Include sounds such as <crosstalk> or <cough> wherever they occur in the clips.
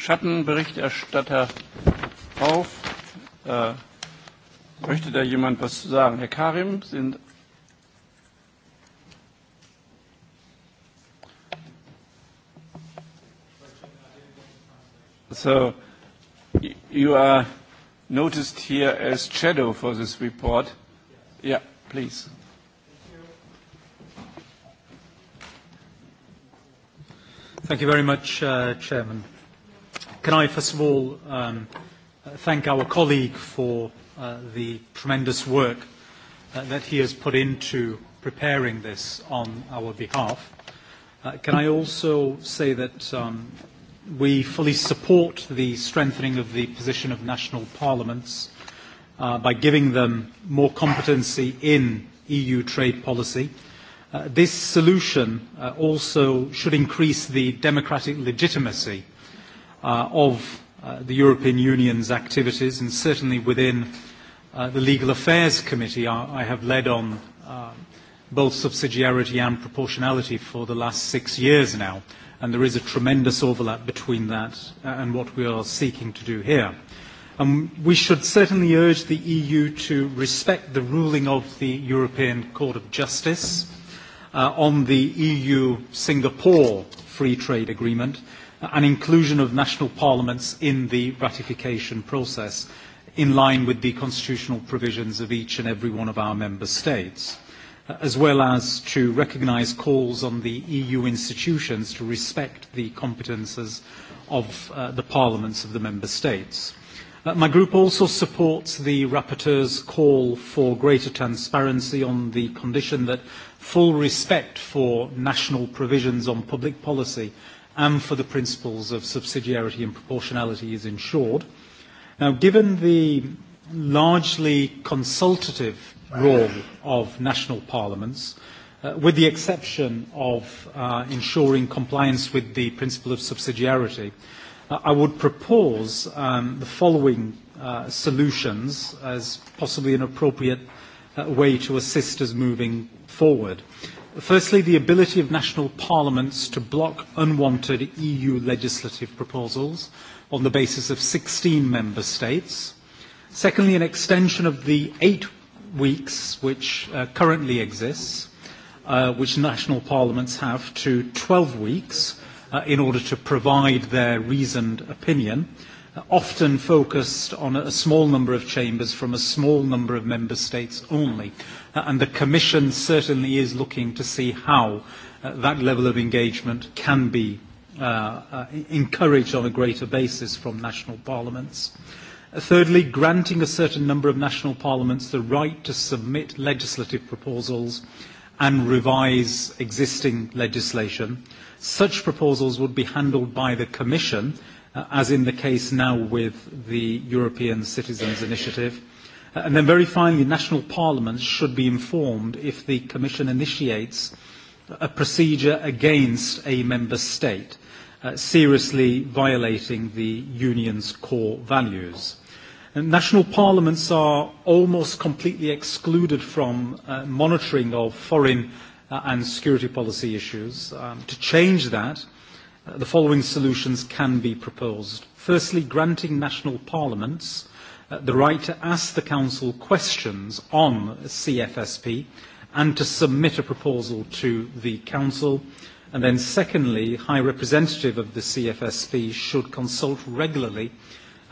Schattenberichterstatter auf. Äh, möchte da jemand was zu sagen? Herr Karim, sind So, you are noticed here as shadow for this report. Yeah, please. Thank you very much, uh, Chairman. Can I, first of all, um, thank our colleague for uh, the tremendous work uh, that he has put into preparing this on our behalf. Uh, can I also say that um, we fully support the strengthening of the position of national parliaments uh, by giving them more competency in EU trade policy. Uh, this solution uh, also should increase the democratic legitimacy uh, uh, of uh, the European Union's activities, and certainly within uh, the Legal Affairs Committee, I, I have led on uh, both subsidiarity and proportionality for the last six years now, and there is a tremendous overlap between that uh, and what we are seeking to do here. Um, we should certainly urge the EU to respect the ruling of the European Court of Justice uh, on the EU-Singapore Free Trade Agreement, uh, and inclusion of national parliaments in the ratification process in line with the constitutional provisions of each and every one of our member states, uh, as well as to recognise calls on the EU institutions to respect the competences of uh, the parliaments of the member states. Uh, my group also supports the rapporteur's call for greater transparency on the condition that full respect for national provisions on public policy and for the principles of subsidiarity and proportionality is ensured. Now, given the largely consultative role of national parliaments, uh, with the exception of uh, ensuring compliance with the principle of subsidiarity, uh, I would propose um, the following uh, solutions as possibly an appropriate uh, way to assist us moving forward. Uh, Firstly, the ability of national parliaments to block unwanted EU legislative proposals on the basis of 16 member states. Secondly, an extension of the eight weeks which uh, currently exists, uh, which national parliaments have, to 12 weeks uh, in order to provide their reasoned opinion. Uh, often focused on a small number of chambers from a small number of member states only. Uh, and the Commission certainly is looking to see how uh, that level of engagement can be uh, uh, encouraged on a greater basis from national parliaments. Uh, thirdly, granting a certain number of national parliaments the right to submit legislative proposals and revise existing legislation. Such proposals would be handled by the Commission uh, uh, as in the case now with the European Citizens Initiative. Uh, and then very finally, national parliaments should be informed if the Commission initiates a procedure against a member state uh, seriously violating the Union's core values. And national parliaments are almost completely excluded from uh, monitoring of foreign uh, and security policy issues. Um, to change that, uh, uh, the following solutions can be proposed. Firstly, granting national parliaments uh, the right to ask the Council questions on CFSP and to submit a proposal to the Council. And then secondly, High Representative of the CFSP should consult regularly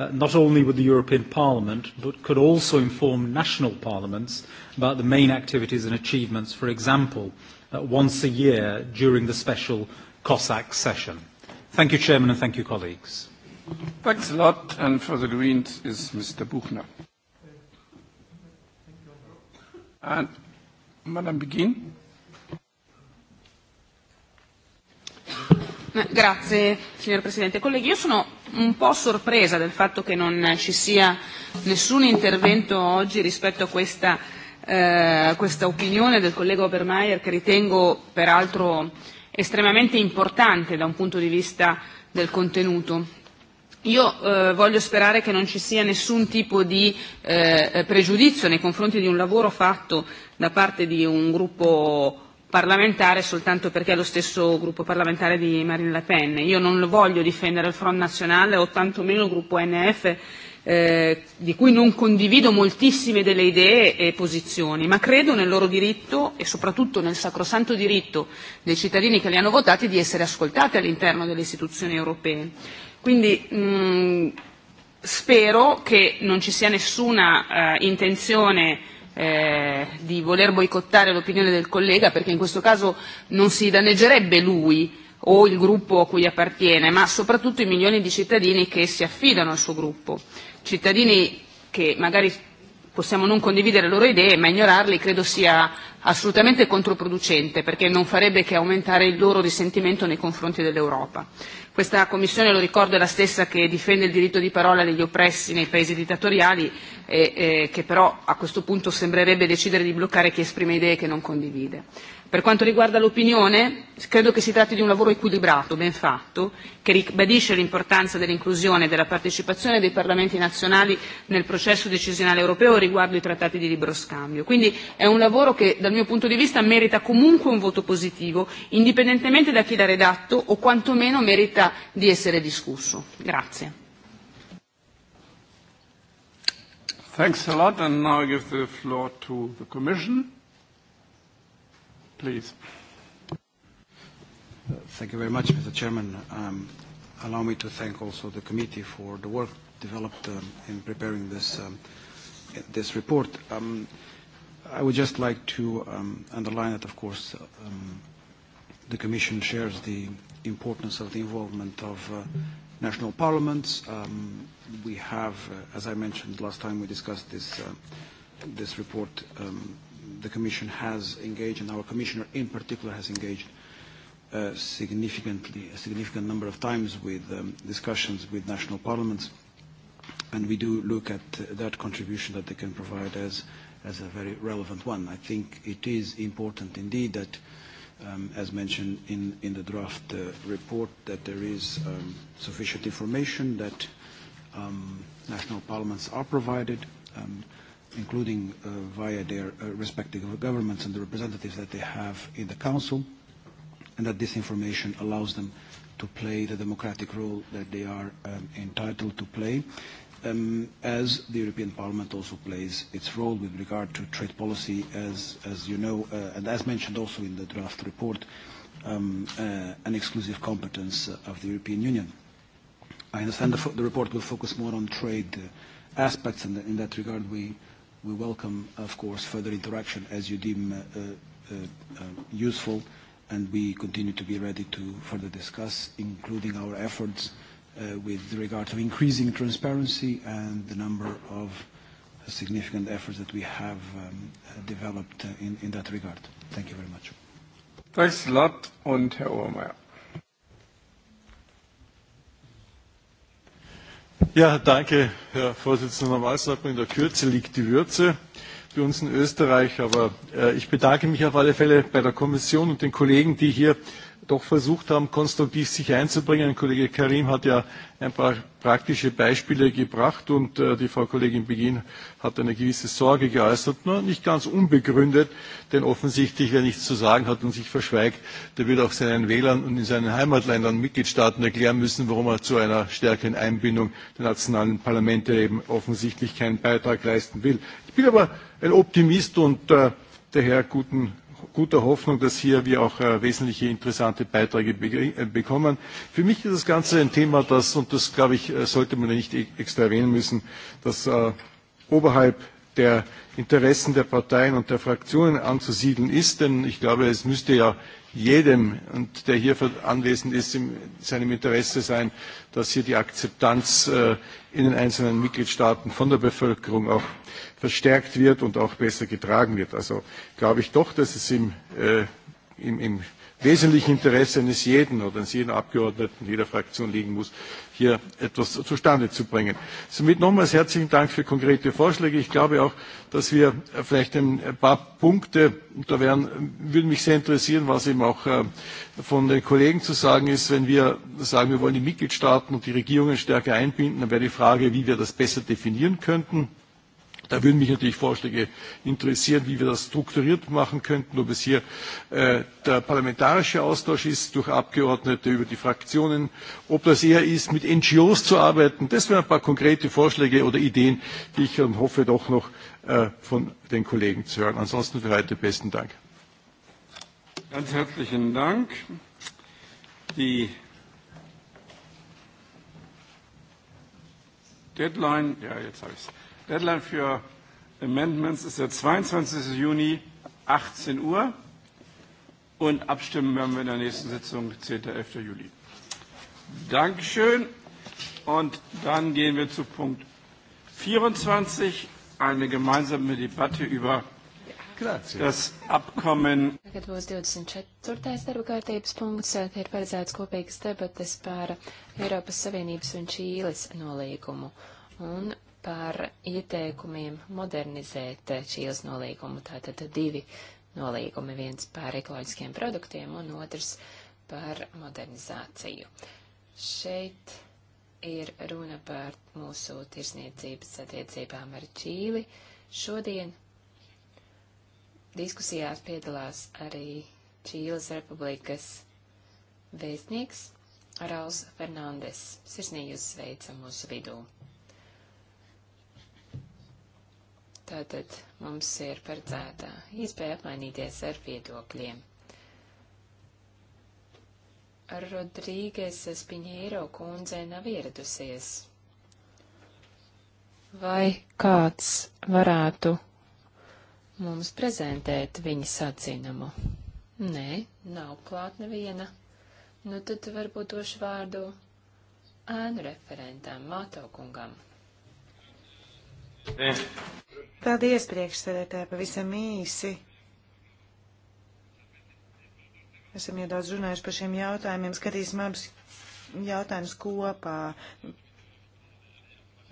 uh, not only with the European Parliament, but could also inform national parliaments about the main activities and achievements, for example, uh, once a year during the special COSAC session. Thank you, Chairman, and thank you, colleagues. Thanks a lot. And for the Greens is Mr. Buchner. And Madam Begin. Grazie signor Presidente. Colleghi, io sono un po' sorpresa del fatto che non ci sia nessun intervento oggi rispetto a questa, eh, questa opinione del collega Obermeier che ritengo peraltro eh, estremamente importante da un punto di vista del contenuto. Io eh, voglio sperare che non ci sia nessun tipo di eh, pregiudizio nei confronti di un lavoro fatto da parte di un gruppo parlamentare soltanto perché è lo stesso gruppo parlamentare di Marine Le Pen. Io non lo voglio difendere il Front Nazionale o tantomeno il gruppo NF eh, di cui non condivido moltissime delle idee e posizioni, ma credo nel loro diritto e soprattutto nel sacrosanto diritto dei cittadini che li hanno votati di essere ascoltati all'interno delle istituzioni europee. Quindi mh, spero che non ci sia nessuna eh, intenzione eh, di voler boicottare l'opinione del collega perché in questo caso non si danneggerebbe lui o il gruppo a cui appartiene, ma soprattutto i milioni di cittadini che si affidano al suo gruppo cittadini che magari possiamo non condividere le loro idee, ma ignorarli credo sia assolutamente controproducente, perché non farebbe che aumentare il loro risentimento nei confronti dell'Europa. Questa Commissione, lo ricordo, è la stessa che difende il diritto di parola degli oppressi nei paesi dittatoriali e eh, che però a questo punto sembrerebbe decidere di bloccare chi esprime idee che non condivide. Per quanto riguarda l'opinione, credo che si tratti di un lavoro equilibrato, ben fatto, che ribadisce l'importanza dell'inclusione e della partecipazione dei parlamenti nazionali nel processo decisionale europeo riguardo i trattati di libero scambio. Quindi è un lavoro che dal mio punto di vista merita comunque un voto positivo, indipendentemente da chi l'ha redatto o quantomeno merita di essere discusso. Grazie. Thanks a lot, and now I give the floor to the Commission please. Uh, thank you very much, Mr. Chairman. Um, allow me to thank also the committee for the work developed um, in preparing this, um, this report. Um, I would just like to um, underline that, of course, um, the Commission shares the importance of the involvement of uh, national parliaments. Um, we have, uh, as I mentioned last time we discussed this, uh, this report, um, the Commission has engaged, and our Commissioner in particular has engaged uh, significantly, a significant number of times with um, discussions with national parliaments. And we do look at uh, that contribution that they can provide as, as a very relevant one. I think it is important indeed that, um, as mentioned in, in the draft uh, report, that there is um, sufficient information that um, national parliaments are provided. Um, uh, including uh, via their uh, respective governments and the representatives that they have in the Council, and that this information allows them to play the democratic role that they are um, entitled to play, um, as the European Parliament also plays its role with regard to trade policy, as, as you know, uh, and as mentioned also in the draft report, um, uh, an exclusive competence of the European Union. I understand the, fo- the report will focus more on trade uh, aspects, and in that regard we we welcome, of course, further interaction as you deem uh, uh, uh, uh, useful, and we continue to be ready to further discuss, including our efforts uh, with regard to increasing transparency and the number of uh, significant efforts that we have um, uh, developed uh, in, in that regard. Thank you very much. Thanks a lot, and Herr Ohrmeier. Ja, danke, Herr Vorsitzender Wahlsabber. In der Kürze liegt die Würze für uns in Österreich. Aber äh, ich bedanke mich auf alle Fälle bei der Kommission und den Kollegen, die hier doch versucht haben, konstruktiv sich einzubringen. Kollege Karim hat ja ein paar praktische Beispiele gebracht und äh, die Frau Kollegin Begin hat eine gewisse Sorge geäußert, nur nicht ganz unbegründet, denn offensichtlich, wer nichts zu sagen hat und sich verschweigt, der wird auch seinen Wählern und in seinen Heimatländern Mitgliedstaaten erklären müssen, warum er zu einer stärkeren Einbindung der nationalen Parlamente eben offensichtlich keinen Beitrag leisten will. Ich bin aber ein Optimist und äh, daher guten guter Hoffnung, dass hier wir auch äh, wesentliche interessante Beiträge be äh, bekommen. Für mich ist das Ganze ein Thema, das, und das glaube ich, äh, sollte man nicht e-, extra erwähnen müssen, dass äh, oberhalb der Interessen der Parteien und der Fraktionen anzusiedeln ist, denn ich glaube, es müsste ja jedem, und der hier anwesend ist, in seinem Interesse sein, dass hier die Akzeptanz äh, in den einzelnen Mitgliedstaaten von der Bevölkerung auch verstärkt wird und auch besser getragen wird. Also glaube ich doch, dass es im, äh, im, im wesentlichen Interesse eines jeden oder eines jeden Abgeordneten jeder Fraktion liegen muss, hier etwas zustande zu bringen. Somit nochmals herzlichen Dank für konkrete Vorschläge. Ich glaube auch, dass wir vielleicht ein paar Punkte, da wären, würde mich sehr interessieren, was eben auch äh, von den Kollegen zu sagen ist, wenn wir sagen, wir wollen die Mitgliedstaaten und die Regierungen stärker einbinden, dann wäre die Frage, wie wir das besser definieren könnten Da würden mich natürlich Vorschläge interessieren, wie wir das strukturiert machen könnten, ob es hier äh, der parlamentarische Austausch ist durch Abgeordnete über die Fraktionen, ob das eher ist, mit NGOs zu arbeiten. Das wären ein paar konkrete Vorschläge oder Ideen, die ich dann hoffe, doch noch äh, von den Kollegen zu hören. Ansonsten für heute besten Dank. Ganz herzlichen Dank. Die Deadline, ja, jetzt habe ich es. Deadline für Amendments ist der 22. Juni, 18 Uhr. Und abstimmen werden wir in der nächsten Sitzung, 10. 11. Juli. Dankeschön. Und dann gehen wir zu Punkt 24, eine gemeinsame Debatte über Grazie. das Abkommen. Tagad būs 24. darba kārtības punkts, tie ir paredzēts kopīgas debates par Eiropas Savienības un Čīles nolīgumu. Un par ieteikumiem modernizēt Čīles nolīgumu. Tātad divi nolīgumi, viens par ekoloģiskiem produktiem un otrs par modernizāciju. Šeit ir runa par mūsu tirsniecības attiecībām ar Čīli. Šodien diskusijās piedalās arī Čīles republikas vēstnieks Rauls Fernandes. Sirsnīgi jūs sveicam mūsu vidū. Tātad mums ir paredzēta iespēja apmainīties ar viedokļiem. Rodrīgas Spiņēro kundze nav ieradusies. Vai kāds varētu mums prezentēt viņa sacīnumu? Nē, nav klāt neviena. Nu tad varbūt došu vārdu ēnu referentam, Māto kungam. Paldies, priekšsēdētāji, pavisam īsi. Esam jau daudz runājuši par šiem jautājumiem, skatīsim abus jautājumus kopā.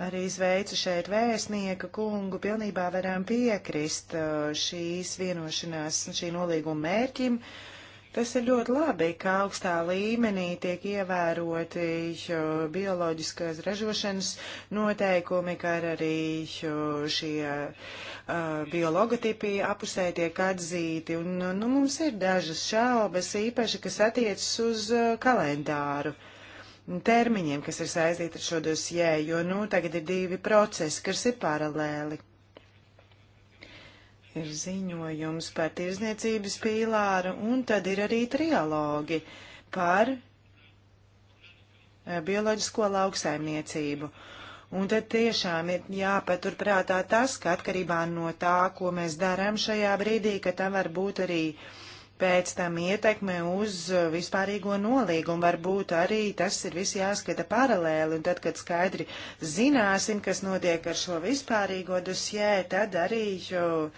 Arī sveicu šeit vēstnieka kungu, pilnībā varam piekrist uh, šīs vienošanās, šī nolīguma mērķim. Uh, Tas ir ļoti labi, ka augstā līmenī tiek ievēroti bioloģiskās ražošanas noteikumi, kā arī šie uh, biologotipi apusē tiek atzīti. Un, nu, mums ir dažas šaubas, īpaši, kas attiecas uz kalendāru termiņiem, kas ir saistīti ar šo dosjē, jo, nu, tagad ir divi procesi, kas ir paralēli ir ziņojums par tirzniecības pīlāru, un tad ir arī trialogi par eh, bioloģisko lauksaimniecību. Un tad tiešām ir jāpaturprātā tas, ka atkarībā no tā, ko mēs darām šajā brīdī, ka tam var būt arī pēc tam ietekme uz vispārīgo nolīgumu, varbūt arī tas ir viss jāskata paralēli, un tad, kad skaidri zināsim, kas notiek ar šo vispārīgo dusjē, tad arī. Jo, uh,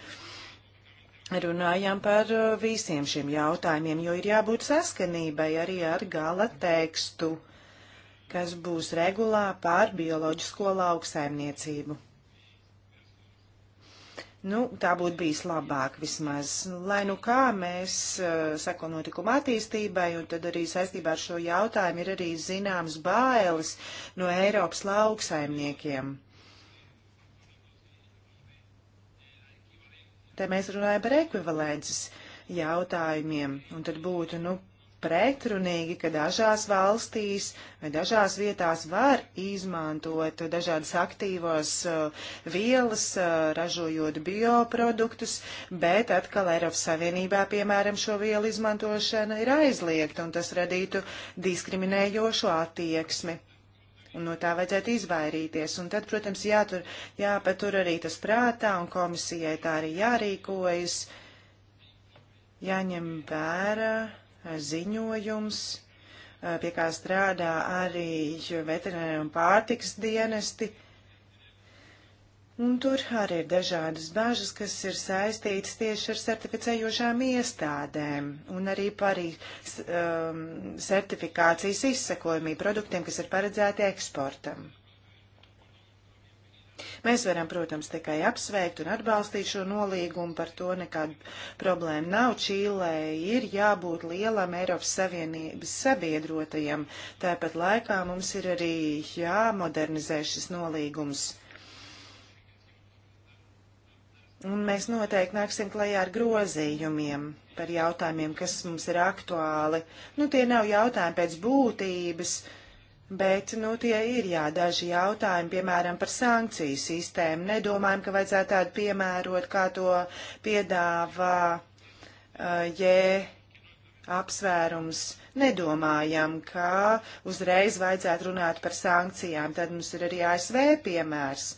runājām par uh, visiem šiem jautājumiem, jo ir jābūt saskanībai arī ar gala tekstu, kas būs regulā pār bioloģisko lauksaimniecību. Nu, tā būtu bijis labāk vismaz, lai nu kā mēs uh, seko notikuma attīstībai, un tad arī saistībā ar šo jautājumu ir arī zināms bailes no Eiropas lauksaimniekiem. Te mēs runājam par ekvivalences jautājumiem, un tad būtu, nu, pretrunīgi, ka dažās valstīs vai dažās vietās var izmantot dažādas aktīvos uh, vielas, uh, ražojot bioproduktus, bet atkal Eiropas Savienībā, piemēram, šo vielu izmantošana ir aizliegta, un tas radītu diskriminējošu attieksmi. Un no tā vajadzētu izvairīties. Un tad, protams, jātur, jāpatur arī tas prātā, un komisijai tā arī jārīkojas. Jāņem vērā eh, ziņojums, eh, pie kā strādā arī veterināri un pārtiks dienesti. Uh, Un tur arī ir dažādas bažas, kas ir saistītas tieši ar certificējošām iestādēm un arī par um, certifikācijas izsekojumību produktiem, kas ir paredzēti eksportam. Mēs varam, protams, tikai apsveikt un atbalstīt šo nolīgumu, par to nekāda problēma nav. Čīlē ir jābūt lielam Eiropas Savienības sabiedrotajam, tāpat laikā mums ir arī jāmodernizē šis nolīgums. Uh, Un mēs noteikti nāksim klajā ar grozījumiem par jautājumiem, kas mums ir aktuāli. Nu, tie nav jautājumi pēc būtības, bet, nu, tie ir jā, daži jautājumi, piemēram, par sankciju sistēmu. Nedomājam, ka vajadzētu tādu piemērot, kā to piedāvā, uh, jē, apsvērums nedomājam, ka uzreiz vajadzētu runāt par sankcijām. Tad mums ir arī ASV piemērs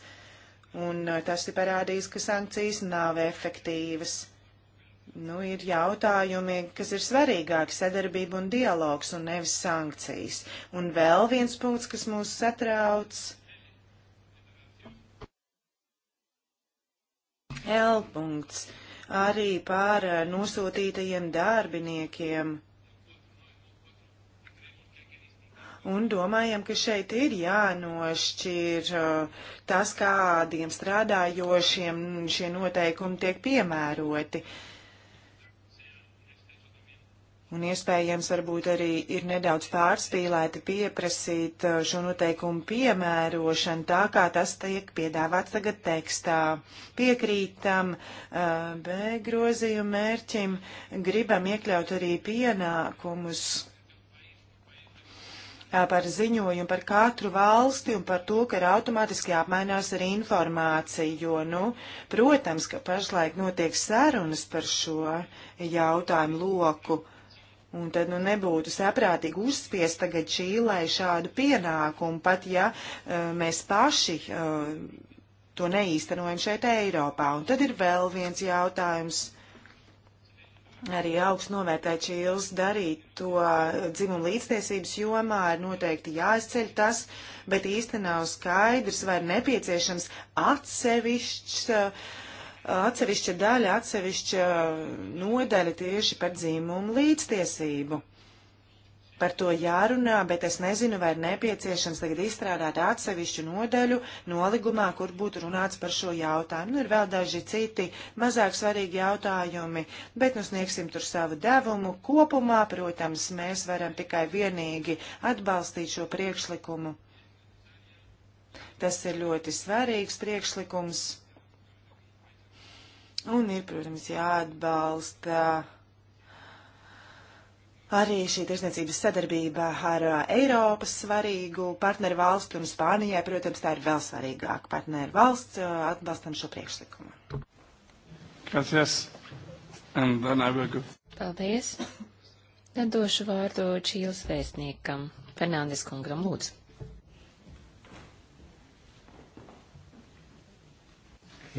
un uh, tas ir parādījis, ka sankcijas nav efektīvas. Nu, ir jautājumi, kas ir svarīgāki - sadarbība un dialogs, un nevis sankcijas. Un vēl viens punkts, kas mūs satrauc. L punkts arī par uh, nosūtītajiem darbiniekiem. un domājam, ka šeit ir jānošķir uh, tas, kādiem strādājošiem šie noteikumi tiek piemēroti. Un iespējams, varbūt arī ir nedaudz pārspīlēti pieprasīt uh, šo noteikumu piemērošanu tā, kā tas tiek piedāvāts tagad tekstā. Piekrītam uh, B grozījumu mērķim, gribam iekļaut arī pienākumus par ziņojumu par katru valsti un par to, ka ir automātiski jāapmainās ar informāciju, jo, nu, protams, ka pašlaik notiek sarunas par šo jautājumu loku, un tad, nu, nebūtu saprātīgi uzspiest tagad Čīlai šādu pienākumu, pat ja mēs paši to neīstenojam šeit Eiropā. Un tad ir vēl viens jautājums arī augstu novērtēt šī ilgs darīt to dzimumu līdztiesības jomā, ir noteikti jāizceļ tas, bet īsti nav skaidrs vai nepieciešams atsevišķs. Atsevišķa daļa, atsevišķa nodaļa tieši par dzīmumu līdztiesību par to jārunā, bet es nezinu, vai ir nepieciešams tagad izstrādāt atsevišķu nodaļu noligumā, kur būtu runāts par šo jautājumu. Nu, ir vēl daži citi mazāk svarīgi jautājumi, bet nu sniegsim tur savu devumu. Kopumā, protams, mēs varam tikai vienīgi atbalstīt šo priekšlikumu. Tas ir ļoti svarīgs priekšlikums. Un ir, protams, jāatbalsta. Uh, Arī šī tirsniecības sadarbība ar uh, Eiropas svarīgu partneru valstu un Spānijai, protams, tā ir vēl svarīgāka partneru valsts. Uh, atbalstam šo priekšlikumu. Gracias. And then I will go. Paldies. Tad došu vārdu Čīles vēstniekam Fernandes kungam lūdzu.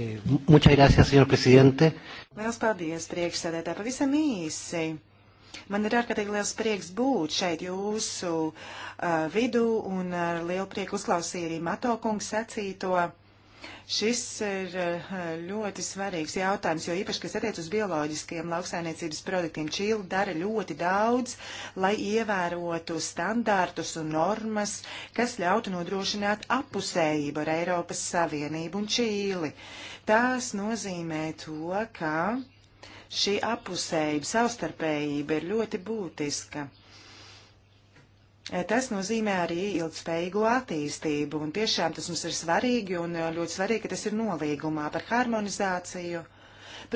Eh, muchas gracias, señor presidente. Liels paldies, priekšsēdētāji. Pavisam īsi. Man ir ārkārtīgi liels prieks būt šeit jūsu uh, vidū un ar lielu prieku uzklausīju arī Mato kungu sacīto. Šis ir uh, ļoti svarīgs jautājums, jo īpaši, kas attiec uz bioloģiskiem lauksainiecības produktiem, Čīla dara ļoti daudz, lai ievērotu standārtus un normas, kas ļautu nodrošināt apusējību ar Eiropas Savienību un Čīli. Tās nozīmē to, ka Šī apusējība, savstarpējība ir ļoti būtiska. Tas nozīmē arī ilgspējīgu attīstību, un tiešām tas mums ir svarīgi, un uh, ļoti svarīgi, ka tas ir nolīgumā par harmonizāciju.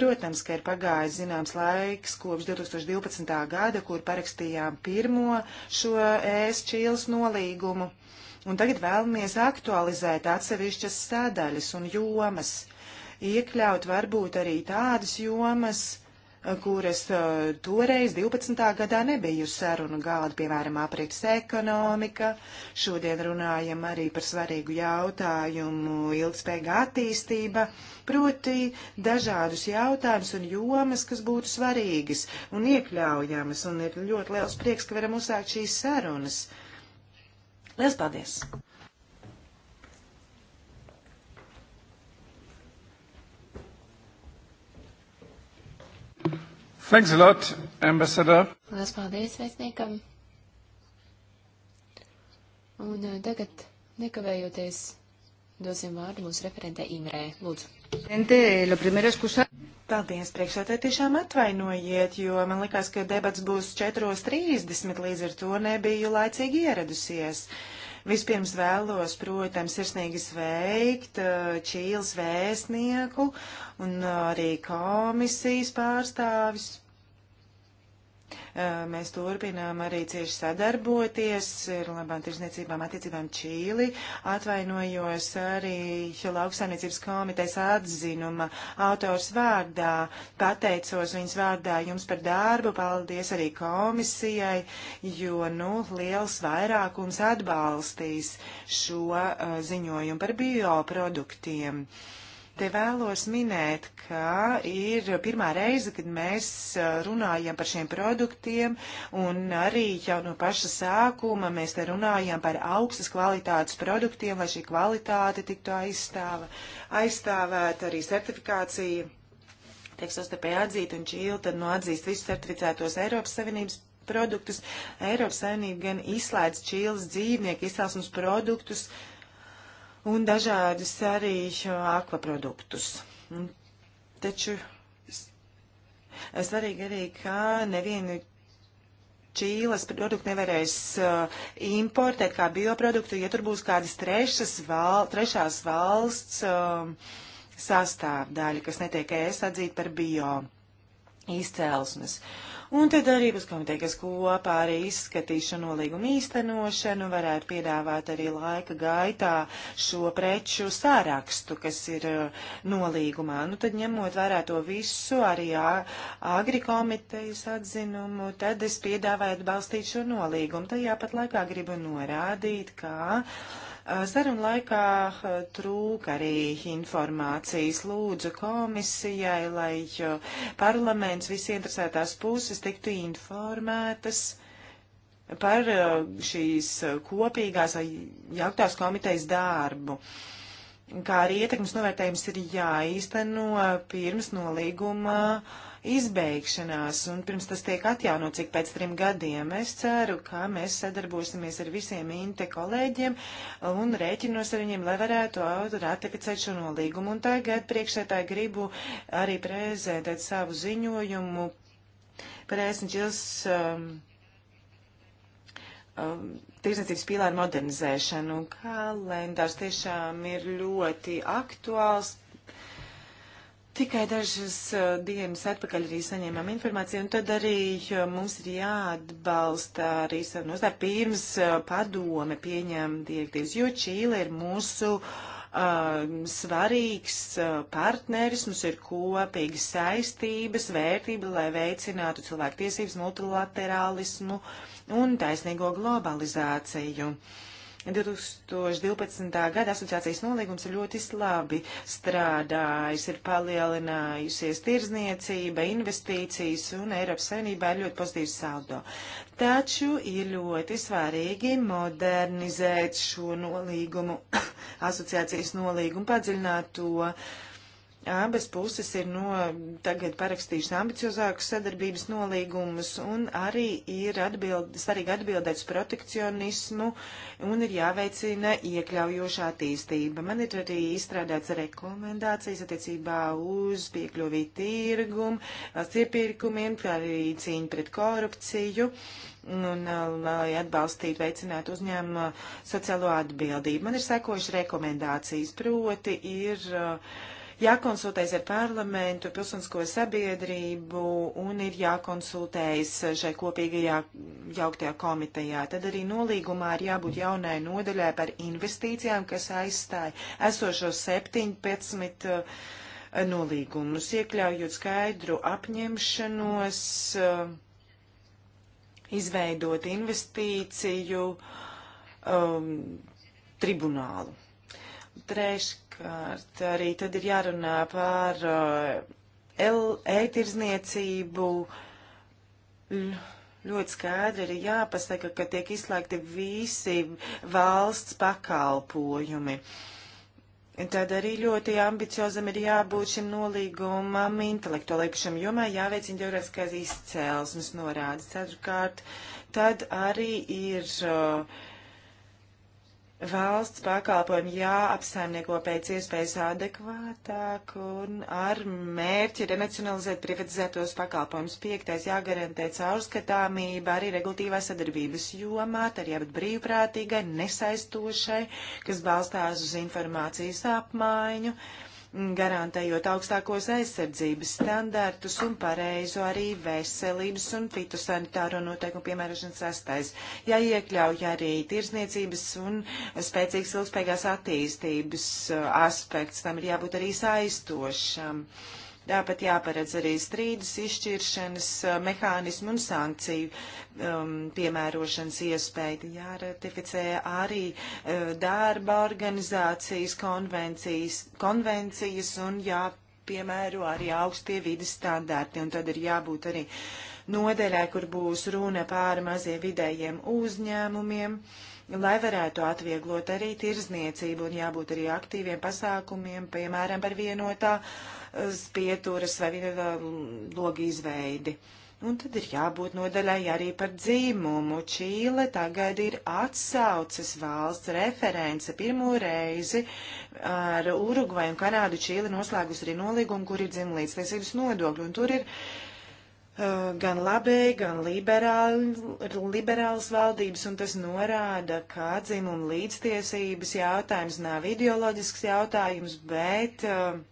Protams, ka ir pagājis zināms laiks kopš 2012. gada, kur parakstījām pirmo šo ES čīles nolīgumu, un tagad vēlamies aktualizēt atsevišķas sadaļas un jomas, iekļaut varbūt arī tādas jomas, kuras toreiz 12. gadā nebija uz sarunu galda, piemēram, aprits ekonomika. Šodien runājam arī par svarīgu jautājumu ilgspējīga attīstība, proti dažādus jautājumus un jomas, kas būtu svarīgas un iekļaujamas, un ir ļoti liels prieks, ka varam uzsākt šīs sarunas. Liels paldies! Thanks a lot, ambasador. Lielas paldies vēstniekam. Un eh, tagad, nekavējoties, dosim vārdu mūsu referentē Imrē. Lūdzu. Paldies, priekšsētē tiešām atvainojiet, jo man likās, ka debats būs 4.30, līdz ar to nebiju laicīgi ieradusies. Uh, Vispirms vēlos, protams, sirsnīgi sveikt uh, Čīles vēstnieku un uh, arī komisijas pārstāvis Mēs turpinām arī cieši sadarboties ar labām tirsniecībām attiecībām Čīli. Atvainojos arī lauksainiecības komitejas atzinuma autors vārdā. Pateicos viņas vārdā jums par darbu. Paldies arī komisijai, jo, nu, liels vairākums atbalstīs šo uh, ziņojumu par bioproduktiem. Uh, Te vēlos minēt, ka ir pirmā reize, kad mēs uh, runājam par šiem produktiem, un arī jau no paša sākuma mēs te runājam par augstas kvalitātes produktiem, lai šī kvalitāte tiktu aizstāva, aizstāvēta arī certifikācija. Tiek sastapē atzīt, un Čīla tad no atzīst visus certificētos Eiropas Savienības produktus. Eiropas Savienība gan izslēdz Čīles dzīvnieku izcelsmes produktus. Uh, un dažādus arī akvaproduktus. Taču svarīgi arī, ka nevienu Čīles produktu nevarēs uh, importēt kā bioproduktu, ja tur būs kādas trešas val, trešās valsts uh, sastāvdaļa, kas netiek ēst atzīt par bio izcēlesmes. Uh, Un tad darības komiteja, kas kopā arī izskatīs šo nolīgumu īstenošanu, varētu piedāvāt arī laika gaitā šo preču sārakstu, kas ir uh, nolīgumā. Nu, tad ņemot vērā to visu, arī agri komitejas atzinumu, tad es piedāvāju atbalstīt šo nolīgumu. Tajā pat laikā gribu norādīt, ka Eh, sarunu laikā eh, trūka arī informācijas. Lūdzu komisijai, lai eh, parlaments, visi interesētās puses tiktu informētas par šīs kopīgās vai jauktās komitejas darbu kā arī ietekmes novērtējums ir jāīsteno pirms nolīguma uh, izbeigšanās, un pirms tas tiek atjaunots ik pēc trim gadiem. Es ceru, ka mēs sadarbosimies ar visiem inte kolēģiem un rēķinos ar viņiem, lai varētu ratificēt šo nolīgumu. Un tagad priekšētāji gribu arī prezentēt savu ziņojumu par Ēsniņķils um, um, tirsniecības pīlāru modernizēšanu. Kalendārs tiešām ir ļoti aktuāls Tikai dažas dienas atpakaļ arī saņēmām informāciju, un tad arī mums ir jāatbalsta arī savu nostāju pirms padome pieņem direktīvas, jo Čīle ir mūsu uh, svarīgs partneris, mums ir kopīgas saistības, vērtība, lai veicinātu cilvēku tiesības, multilaterālismu un taisnīgo globalizāciju. Uh, 2012. gada asociācijas nolīgums ir ļoti labi strādājis, ir palielinājusies tirzniecība, investīcijas un Eiropas Savienībā ir ļoti pozitīvs saldo. Taču ir ļoti svarīgi modernizēt šo nolīgumu, <coughs> asociācijas nolīgumu, padziļināt to Abas puses ir no tagad parakstījušas ambiciozākus sadarbības nolīgumus un arī ir atbild, svarīgi atbildēt uz protekcionismu un ir jāveicina iekļaujoša attīstība. Man ir arī izstrādāts rekomendācijas attiecībā uz piekļuvī tirgumu, valsts iepirkumiem, kā arī cīņu pret korupciju un uh, lai atbalstītu, veicinātu uzņēmumu uh, sociālo atbildību. Man ir sekojuši rekomendācijas, proti ir uh, jākonsultējas ar parlamentu, pilsonsko sabiedrību un ir jākonsultējas šai kopīgajā jauktajā komitejā. Tad arī nolīgumā ir jābūt jaunai nodaļai par investīcijām, kas aizstāja esošo 17 eh, nolīgumus, iekļaujot skaidru apņemšanos eh, izveidot investīciju um, tribunālu. Treš, Pirmkārt, arī tad ir jārunā par uh, e-tirzniecību. Ļoti skaidri ir jāpasaka, ka tiek izslēgti visi valsts pakalpojumi. Tad arī ļoti ambiciozam ir jābūt šim nolīgumam intelektuālai pašam jomā, jāveicina ģeogrāfiskās izcēlesmes norādes. Ceturkārt, tad arī ir uh, valsts pakalpojumi jāapsaimnieko pēc iespējas adekvātāk un ar mērķi renacionalizēt privatizētos pakalpojumus. Piektais jāgarantē caurskatāmība arī regulatīvā sadarbības jomā, tā arī jābūt brīvprātīgai, nesaistošai, kas balstās uz informācijas apmaiņu. Uh, garantējot augstākos aizsardzības standartus un pareizo arī veselības un fitosanitāro noteikumu piemērošanas sastais. Jāiekļauj arī tirzniecības un spēcīgas ilgspējīgās attīstības uh, aspekts, tam ir jābūt arī saistošam. Um, Tāpat jāparedz arī strīdus izšķiršanas eh, mehānismu un sankciju um, piemērošanas iespēju. Jāratificē arī uh, darba organizācijas konvencijas, konvencijas un jāpiemēro arī augstie vidas standarti. Un tad ir jābūt arī nodeļai, kur būs runa pāri maziem vidējiem uzņēmumiem lai varētu atvieglot arī tirzniecību un jābūt arī aktīviem pasākumiem, piemēram, par vienotā spieturas vai um, logi izveidi. Un tad ir jābūt nodaļai arī par dzīmumu. Čīle tagad ir atsauces valsts reference pirmo reizi ar Urugvai un Kanādu. Čīle noslēgus arī nolīgumu, kur ir dzimlīdztiesības nodokļi. Un tur ir uh, gan labēji, gan liberāli, liberāls valdības, un tas norāda, ka dzimuma līdztiesības jautājums nav ideoloģisks jautājums, bet uh,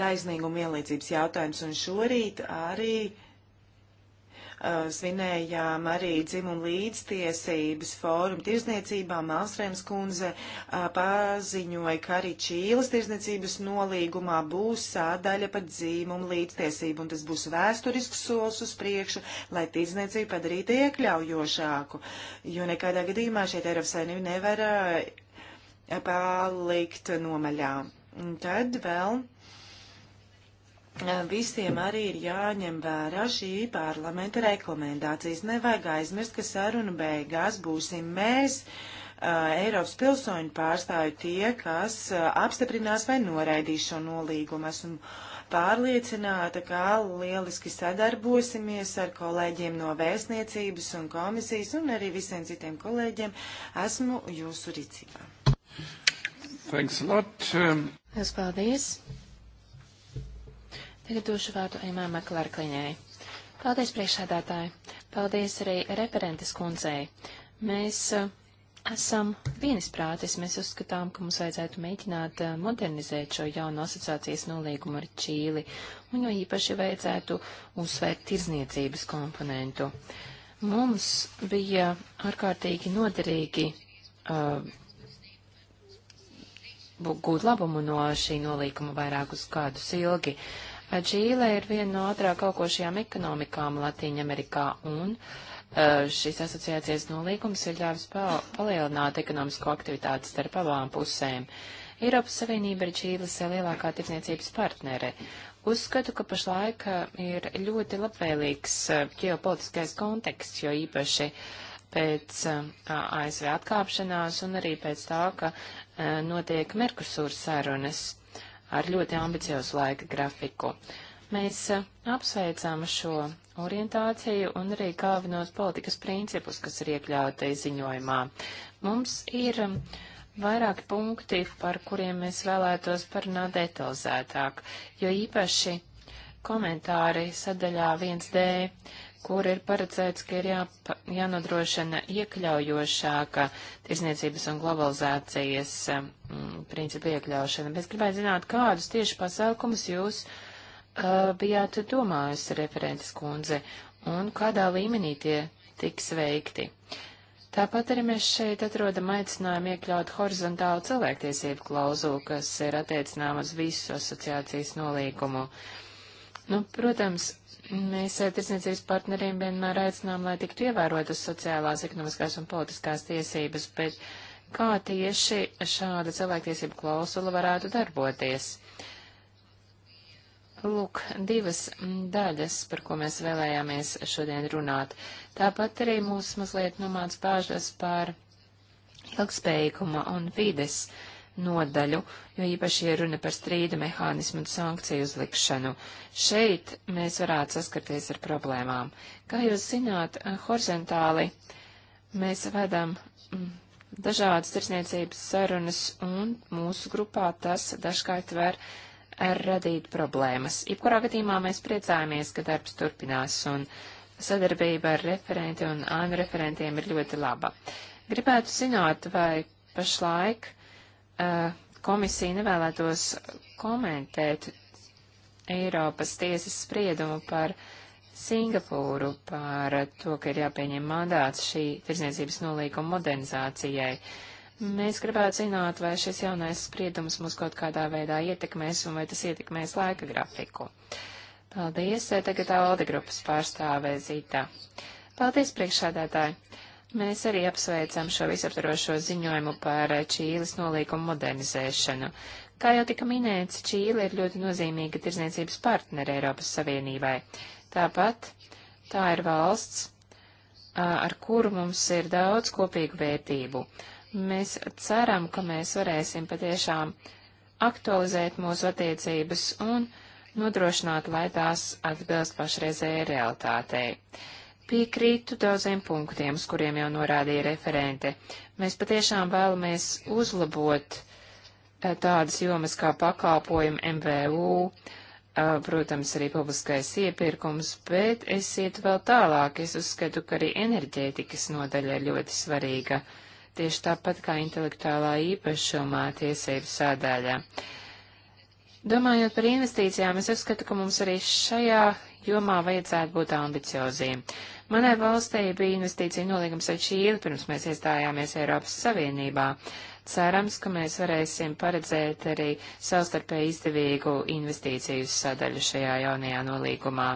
taisnīguma ielīdzības jautājums. Un šorīt arī uh, svinējām arī dzimumu līdztiesības fórumu tirzniecībā. Malstrēms kundze uh, paziņoja, ka arī Čīles tirzniecības nolīgumā būs sādaļa par dzimumu līdztiesību, un tas būs vēsturisks solis uz priekšu, lai tirzniecību padarītu iekļaujošāku, jo nekādā gadījumā šeit Eiropas Savienība nevar uh, palikt nomaļā. Un tad vēl Eh, visiem arī ir jāņem vērā šī parlamenta rekomendācijas. Nevajag aizmirst, ka sarunu beigās būsim mēs, uh, Eiropas pilsoņu pārstāvi tie, kas uh, apstiprinās vai noraidīs šo nolīgumu. Esmu pārliecināta, ka lieliski sadarbosimies ar kolēģiem no vēstniecības un komisijas un arī visiem citiem kolēģiem. Esmu jūsu rīcībā. Thanks a lot. Um... Es paldies. Tagad došu vārdu Emā Maklārkliņai. Paldies, priekšsēdētāji. Paldies arī referentes kundzei. Mēs uh, esam vienisprātis. Mēs uzskatām, ka mums vajadzētu mēģināt uh, modernizēt šo jaunu asociācijas nolīgumu ar Čīli, un jo īpaši vajadzētu uzsvērt tirzniecības komponentu. Mums bija ārkārtīgi noderīgi uh, gūt labumu no šī nolīguma vairākus gadus ilgi. Uh, Čīle ir viena no ātrāk augošajām ekonomikām Latīņamerikā, un e, šis asociācijas nolīgums ir ļāvis palielināt ekonomisko aktivitāti starp abām pusēm. Eiropas Savienība ir Čīles lielākā tirdzniecības partnere. Uzskatu, ka pašlaik e, ir ļoti labvēlīgs e, ģeopolitiskais konteksts, jo īpaši pēc ASV atkāpšanās un arī pēc tā, ka notiek Merkusūra sarunas ar ļoti ambiciozu laika grafiku. Mēs eh, apsveicām šo orientāciju un arī galvenos politikas principus, kas ir iekļauti ziņojumā. Mums ir mm, vairāki punkti, par kuriem mēs vēlētos parunāt detalizētāk, jo īpaši komentāri sadaļā 1D, kur ir paredzēts, ka ir jā, jānodrošina iekļaujošāka tirzniecības un globalizācijas mm, principu iekļaušana. Bet es gribētu zināt, kādus tieši pasākumus jūs uh, bijāt domājusi, referentes kundze, un kādā līmenī tie tiks veikti. Tāpat arī mēs šeit atrodam aicinājumu iekļaut horizontālu cilvēktiesību klauzulu, kas ir attiecināma uz visu asociācijas nolīgumu. Nu, protams, Mēs eh, tirsniecības partneriem vienmēr aicinām, lai tiktu ievērotas sociālās, ekonomiskās un politiskās tiesības, bet kā tieši šāda cilvēktiesība klausula varētu darboties? Lūk, divas daļas, par ko mēs vēlējāmies šodien runāt. Tāpat arī mūs mazliet nomāca bāžas par ilgspējīguma un vides uh, nodaļu, jo īpaši ir runa par strīda mehānismu un sankciju uzlikšanu. Šeit mēs varētu saskarties ar problēmām. Kā jūs zināt, eh, horizontāli mēs vedam mm, dažādas tirsniecības sarunas, un mūsu grupā tas dažkārt var radīt problēmas. Jebkurā gadījumā mēs priecājamies, ka darbs turpinās, un sadarbība ar referenti un ānu referentiem ir ļoti laba. Gribētu zināt, vai pašlaik Uh, komisija nevēlētos komentēt Eiropas tiesas spriedumu par Singapūru, par to, ka ir jāpieņem mandāts šī tirdzniecības nolīguma modernizācijai. Mēs gribētu zināt, vai šis jaunais spriedums mūs kaut kādā veidā ietekmēs un vai tas ietekmēs laika grafiku. Paldies, tagad Alde grupas pārstāvē Zita. Paldies, priekšādātāji. Mēs arī apsveicam šo visaptarošo ziņojumu par Čīles nolīgumu modernizēšanu. Kā jau tika minēts, Čīle ir ļoti nozīmīga tirzniecības partnere Eiropas Savienībai. Tāpat tā ir valsts, ar kuru mums ir daudz kopīgu vērtību. Mēs ceram, ka mēs varēsim patiešām aktualizēt mūsu attiecības un nodrošināt, lai tās atbilst pašreizējai realitātei. Piekrītu daudziem punktiem, uz kuriem jau norādīja referente. Mēs patiešām vēlamies uzlabot eh, tādas jomas kā pakalpojumi MVU, eh, protams, arī publiskais iepirkums, bet es ietu vēl tālāk. Es uzskatu, ka arī enerģētikas nodaļa ir ļoti svarīga, tieši tāpat kā intelektuālā īpašumā tiesību sādāļā. Uh, Domājot par investīcijām, es uzskatu, ka mums arī šajā jomā vajadzētu būt ambicioziem. Manai valstī bija investīcija nolīgums ar Čīli, pirms mēs iestājāmies Eiropas Savienībā. Cerams, ka mēs varēsim paredzēt arī savstarpēji izdevīgu investīciju sadaļu šajā jaunajā nolīgumā.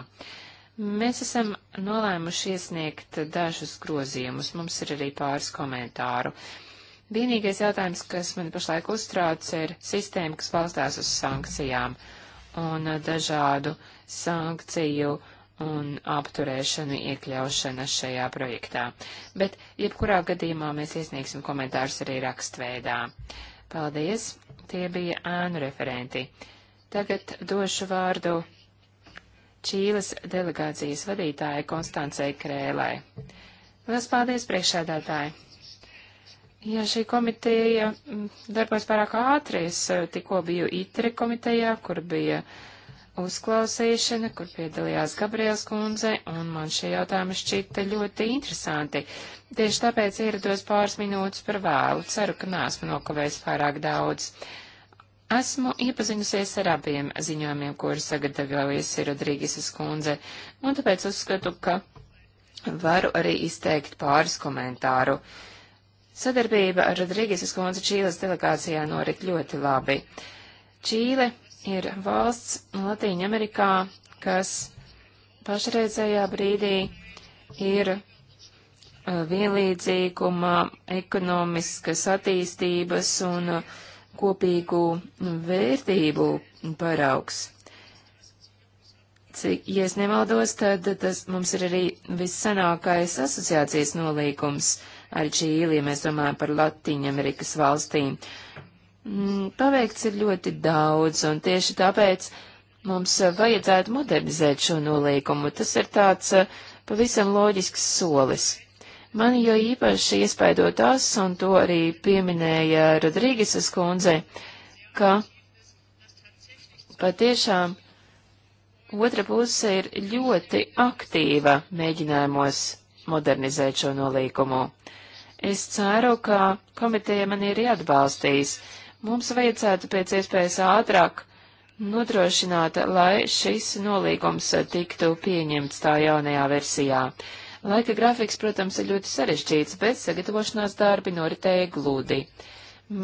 Mēs esam nolēmuši iesniegt dažus grozījumus, mums ir arī pāris komentāru. Uh, Vienīgais jautājums, kas man pašlaik uztrauc, ir sistēma, kas balstās uz sankcijām un dažādu sankciju un apturēšanu iekļaušana šajā projektā. Bet jebkurā gadījumā mēs iesniegsim komentārus arī rakstveidā. Paldies! Tie bija ēnu referenti. Tagad došu vārdu Čīles delegācijas vadītāja Konstancei Krēlai. Lielas paldies priekšādātāji! Ja šī komiteja mm, darbojas pārāk ātri, es eh, tikko biju ITRE komitejā, kur bija uzklausīšana, kur piedalījās Gabriels kundze, un man šie jautājumi šķita ļoti interesanti. Tieši tāpēc ierados pāris minūtes par vēlu. Ceru, ka nāsmu nokavējis pārāk daudz. Esmu iepazinusies ar abiem ziņojumiem, kurus sagatavojusi Rodrīgisas kundze, un tāpēc uzskatu, ka varu arī izteikt pāris komentāru. Uh, Sadarbība ar Rodrīgesas kundzi Čīles delegācijā norit ļoti labi. Čīle ir valsts Latīņa Amerikā, kas pašreizējā brīdī ir uh, vienlīdzīguma, ekonomiskas attīstības un uh, kopīgu mm, vērtību paraugs. Cik, ja es nemaldos, tad tas mums ir arī vissanākais asociācijas nolīgums ar Čīli, ja mēs domājam par Latīņamerikas valstīm. Mm, paveikts ir ļoti daudz, un tieši tāpēc mums vajadzētu modernizēt šo nolīgumu. Tas ir tāds eh, pavisam loģisks solis. Mani jau īpaši iespaido tas, un to arī pieminēja Rodrīgesas kundze, ka patiešām otra puse ir ļoti aktīva mēģinājumos modernizēt šo nolīgumu. Es ceru, ka komiteja man ir atbalstījis. Mums vajadzētu pēc iespējas ātrāk nodrošināt, lai šis nolīgums tiktu pieņemts tā jaunajā versijā. Laika grafiks, protams, ir ļoti sarežģīts, bet sagatavošanās darbi noritēja glūdi.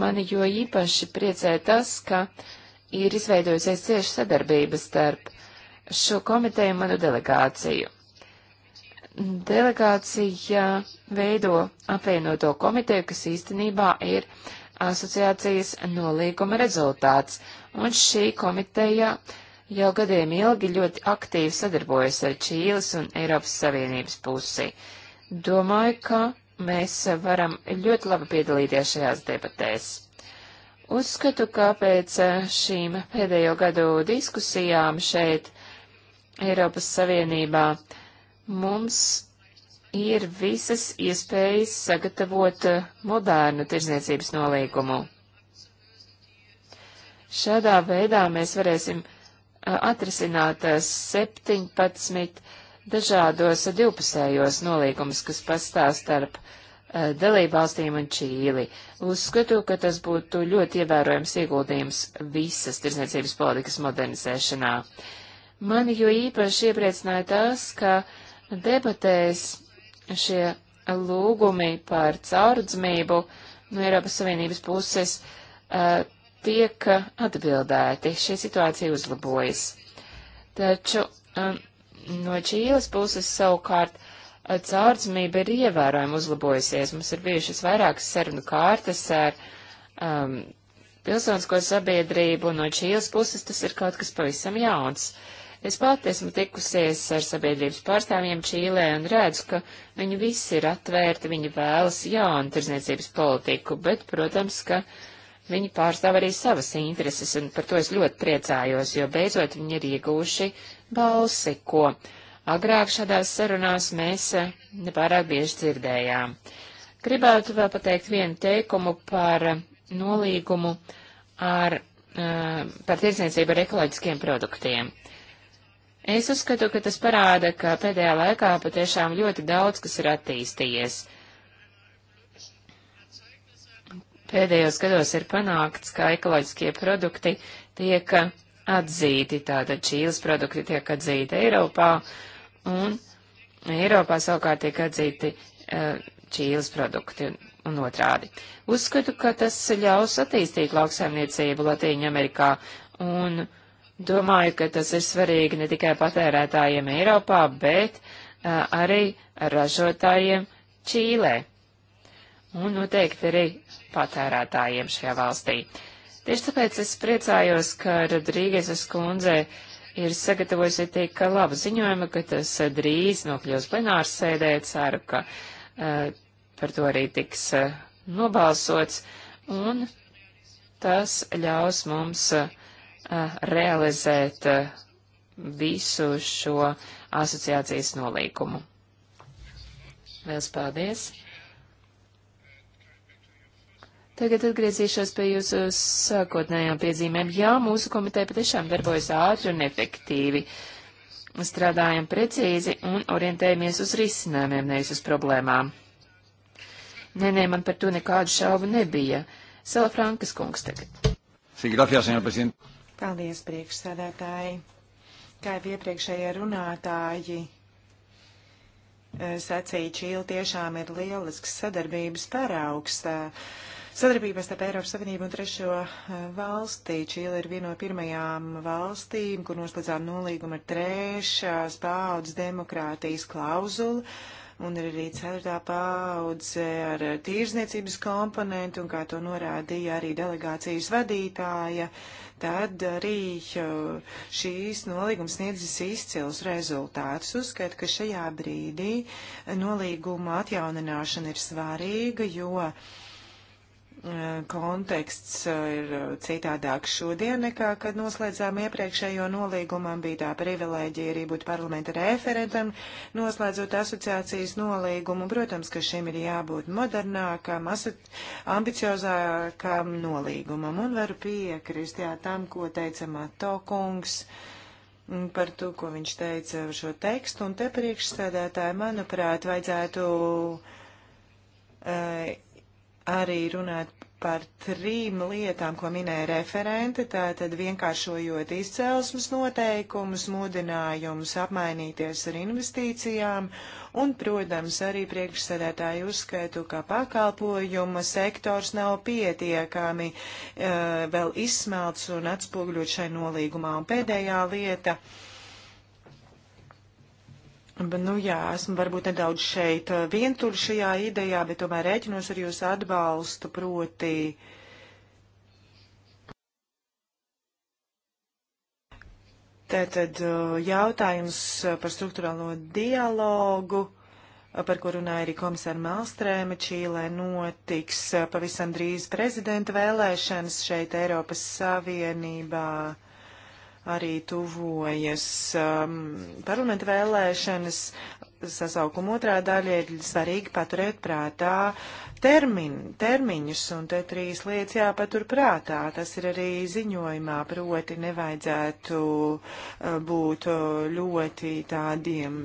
Mani jo īpaši priecē tas, ka ir izveidojusies cieša sadarbība starp šo komiteju manu delegāciju. Delegācija veido apvienoto komiteju, kas īstenībā ir asociācijas nolīguma rezultāts, un šī komiteja jau gadiem ilgi ļoti aktīvi sadarbojas ar Čīles un Eiropas Savienības pusi. Domāju, ka mēs varam ļoti labi piedalīties šajās debatēs. Uzskatu, ka pēc šīm pēdējo gadu diskusijām šeit Eiropas Savienībā uh, mums ir visas iespējas sagatavot eh, modernu tirzniecības nolīgumu. Šādā veidā mēs varēsim eh, atrisināt 17 eh, dažādos divpusējos nolīgumus, kas pastāv starp dalībvalstīm un Čīli. Uzskatu, ka tas būtu ļoti ievērojams ieguldījums visas tirzniecības politikas modernizēšanā. Mani jo īpaši iepriecināja tas, ka uh, Debatēs šie lūgumi par caurdzmību no Eiropas Savienības puses uh, tiek atbildēti. Šī situācija uzlabojas. Taču um, no Čīles puses savukārt eh, caurdzmība ir ievērojami uzlabojusies. Mums ir bijušas vairākas sarunu kārtas ar um, pilsonisko sabiedrību, no Čīles puses tas ir kaut kas pavisam jauns. Uh, Es pati esmu tikusies ar sabiedrības pārstāvjiem Čīlē un redzu, ka viņi visi ir atvērti, viņi vēlas jaunu tirzniecības politiku, bet, protams, ka viņi pārstāv arī savas intereses, un par to es ļoti priecājos, jo beidzot viņi ir iegūši balsi, ko agrāk šādās sarunās mēs eh, nepārāk bieži dzirdējām. Gribētu vēl pateikt vienu teikumu par eh, nolīgumu ar, eh, par tirdzniecību ar ekoloģiskiem produktiem. Es uzskatu, ka tas parāda, ka pēdējā laikā patiešām ļoti daudz kas ir attīstījies. Pēdējos gados ir panākts, ka ekoloģiskie produkti tiek atzīti, tātad Čīles produkti tiek atzīti Eiropā, un Eiropā savukārt tiek atzīti uh, Čīles produkti un, un otrādi. Uzskatu, ka tas ļaus attīstīt lauksaimniecību Latīņa Amerikā, un uh, Domāju, ka tas ir svarīgi ne tikai patērētājiem Eiropā, bet uh, arī ražotājiem Čīlē un noteikti arī patērētājiem šajā valstī. Tieši tāpēc es priecājos, ka Rodrīgesas kundze ir sagatavojusi tik labu ziņojumu, ka tas drīz nokļūs plenārs sēdē. Ceru, ka uh, par to arī tiks uh, nobalsots un tas ļaus mums uh, Eh, realizēt eh, visu šo asociācijas nolīkumu. Liels paldies! Tagad atgriezīšos pie jūsu sākotnējām piezīmēm. Jā, mūsu komiteja patiešām darbojas ātri un efektīvi. Strādājam precīzi un orientējamies uz risinājumiem, nevis uz problēmām. Nē, nē, man par to nekādu šaubu nebija. Sala Frankas kungs tagad. Sí, gracias, señor presidente. Paldies, priekšsēdētāji. Kā jau iepriekšējie runātāji eh, sacīja, Čīla tiešām ir lielisks sadarbības paraugs. Eh, sadarbības starp Eiropas Savienību un Trešo eh, valstī. Čīla ir viena no pirmajām valstīm, kur noslēdzām nolīgumu ar trešās paudzes demokrātijas klauzulu un ir arī ceturtā paudze ar tīrzniecības komponentu, un kā to norādīja arī delegācijas vadītāja, tad arī uh, šīs nolīgums sniedzis izcils rezultātus. Uzskatu, ka šajā brīdī nolīguma atjaunināšana ir svarīga, jo Eh, konteksts eh, ir eh, citādāk šodien nekā, kad noslēdzām iepriekšējo nolīgumu. Man bija tā privilēģija arī būt parlamenta referentam, noslēdzot asociācijas nolīgumu. Protams, ka šim ir jābūt modernākam, ambiciozākam nolīgumam. Un varu piekrist jā, tam, ko teica Mato kungs mm, par to, ko viņš teica par šo tekstu. Un te priekšsēdētāji, manuprāt, vajadzētu. Uh, arī runāt par trim lietām, ko minēja referente, tātad vienkāršojot izcelsmes noteikumus, mudinājumus apmainīties ar investīcijām un, protams, arī priekšsēdētāju uzskaitu, ka pakalpojuma sektors nav pietiekami e, vēl izsmelts un atspoguļot šai nolīgumā. Un pēdējā lieta. E, Bet, nu jā, esmu varbūt nedaudz šeit eh, vientuļ šajā idejā, bet tomēr rēķinos ar jūsu atbalstu proti. Tātad eh, jautājums eh, par struktūrālo dialogu, par ko runāja arī komisāra Malstrēma Čīlē, notiks pavisam drīz prezidenta vēlēšanas šeit Eiropas Savienībā arī tuvojas um, parlamenta vēlēšanas. Sasaukuma otrā daļa ir svarīgi paturēt prātā termin, termiņus, un te trīs lietas jāpatur prātā. Tas ir arī ziņojumā, proti nevajadzētu uh, būt uh, ļoti tādiem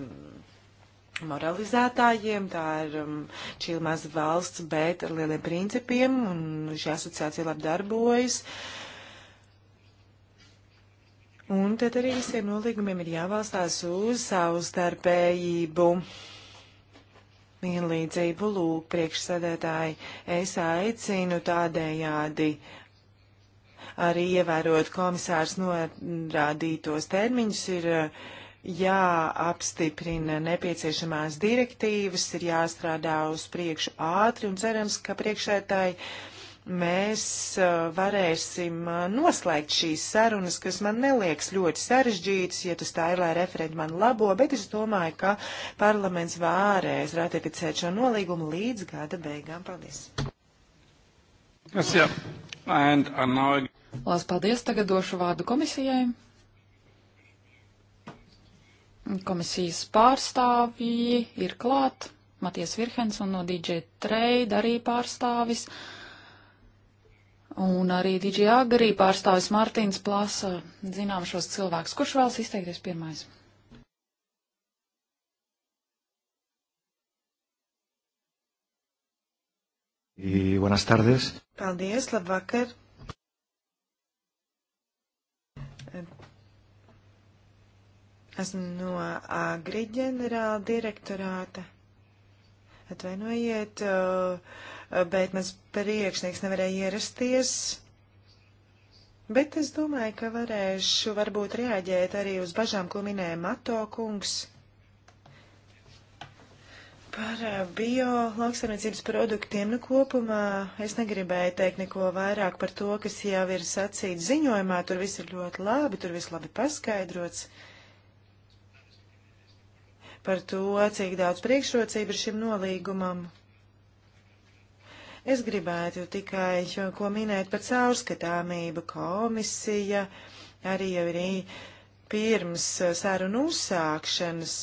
moralizētājiem, tā ir um, šī maza valsts, bet ar lieliem principiem, un šī asociācija labi darbojas. Uh, Un tad arī visiem nolīgumiem ir jāvalstās uz savstarpējību. Vienlīdzību lūk, priekšsēdētāji, es aicinu tādējādi arī ievērot komisārs norādītos termiņus, ir uh, jāapstiprina nepieciešamās direktīvas, ir jāstrādā uz priekšu ātri un cerams, ka priekšētāji mēs varēsim noslēgt šīs sarunas, kas man neliekas ļoti sarežģītas, ja tas tā ir, lai referenti man labo, bet es domāju, ka parlaments vārēs ratificēt šo nolīgumu līdz gada beigām. Paldies! Yes, yeah. And, and uh, now... Lās paldies, tagad došu vārdu komisijai. Komisijas pārstāvji ir klāt, Maties Virhens un no DJ Trade arī pārstāvis. Uh, Un arī DJ Agri pārstāvis Martins Plasa zinām šos cilvēkus. Kurš vēlas izteikties pirmais? Y buenas tardes. Paldies, labvakar. Esmu no Agri ģenerāla direktorāta. Atvainojiet, eh, bet mans priekšnieks nevarēja ierasties. Bet es domāju, ka varēšu varbūt reaģēt arī uz bažām, ko minēja Mato kungs par eh, bio lauksaimniecības produktiem. Nu, kopumā es negribēju teikt neko vairāk par to, kas jau ir sacīts ziņojumā. Tur viss ir ļoti labi, tur viss labi paskaidrots. Uh, par to, cik daudz priekšrocību ir šim nolīgumam. Es gribētu tikai ko minēt par caurskatāmību. Komisija arī jau ir pirms sarunu uzsākšanas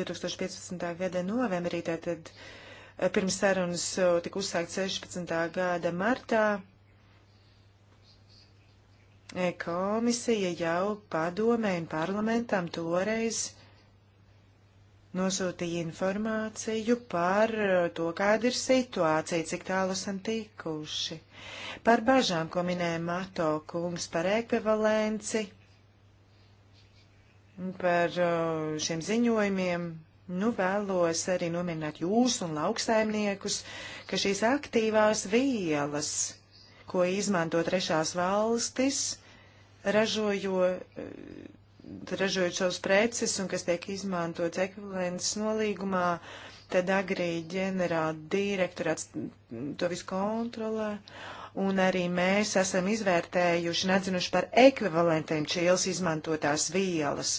2015. gada novembrī, tātad eh, pirms sarunas eh, tika uzsākt 16. gada martā. Komisija jau padomē un parlamentam toreiz nosūtīja informāciju par uh, to, kāda ir situācija, cik tālu esam tikuši. Par bažām, ko minēja Mato kungs par ekvivalenci, par uh, šiem ziņojumiem, nu vēlos arī nomierināt jūs un lauksaimniekus, ka šīs aktīvās vielas, ko izmanto trešās valstis, ražojo, eh, ražojot šos preces un kas tiek izmantots ekvivalents nolīgumā, tad agrī ģenerāla direktorāts to visu kontrolē. Un arī mēs esam izvērtējuši un atzinuši par ekvivalentiem čīles izmantotās vielas.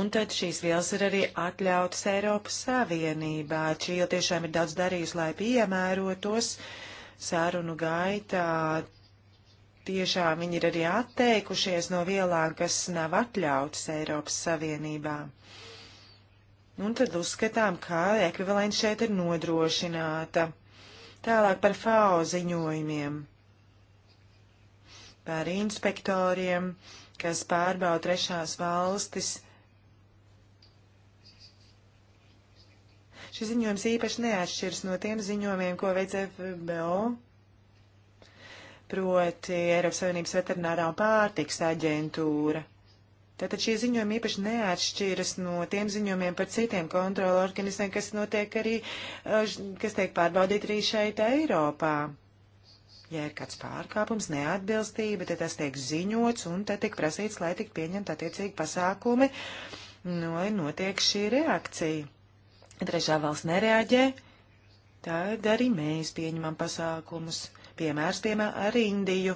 Un tad šīs vielas ir arī atļautas Eiropas Savienībā. Čīla tiešām ir daudz darījusi, lai piemērotos sarunu gaitā tiešām viņi ir arī atteikušies no vielām, kas nav atļautas Eiropas Savienībā. Un tad uzskatām, ka ekvivalents šeit ir nodrošināta. Tālāk par FAO ziņojumiem, par inspektoriem, kas pārbauda trešās valstis. Šis ziņojums īpaši neatšķirs no tiem ziņojumiem, ko veic FBO proti Eiropas Savienības veterinārā un pārtiks aģentūra. Tātad šie ziņojumi īpaši neatšķiras no tiem ziņojumiem par citiem kontrola organismiem, kas notiek arī, eh, kas tiek pārbaudīti arī šeit Eiropā. Ja ir kāds pārkāpums, neatbilstība, tad tas tiek ziņots un tad tiek prasīts, lai tik pieņemt attiecīgi pasākumi, no nu, notiek šī reakcija. Trešā valsts nereaģē, tad arī mēs pieņemam pasākumus piemērs tiem ar Indiju.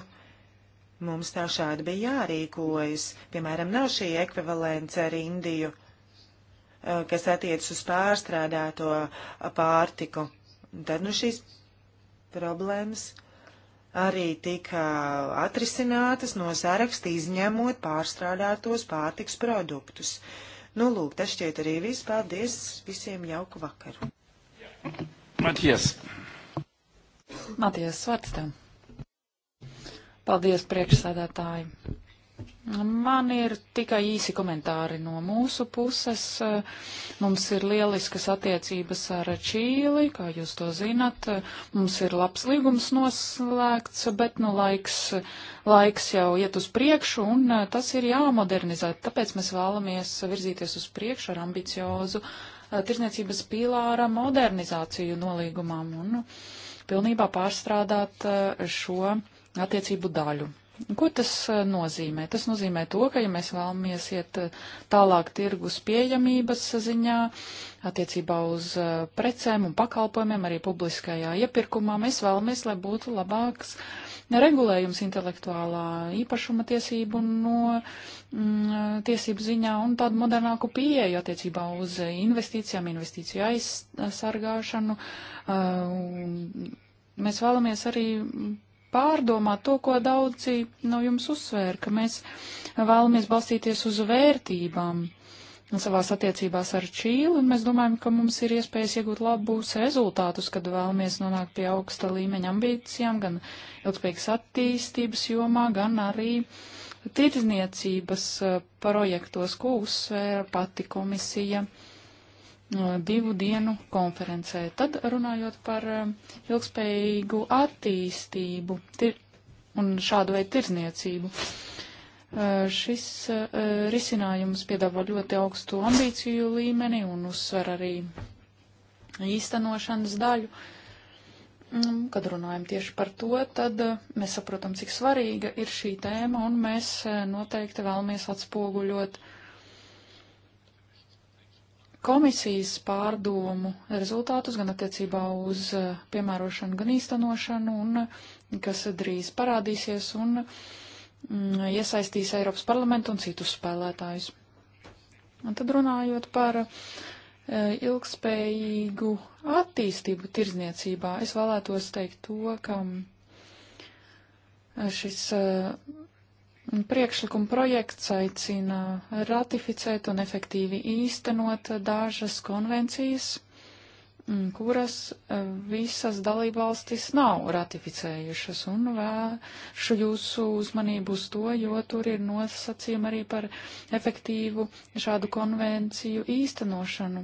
Mums tā šādi bija jārīkojas. Piemēram, nav šī ekvivalence ar Indiju, eh, kas attiec uz pārstrādāto pārtiku. Tad nu šīs problēmas arī tika atrisinātas no saraksta izņemot pārstrādātos pārtiks produktus. Nu, lūk, tas šķiet arī viss. Paldies visiem jauku vakaru. Matijas. Matijas vārds tev. Paldies, priekšsēdētāji. Man ir tikai īsi komentāri no mūsu puses. Mums ir lieliskas attiecības ar Čīli, kā jūs to zinat. Mums ir labs līgums noslēgts, bet nu laiks, laiks jau iet uz priekšu un tas ir jāmodernizē. Tāpēc mēs vēlamies virzīties uz priekšu ar ambiciozu eh, tirzniecības pīlāra modernizāciju nolīgumam. Un, nu, pilnībā pārstrādāt eh, šo attiecību daļu. Ko tas eh, nozīmē? Tas nozīmē to, ka, ja mēs vēlamies iet eh, tālāk tirgus pieejamības ziņā, attiecībā uz precēm un pakalpojumiem, arī publiskajā iepirkumā, mēs vēlamies, lai būtu labāks regulējums intelektuālā īpašuma tiesību no mm, tiesību ziņā un tādu modernāku pieeju attiecībā uz investīcijām, investīciju aizsargāšanu. Uh, Mēs vēlamies arī pārdomāt to, ko daudzi no jums uzsvēra, ka mēs vēlamies balstīties uz vērtībām savās attiecībās ar Čīli, un mēs domājam, ka mums ir iespējas iegūt labus rezultātus, kad vēlamies nonākt pie augsta līmeņa ambīcijām, gan ilgspējīgas attīstības jomā, gan arī tirzniecības eh, projektos, ko uzsvēra pati komisija. Uh, Uh, divu dienu konferencē. Tad runājot par uh, ilgspējīgu attīstību tir, un šādu veidu tirzniecību. Uh, šis risinājums piedāvā ļoti augstu ambīciju līmeni un uzsver arī īstenošanas daļu. Mm, kad runājam tieši par to, tad mēs saprotam, cik svarīga ir šī tēma, un mēs noteikti vēlamies atspoguļot uh, komisijas pārdomu rezultātus gan attiecībā uz eh, piemērošanu, gan īstenošanu, un eh, kas drīz parādīsies un mm, iesaistīs Eiropas parlamentu un citus spēlētājus. Un tad runājot par e, ilgspējīgu attīstību tirzniecībā, es vēlētos teikt to, ka mm, šis e, Priekšlikuma projekts aicina ratificēt un efektīvi īstenot dažas konvencijas, mm, kuras e, visas dalībvalstis nav ratificējušas, un vēršu jūsu uzmanību uz to, jo tur ir nosacījumi arī par efektīvu šādu konvenciju īstenošanu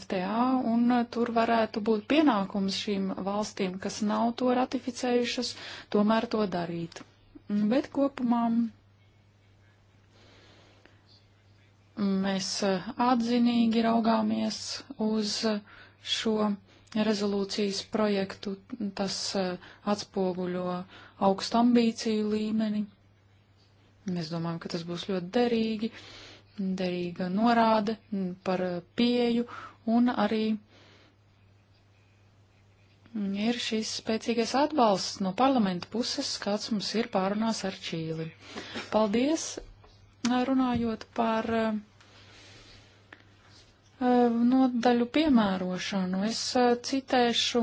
FTA, un tur varētu būt pienākums šīm valstīm, kas nav to ratificējušas, tomēr to darīt. Bet kopumā Mēs e, atzinīgi raugāmies uz šo rezolūcijas projektu. Tas e, atspoguļo augstu ambīciju līmeni. Mēs domājam, ka tas būs ļoti derīgi, derīga norāde par e, pieju un arī ir šis spēcīgais atbalsts no parlamenta puses, kāds mums ir pārunās ar Čīli. Paldies, runājot par Eh, nodaļu piemērošanu. Es eh, citēšu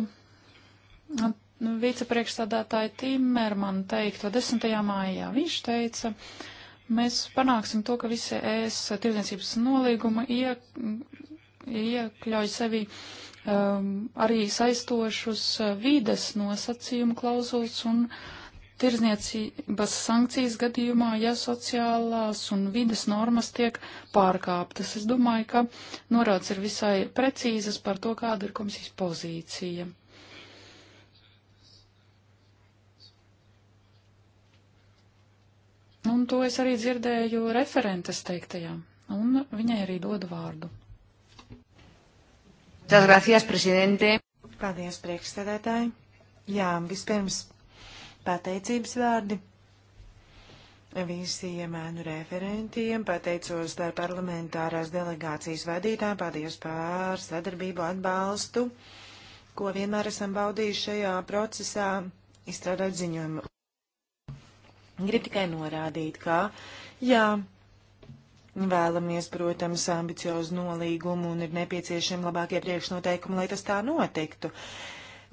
vicepriekšstādātāju Timermanu teikto 10. maijā. Viņš teica, mēs panāksim to, ka visi ES tirdzniecības nolīguma ie, iekļauj sevi um, arī saistošus eh, vides nosacījumu klauzulas un uh, tirzniecības sankcijas gadījumā, ja sociālās un vides normas tiek pārkāptas. Es domāju, ka norādes ir visai precīzas par to, kāda ir komisijas pozīcija. Un to es arī dzirdēju referentes teiktajā, un viņai arī dodu vārdu. Tās gracias, prezidente. Paldies, priekšsēdētāji. Jā, vispirms pateicības vārdi visiem ēnu referentiem, pateicos par parlamentārās delegācijas vadītājiem, paldies par sadarbību, atbalstu, ko vienmēr esam baudījuši šajā procesā, izstrādāt ziņojumu. Gribu tikai norādīt, ka, jā, vēlamies, protams, ambiciozu nolīgumu un ir nepieciešami labākie priekšnoteikumi, lai tas tā notiktu.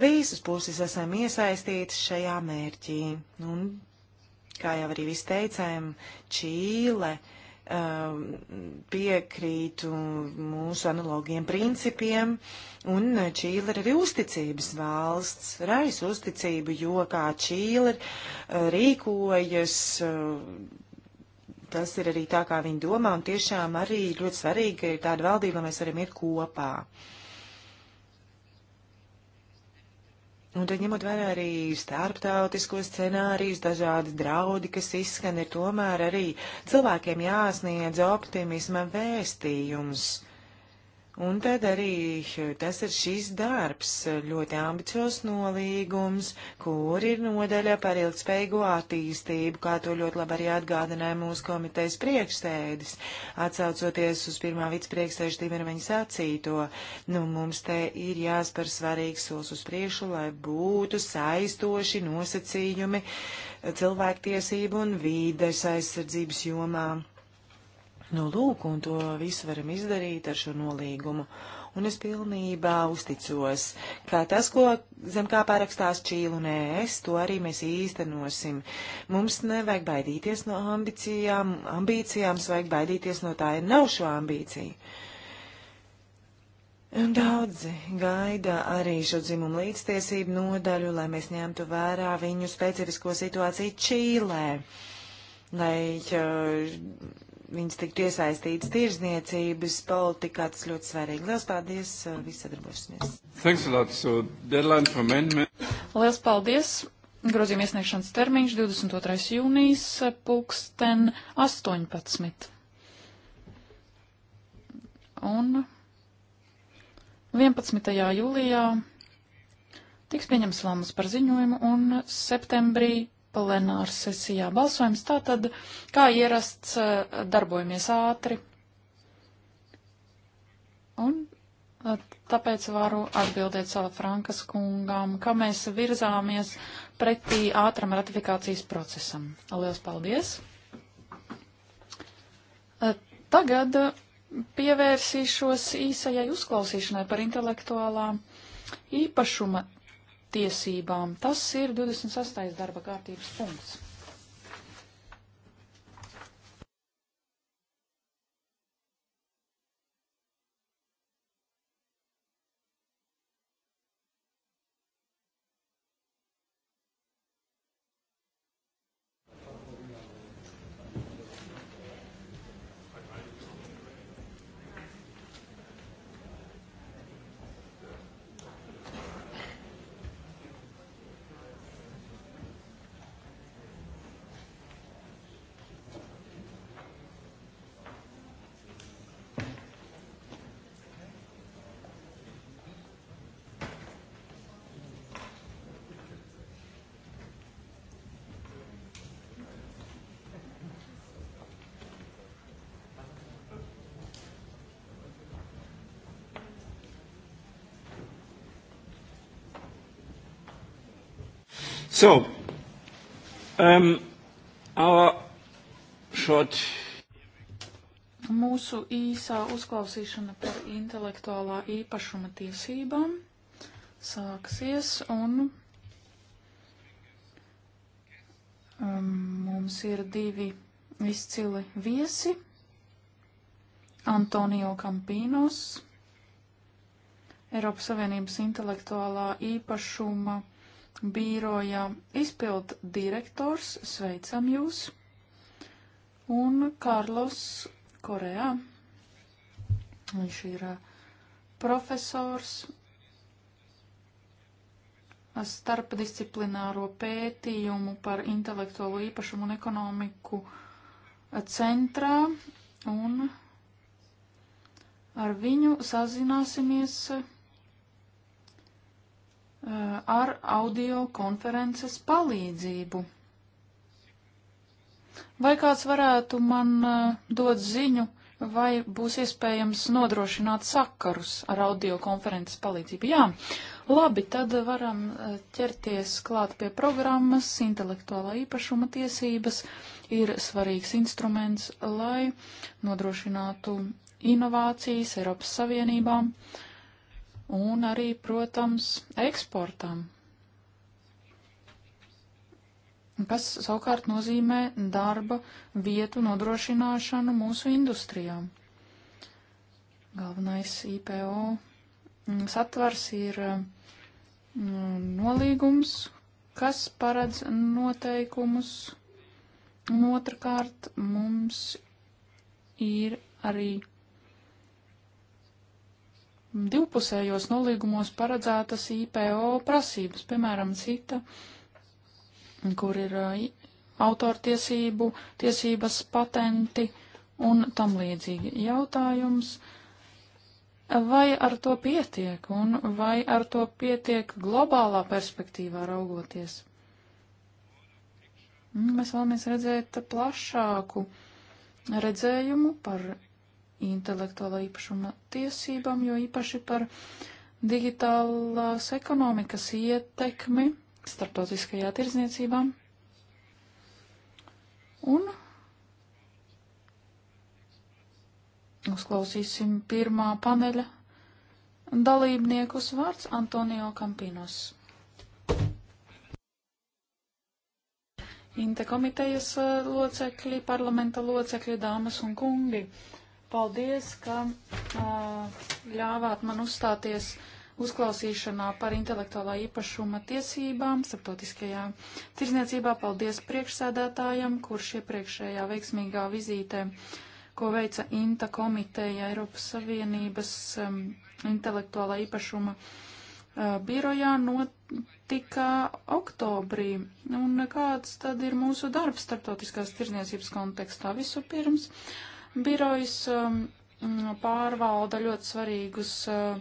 Visas puses esam iesaistītas šajā mērķī. Un, kā jau arī viss teicām, Čīle um, piekrītu mūsu analogiem principiem, un Čīla ir arī uzticības valsts, rais uzticību, jo kā Čīla uh, rīkojas, uh, tas ir arī tā, kā viņi domā, un tiešām arī ļoti svarīgi, ka ir tāda valdība, mēs varam iet kopā. Uh, Un tad ņemot vērā arī starptautiskos scenārijus, dažādi draudi, kas izskan, ir tomēr arī cilvēkiem jāsniedz optimisma vēstījums. Uh, Un tad arī tas ir šis darbs, ļoti ambicios nolīgums, kur ir nodaļa par ilgspējīgu attīstību, kā to ļoti labi arī atgādināja mūsu komitejas priekšsēdis, atsaucoties uz pirmā vicepriekšsēža Timermeņa sacīto. Nu, mums te ir jāspēr svarīgs solis uz priekšu, lai būtu saistoši nosacījumi cilvēktiesību un vīdes aizsardzības jomām Nu, lūk, un to visu varam izdarīt ar šo nolīgumu. Un es pilnībā uzticos, ka tas, ko zem kā pārakstās Čīlu un es, to arī mēs īstenosim. Mums nevajag baidīties no ambicijām, ambīcijām, vajag baidīties no tā, ja nav šo ambīciju. Un daudzi gaida arī šo dzimumu līdztiesību nodaļu, lai mēs ņemtu vērā viņu specifisko situāciju Čīlē, lai uh, viņas tiktu iesaistītas tirzniecības politikā, tas ļoti svarīgi. Lielas paldies, uh, visi sadarbosimies. Thanks a lot. So deadline for amendment. Lielas paldies. Grozījuma iesniegšanas termiņš 22. jūnijas pulksten 18. Un 11. jūlijā tiks pieņems lēmums par ziņojumu un septembrī plenāra sesijā balsojums. Tātad, kā ierasts, eh, darbojamies ātri. Un eh, tāpēc varu atbildēt savā Frankas kungām, ka mēs virzāmies pretī ātram ratifikācijas procesam. Lielas paldies! Eh, tagad pievērsīšos īsajai uzklausīšanai par intelektuālā īpašuma tiesībām. Tas ir 26. darba kārtības punkts. So, um, our short... Mūsu īsā uzklausīšana par intelektuālā īpašuma tiesībām sāksies un um, mums ir divi izcili viesi. Antonio Campinos, Eiropas Savienības intelektuālā īpašuma bīrojā izpild direktors, sveicam jūs, un Karlos Korejā. Viņš ir uh, profesors starpdisciplināro pētījumu par intelektuālo īpašumu un ekonomiku uh, centrā, un ar viņu sazināsimies uh, Uh, ar audio konferences palīdzību. Vai kāds varētu man uh, dot ziņu, vai būs iespējams nodrošināt sakarus ar audio konferences palīdzību? Jā, labi, tad varam uh, ķerties klāt pie programmas. Intelektuālā īpašuma tiesības ir svarīgs instruments, lai nodrošinātu inovācijas Eiropas Savienībām. Uh, un arī, protams, eksportam, kas savukārt nozīmē darba vietu nodrošināšanu mūsu industrijām. Galvenais IPO mm, satvars ir mm, nolīgums, kas paredz noteikumus, un otrkārt mums ir arī divpusējos nolīgumos paredzētas IPO prasības, piemēram, cita, kur ir uh, autortiesību, tiesības patenti un tam līdzīgi jautājums, vai ar to pietiek un vai ar to pietiek globālā perspektīvā raugoties. Mēs vēlamies redzēt plašāku redzējumu par intelektuālā īpašuma tiesībām, jo īpaši par digitālās ekonomikas ietekmi starptautiskajā tirzniecībā. Un uzklausīsim pirmā paneļa dalībniekus vārds Antonio Campinos. Inte komitejas uh, locekļi, parlamenta locekļi, dāmas un kungi. Uh, Paldies, ka ļāvāt man uzstāties uzklausīšanā par intelektuālā īpašuma tiesībām starptautiskajā tirzniecībā. Paldies priekšsēdētājam, kurš iepriekšējā veiksmīgā vizītē, ko veica INTA komiteja Eiropas Savienības um, intelektuālā īpašuma uh, birojā, notika oktobrī. Un kāds tad ir mūsu darbs starptautiskās tirzniecības kontekstā? Visu pirms. Uh, Birojas um, pārvalda ļoti svarīgus uh,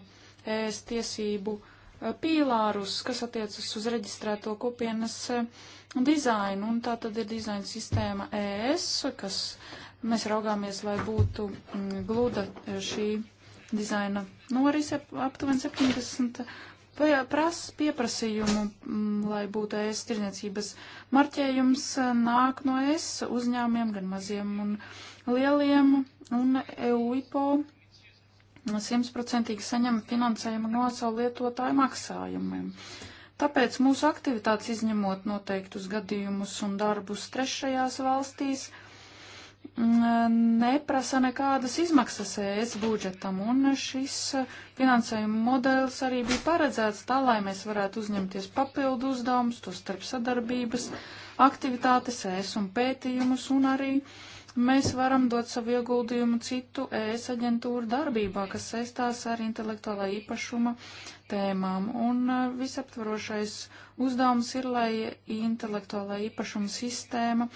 ēst tiesību uh, pīlārus, kas attiecas uz reģistrēto kopienas uh, dizainu. Un tā tad ir dizaina sistēma ES, kas mēs raugāmies, lai būtu mm, gluda šī dizaina norise aptuveni 70 pras, pieprasījumu, mm, lai būtu ES tirniecības marķējums, nāk no ES uzņēmiem, gan maziem un maziem lieliem un EUIPO 100% saņem finansējumu no savu lietotāju maksājumiem. Tāpēc mūsu aktivitātes, izņemot noteiktus gadījumus un darbus trešajās valstīs, neprasa nekādas izmaksas ES budžetam, un šis finansējuma modelis arī bija paredzēts tā, lai mēs varētu uzņemties papildu uzdevumus, to starp sadarbības aktivitātes ES un pētījumus, un arī uh, mēs varam dot savu ieguldījumu citu ES aģentūru darbībā, kas saistās ar intelektuālā īpašuma tēmām. Un e, visaptvarošais uzdevums ir, lai intelektuālā īpašuma sistēma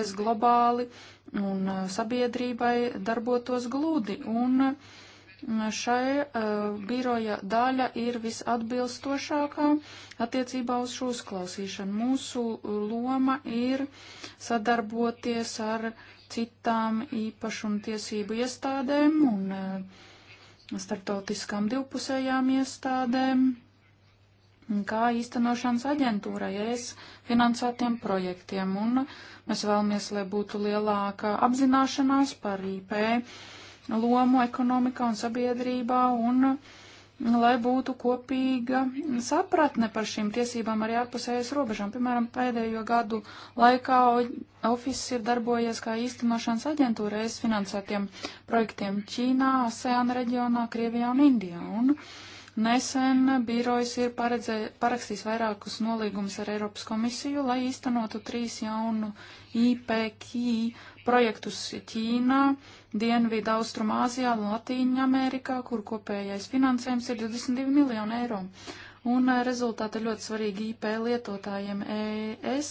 es globāli un e, sabiedrībai darbotos glūdi. Un e, šai uh, biroja daļa ir visatbilstošākā attiecībā uz šo uzklausīšanu. Mūsu loma ir sadarboties ar uh, citām īpašumtiesību iestādēm un eh, starptautiskām divpusējām iestādēm, kā īstenošanas aģentūrai es finansētiem projektiem. Un mēs vēlamies, lai būtu lielāka apzināšanās par IP lomu ekonomikā un sabiedrībā un uh, lai būtu kopīga sapratne par šīm tiesībām arī ārpusējas robežām. Piemēram, pēdējo gadu laikā Office ir darbojies kā īstenošanas aģentūra es finansētiem projektiem Ķīnā, ASEAN reģionā, Krievijā un Indijā. Un Nesen birojs ir paredzē, parakstījis vairākus nolīgumus ar Eiropas komisiju, lai īstenotu trīs jaunu IPK projektus Ķīnā, Dienvidu Austrumāzijā un Latīņa Amerikā, kur kopējais finansējums ir 22 miljoni eiro. Un eh, rezultāti ir ļoti svarīgi IP lietotājiem ES.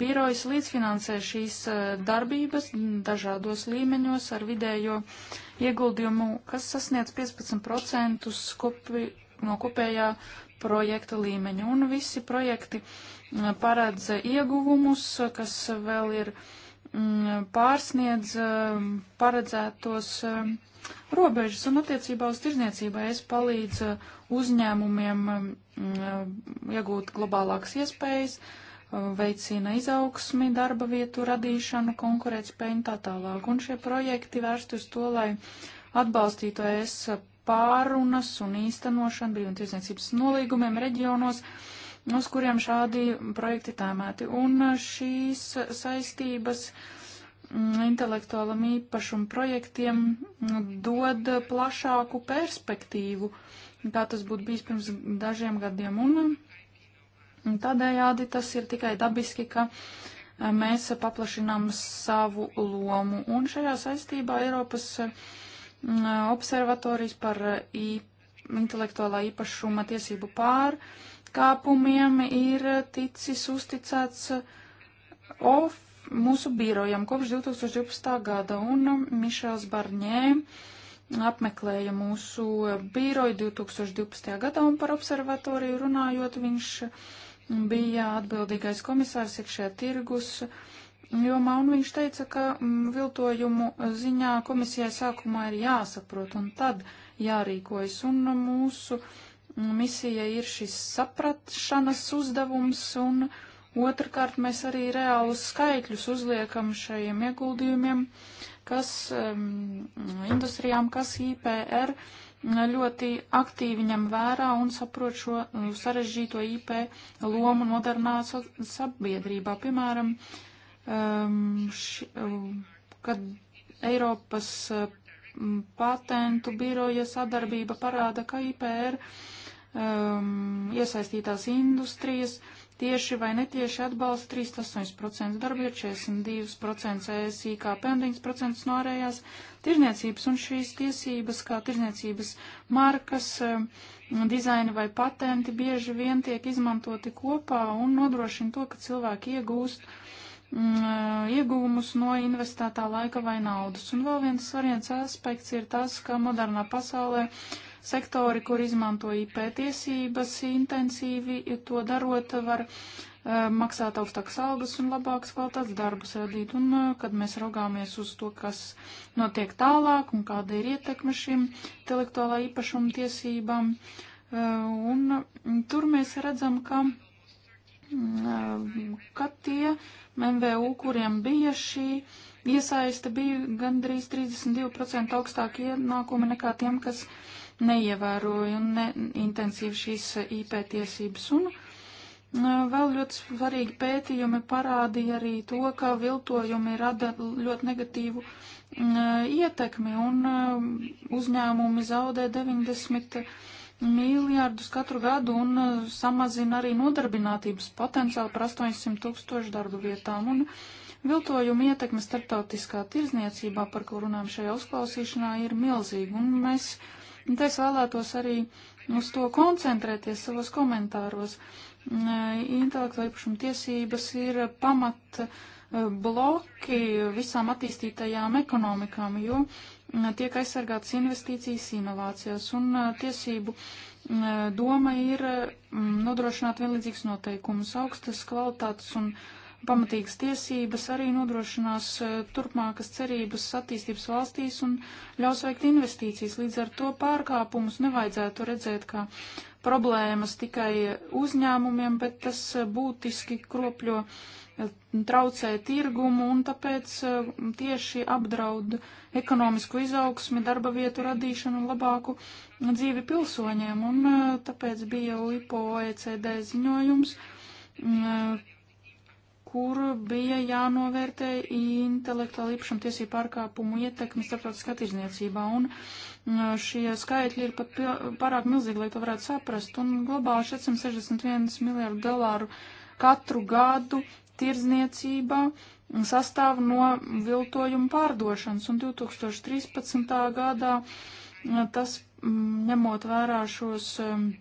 Birojas līdzfinansē šīs eh, darbības dažādos līmeņos ar vidējo ieguldījumu, kas sasniedz 15% kopi, no kopējā projekta līmeņa. Un visi projekti eh, paredz ieguvumus, kas vēl ir uh, Mm, pārsniedz mm, paredzētos mm, robežas un attiecībā uz tirzniecībai es palīdzu uzņēmumiem iegūt globālākas iespējas, veicina izaugsmi, darba vietu radīšanu, konkurētspēju un tā tālāk. Un šie projekti vērst uz to, lai atbalstītu es pārunas un īstenošanu brīvuma tirzniecības nolīgumiem reģionos, uh, uz kuriem šādi projekti tēmēti. Un uh, šīs saistības mm, intelektuālam īpašumu projektiem mm, dod plašāku perspektīvu, kā tas būtu bijis pirms dažiem gadiem. Un mm, tādējādi tas ir tikai dabiski, ka eh, mēs paplašinām savu lomu. Un šajā saistībā Eiropas observatorijas par eh, intelektuālā īpašuma tiesību pār pārkāpumiem ir ticis uzticēts uh, OF mūsu birojam kopš 2012. gada, un Mišels Barņē apmeklēja mūsu biroju 2012. gadā, un par observatoriju runājot, viņš bija atbildīgais komisārs iekšējā tirgus jomā, un viņš teica, ka mm, viltojumu ziņā komisijai sākumā ir jāsaprot, un tad jārīkojas, un mūsu uh, Misija ir šis saprašanas uzdevums, un otrkārt mēs arī reālus skaitļus uzliekam šajiem ieguldījumiem, kas um, industrijām, kas IPR ļoti aktīvi ņem vērā un saprot šo eh, sarežģīto IP lomu modernā sabiedrībā. Piemēram, š, eh, kad Eiropas eh, patentu biroja sadarbība parāda, ka IPR um, iesaistītās industrijas tieši vai netieši atbalsta 38% darbvietu, 42% ES IKP un 9% no ārējās tirzniecības. Un šīs tiesības, kā tirzniecības markas, um, dizaini vai patenti, bieži vien tiek izmantoti kopā un nodrošina to, ka cilvēki iegūst mm, uh, ieguvumus no investētā laika vai naudas. Un vēl viens svarīgs aspekts ir tas, ka modernā pasaulē uh, sektori, kur izmanto IP tiesības intensīvi, to darot var eh, maksāt augstākas algas un labākas kvalitātes darbus radīt. Un, eh, kad mēs raugāmies uz to, kas notiek tālāk un kāda ir ietekme šim intelektuālā īpašuma tiesībām, eh, un mm, tur mēs redzam, ka mm, ka tie MVU, kuriem bija šī iesaiste, bija gandrīz 32% augstāki ienākumi nekā tiem, kas uh, neievēroja un neintensīvi šīs eh, IP tiesības. Un eh, vēl ļoti svarīgi pētījumi parādīja arī to, ka viltojumi rada ļoti negatīvu mm, eh, ietekmi un uzņēmumi zaudē 90 miljārdus katru gadu un samazina arī nodarbinātības potenciālu par 800 tūkstošu darbu vietām. Un viltojuma ietekme starptautiskā tirzniecībā, par ko runājam šajā uzklausīšanā, ir milzīga. Un mēs Un te es vēlētos arī uz to koncentrēties savos komentāros. Mm, eh, Intelektuāla īpašuma tiesības ir pamat eh, bloki visām attīstītajām ekonomikām, jo mm, tiek aizsargātas investīcijas inovācijās un eh, tiesību mm, doma ir nodrošināt vienlīdzīgus noteikumus, augstas kvalitātes un uh, pamatīgas tiesības arī nodrošinās eh, turpmākas cerības attīstības valstīs un ļaus veikt investīcijas. Līdz ar to pārkāpumus nevajadzētu redzēt kā problēmas tikai uzņēmumiem, bet tas eh, būtiski kropļo eh, traucē tirgumu un tāpēc tieši apdraud ekonomisku izaugsmi, darba vietu radīšanu un labāku dzīvi pilsoņiem. Un tāpēc bija LIPO OECD ziņojums, mm, kur bija jānovērtē intelektuāla īpašuma tiesību pārkāpumu ietekmi starptautiskā tirzniecībā. Un mm, šie skaitļi ir pat pārāk milzīgi, lai to varētu saprast. Un globāli 461 miljārdu dolāru katru gadu tirzniecībā sastāv no viltojuma pārdošanas. Un 2013. gadā mm, tas mm, ņemot vērā šos. Um,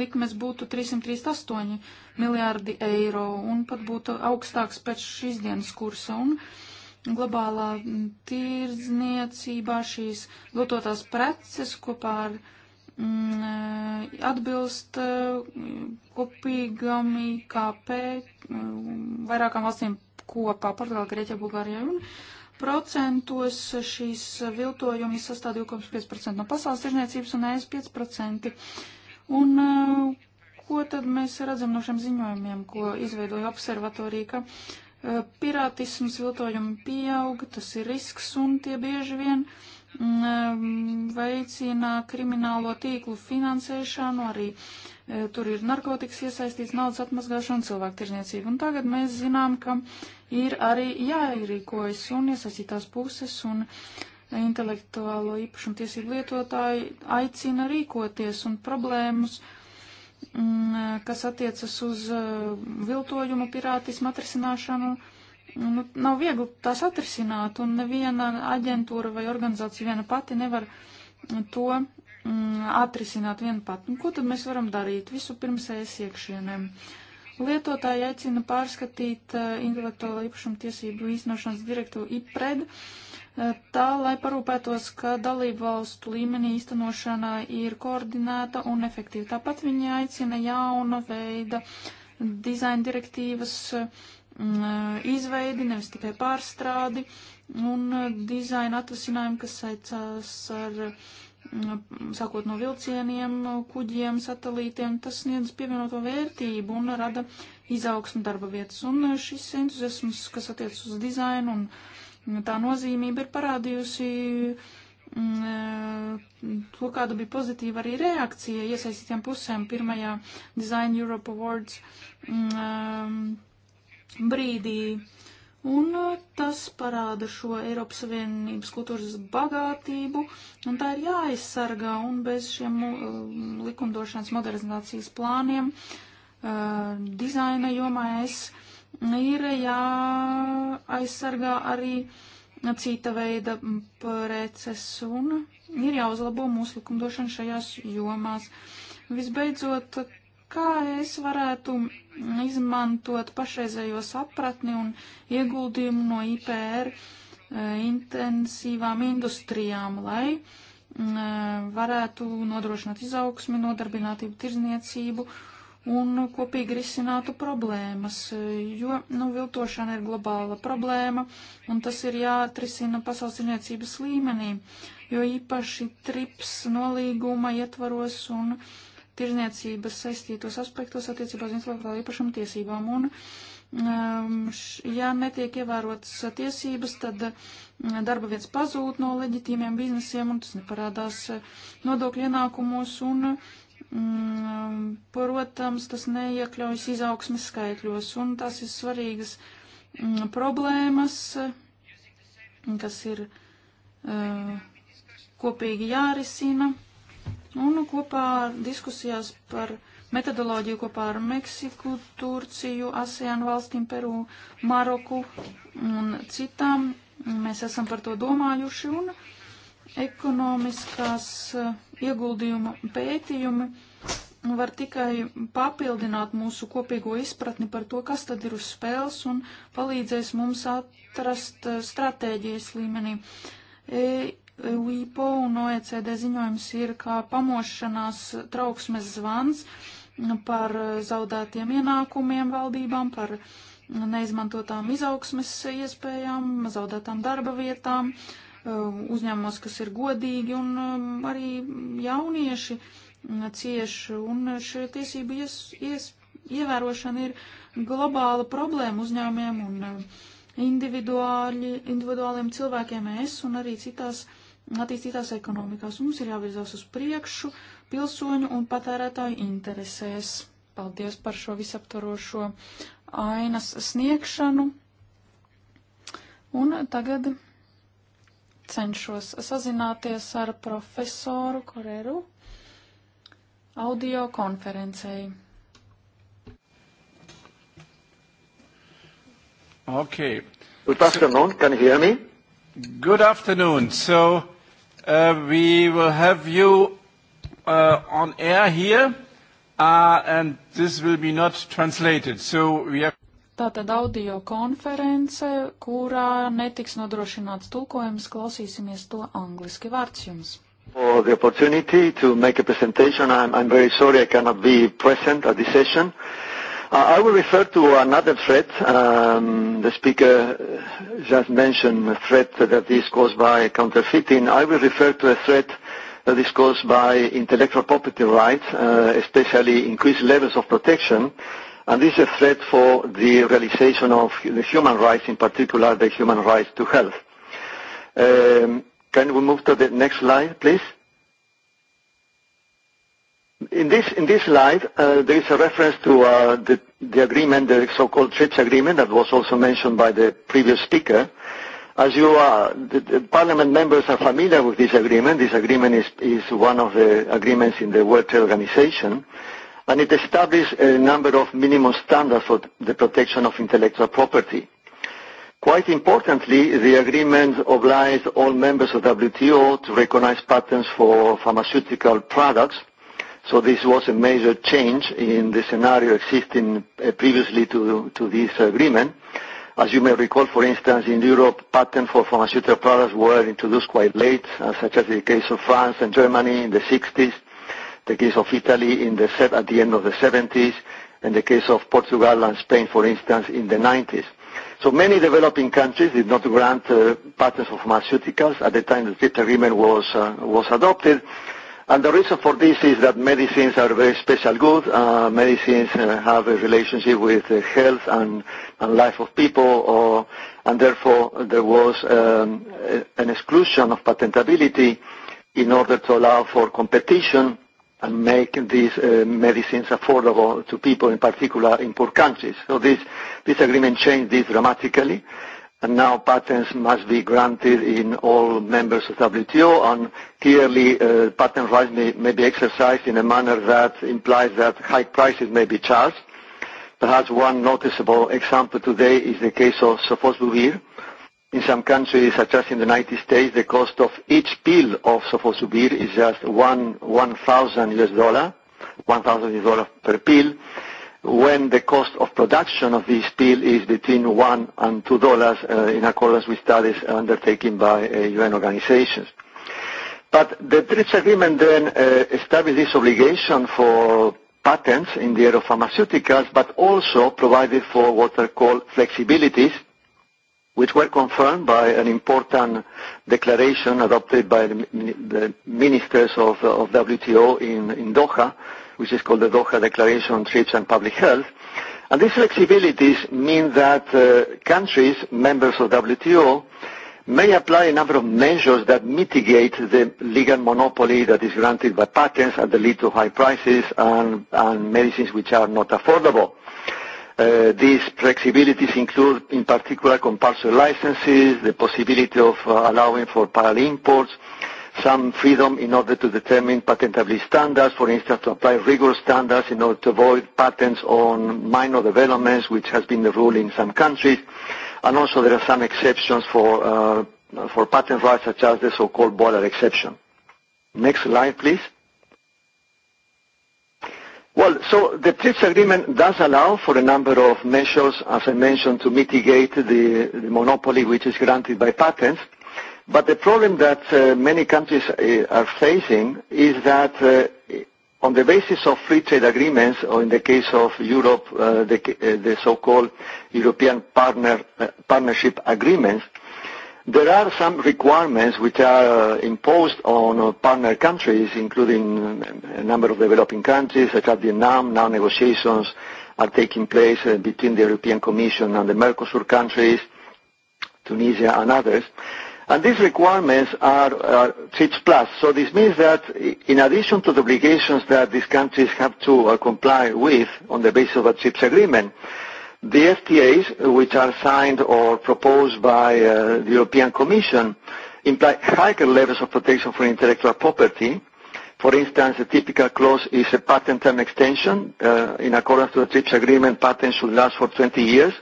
likmes būtu 338 miljārdi eiro un pat būtu augstāks pēc šīs dienas kursa. Un globālā tirdzniecībā šīs dototās preces kopā ar mm, atbilst kopīgam IKP vairākām valstīm kopā - Portugāla, Grieķija, Bulgārija un procentos šīs viltojumi sastāv 2,5% no pasaules tirzniecības un ES 5% Un uh, ko tad mēs redzam no šiem ziņojumiem, ko izveidoja observatorija, ka uh, pirātisms viltojumi pieaug, tas ir risks un tie bieži vien mm, um, veicina kriminālo tīklu finansēšanu, arī uh, tur ir narkotikas iesaistīts, naudas atmazgāšana, cilvēktirniecība. Un tagad mēs zinām, ka ir arī jāierīkojas un iesaistītās puses un uh, intelektuālo īpašumu tiesību lietotāji aicina rīkoties un problēmas, mm, kas attiecas uz eh, viltojumu, pirātismu atrisināšanu. Nu, nav viegli tās atrisināt, un neviena aģentūra vai organizācija viena pati nevar to mm, atrisināt viena pati. Un nu, ko tad mēs varam darīt? Visu pirms es iekšienēm. Lietotāji aicina pārskatīt eh, intelektuālo īpašumu tiesību īstenošanas direktīvu IPRED. Uh, tā, lai parūpētos, ka dalību valstu līmenī īstenošana ir koordinēta un efektīva. Tāpat viņi aicina jauna veida dizaina direktīvas mm, izveidi, nevis tikai pārstrādi, un dizaina atvasinājumi, kas saicās ar, mm, sākot no vilcieniem, kuģiem, satelītiem, tas sniedz pievienoto vērtību un rada izaugsmu darba vietas. Un šis entuziasms, kas attiec uz dizainu un Nu, tā nozīmība ir parādījusi mm, eh, to, kāda bija pozitīva arī reakcija iesaistītiem pusēm pirmajā Design Europe Awards mm, eh, brīdī. Un eh, tas parāda šo Eiropas Savienības kultūras bagātību, un tā ir jāaizsargā, un bez šiem likumdošanas modernizācijas plāniem dizaina jomā es. Uh, ir jāaizsargā arī cita veida preces un ir jāuzlabo mūsu likumdošana šajās jomās. Visbeidzot, kā es varētu izmantot pašreizējo sapratni un ieguldījumu no IPR eh, intensīvām industrijām, lai eh, varētu nodrošināt izaugsmi, nodarbinātību, tirzniecību un kopīgi risinātu problēmas, jo nu, viltošana ir globāla problēma, un tas ir jāatrisina pasaules zinātnības līmenī, jo īpaši trips nolīguma ietvaros un tirzniecības saistītos aspektos attiecībā uz intelektuālo īpašumu tiesībām. Un, um, š, ja netiek ievērotas tiesības, tad mm, darba vietas pazūd no leģitīmiem biznesiem un tas neparādās eh, nodokļu ienākumos un uh, Mm, protams, tas neiekļaujas izaugsmes skaitļos, un tas ir svarīgas mm, problēmas, kas ir eh, kopīgi jārisina, un kopā diskusijās par metodoloģiju kopā ar Meksiku, Turciju, ASEAN valstīm, Peru, Maroku un citām. Mēs esam par to domājuši un ekonomiskās uh, ieguldījuma pētījumi var tikai papildināt mūsu kopīgo izpratni par to, kas tad ir uz spēles un palīdzēs mums atrast eh, stratēģijas līmenī. E-, e UIPO un OECD ziņojums ir kā pamošanās trauksmes zvans par eh, zaudētiem ienākumiem valdībām, par neizmantotām izaugsmes iespējām, zaudētām darba vietām, uh, Um, uzņēmumos, kas ir godīgi, un um, arī jaunieši um, cieš, un šie tiesību ies, ies, ievērošana ir globāla problēma uzņēmumiem un individuāli, individuāliem cilvēkiem es un arī citās attīstītās ekonomikās. Mums ir jāvirzās uz priekšu pilsoņu un patērētāju interesēs. Paldies par šo visaptvarošo ainas sniegšanu. Un tagad cenšos sazināties ar profesoru Koreru audio konferencei. Okay. Good afternoon. Can you hear me? Good afternoon. So uh, we will have you uh, on air here, uh, and this will be not translated. So we have. Tātad audio konference, kurā netiks nodrošināts tulkojums, klausīsimies to angliski vārds jums. For the opportunity to make a presentation, I'm, I'm very sorry I cannot be present at this session. Uh, I will refer to another threat. Um, the speaker just mentioned a threat that is caused by counterfeiting. I will refer to a threat that is caused by intellectual property rights, uh, especially increased levels of protection And this is a threat for the realization of the human rights, in particular the human rights to health. Um, can we move to the next slide, please? In this, in this slide, uh, there is a reference to uh, the, the agreement, the so-called TRIPS agreement that was also mentioned by the previous speaker. As you are, the, the Parliament members are familiar with this agreement. This agreement is, is one of the agreements in the World Trade Organization. Uh, and it established a number of minimum standards for the protection of intellectual property. Quite importantly, the agreement obliged all members of WTO to recognize patents for pharmaceutical products, so this was a major change in the scenario existing uh, previously to, to this agreement. As you may recall, for instance, in Europe, patents for pharmaceutical products were introduced quite late, uh, such as the case of France and Germany in the 60s, the case of Italy in the set at the end of the 70s, and the case of Portugal and Spain, for instance, in the 90s. So many developing countries did not grant uh, patents of pharmaceuticals at the time the TRIPS agreement was uh, was adopted. And the reason for this is that medicines are very special good. Uh, medicines uh, have a relationship with uh, health and, and life of people, or, uh, and therefore there was um, a, an exclusion of patentability in order to allow for competition and make these uh, medicines affordable to people, in particular in poor countries. So this, this agreement changed this dramatically, and now patents must be granted in all members of WTO, and clearly uh, patent rights may, may be exercised in a manner that implies that high prices may be charged. Perhaps one noticeable example today is the case of Sofosbuvir, In some countries, such as in the United States, the cost of each pill of sofosbuvir is just one one thousand US dollar, one thousand US dollar per pill, when the cost of production of this pill is between one and two dollars uh, in accordance with studies undertaken by uh, UN organizations. But the TRIPS agreement then uh, established this obligation for patents in the area of pharmaceuticals, but also provided for what are called flexibilities, uh, which were confirmed by an important declaration adopted by the, the ministers of, of WTO in, in Doha, which is called the Doha Declaration on Trips and Public Health. And these flexibilities mean that uh, countries, members of WTO, may apply a number of measures that mitigate the legal monopoly that is granted by patents and that lead to high prices and, and medicines which are not affordable. Uh, these flexibilities include, in particular, compulsory licenses, the possibility of uh, allowing for parallel imports, some freedom in order to determine patentability standards, for instance, to apply rigorous standards in order to avoid patents on minor developments, which has been the rule in some countries. And also there are some exceptions for, uh, for patent rights, such as the so-called border exception. Next slide, please. Well, so the TRIPS agreement does allow for a number of measures, as I mentioned, to mitigate the, the monopoly which is granted by patents. But the problem that uh, many countries uh, are facing is that uh, on the basis of free trade agreements, or in the case of Europe, uh, the, uh, the so-called European partner, uh, partnership agreements, uh, There are some requirements which are uh, imposed on uh, partner countries, including uh, a number of developing countries such as Vietnam. Now negotiations are taking place between the European Commission and the Mercosur countries, Tunisia and others. These requirements are TRIPS+. This means that in addition to the obligations that these countries have to comply with on the basis of a TRIPS agreement, The STAs, which are signed or proposed by uh, the European Commission, imply higher levels of protection for intellectual property. For instance, a typical clause is a patent term extension. Uh, in accordance to the TRIPS agreement, patents should last for 20 years,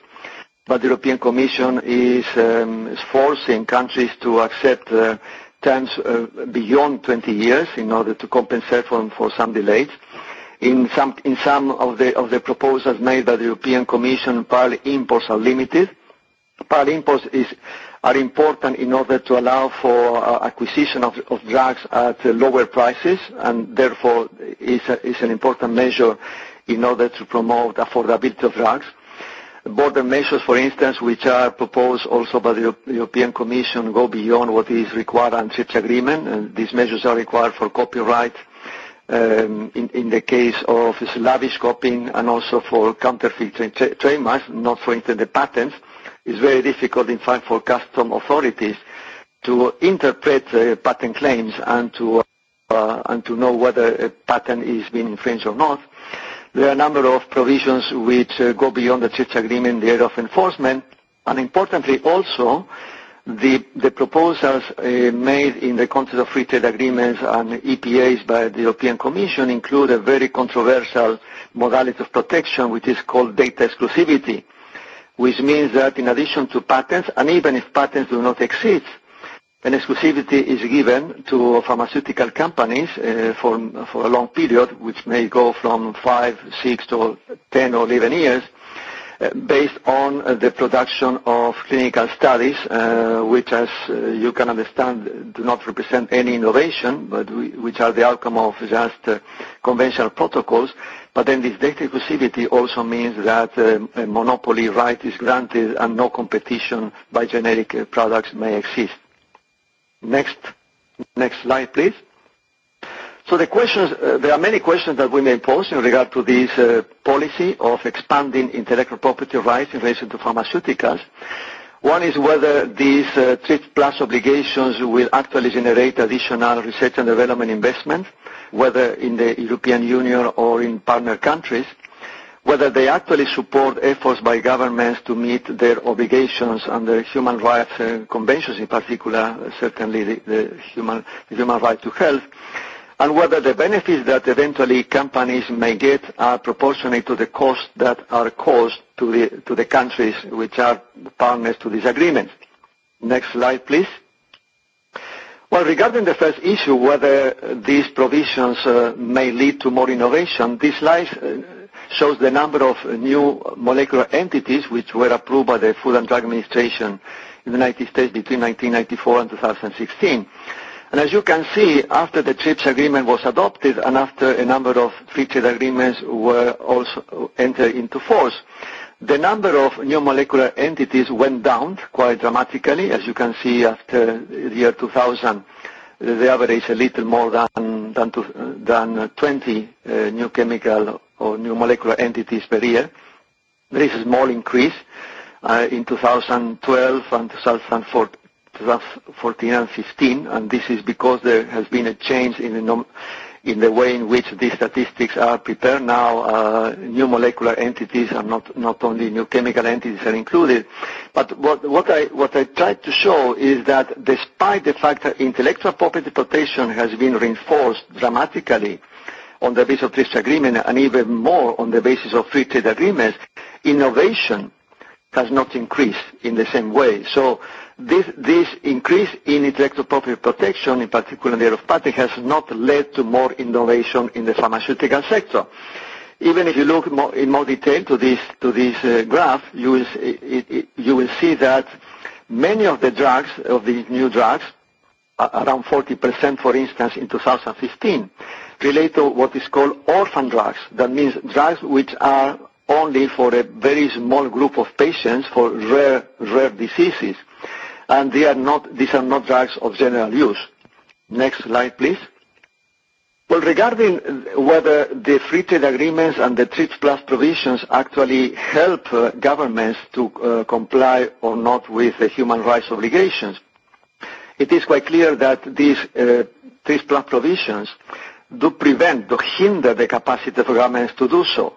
but the European Commission is, um, is forcing countries to accept uh, terms uh, beyond 20 years in order to compensate for, for some delays. Uh, In some, in some of, the, of the proposals made by the European Commission, parallel imports are limited. Parallel imports is, are important in order to allow for uh, acquisition of, of drugs at uh, lower prices, and therefore is, a, is an important measure in order to promote affordability of drugs. Border measures, for instance, which are proposed also by the Euro European Commission, go beyond what is required under TRIPS agreement, and these measures are required for copyright uh, um, in, in the case of slavish copying and also for counterfeit tra tra trademarks, not for instance the patents, it's very difficult in fact for custom authorities to interpret uh, patent claims and to uh, and to know whether a patent is being infringed or not. There are a number of provisions which uh, go beyond the church agreement, the area of enforcement, and importantly also, uh, The, the proposals uh, made in the context of free trade agreements and EPAs by the European Commission include a very controversial modality of protection, which is called data exclusivity, which means that in addition to patents, and even if patents do not exist, an exclusivity is given to pharmaceutical companies uh, for, for a long period, which may go from five, six to 10 or 11 years, based on uh, the production of clinical studies, uh, which as uh, you can understand, do not represent any innovation, but which are the outcome of just conventional protocols. This data exclusivity also means that um, a monopoly right is granted and no competition by generic products may exist. Next slide, please. So the questions, uh, there are many questions that we may pose in regard to this uh, policy of expanding intellectual property rights in relation to pharmaceuticals. One is whether these uh, TRIPS Plus obligations will actually generate additional research and development investment, whether in the European Union or in partner countries, whether they actually support efforts by governments to meet their obligations under human rights uh, conventions, in particular, uh, certainly the, the, human, the human right to health, uh, and whether the benefits that eventually companies may get are proportionate to the costs that are caused to the, to the countries which are partners to this agreement. Next slide, please. Well, regarding the first issue, whether these provisions uh, may lead to more innovation, this slide uh, shows the number of new molecular entities which were approved by the Food and Drug Administration in the United States between 1994 and 2016. As you can see, after the TRIPS agreement was adopted and after a number of free trade agreements were also entered into force, the number of new molecular entities went down quite dramatically. As you can see, after the year 2000, the average a little more than 20 uh, new chemical or new molecular entities per year. There is a small increase uh, in 2012 and 2014, 2014 and 2015, and this is because there has been a change in the in the way in which these statistics are prepared now, uh, new molecular entities and not, not only new chemical entities are included. But what, what, I, what I tried to show is that despite the fact that intellectual property protection has been reinforced dramatically on the basis of this agreement and even more on the basis of free trade agreements, innovation has not increased in the same way. So this, this increase in intellectual property protection, in particular in the area of patent, has not led to more innovation in the pharmaceutical sector. Even if you look more, in more detail to this, to this uh, graph, you will, it, it, you will see that many of the drugs, of these new drugs, around 40%, for instance, in 2015, relate to what is called orphan drugs. That means drugs which are only for a very small group of patients for rare, rare diseases. And they are not, these are not drugs of general use. Next slide, please. Well, regarding whether the free trade agreements and the TRIPS Plus provisions actually help uh, governments to uh, comply or not with the human rights obligations, it is quite clear that these uh, TRIPS Plus provisions do prevent, do hinder the capacity of governments to do so.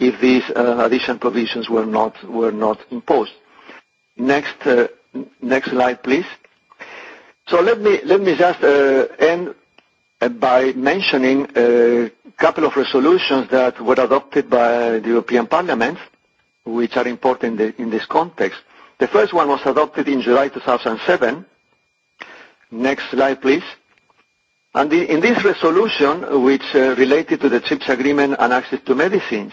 if these uh, additional provisions were not, were not imposed. Next, uh, next slide, please. So let me, let me just uh, end by mentioning a couple of resolutions that were adopted by the European Parliament, which are important in this context. The first one was adopted in July 2007. Next slide, please. And in this resolution, which related to the CHIPS agreement and access to medicines,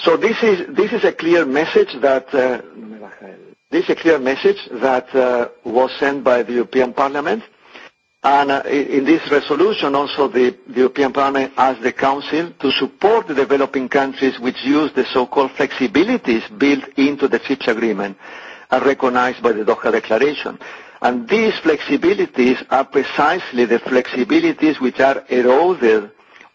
So this is this is a clear message that uh, this is a clear message that uh, was sent by the European Parliament, and uh, in this resolution also the, the European Parliament asked the Council to support the developing countries which use the so-called flexibilities built into the TRIPS agreement, are recognized by the Doha Declaration. And these flexibilities are precisely the flexibilities which are eroded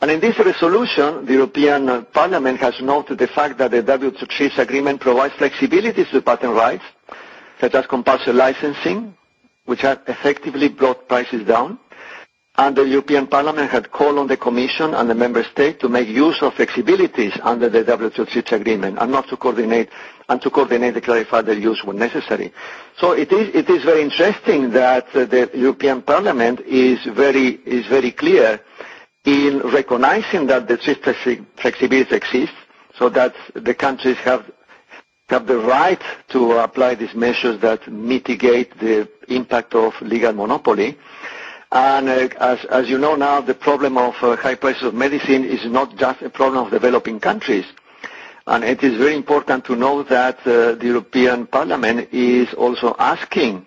And in this resolution, the European Parliament has noted the fact that the WTO agreement provides flexibility to patent rights, such as compulsory licensing, which have effectively brought prices down. And the European Parliament had called on the Commission and the Member State to make use of flexibilities under the WTO agreement and not to coordinate and to coordinate and clarify their use when necessary. So it is, it is very interesting that uh, the European Parliament is very, is very clear uh, in recognizing that the flexibility exists, so that the countries have have the right to apply these measures that mitigate the impact of legal monopoly. And uh, as, as you know now, the problem of uh, high prices of medicine is not just a problem of developing countries. And it is very important to know that uh, the European Parliament is also asking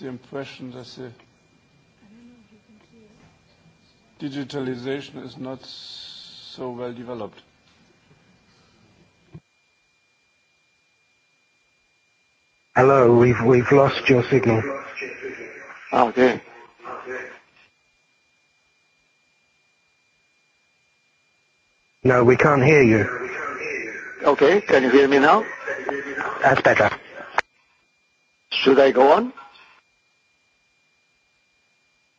the impression that the digitalization is not so well developed. Hello, we've we've lost your signal. Okay. No, we can't hear you. Okay, can you hear me now? That's better. Should I go on?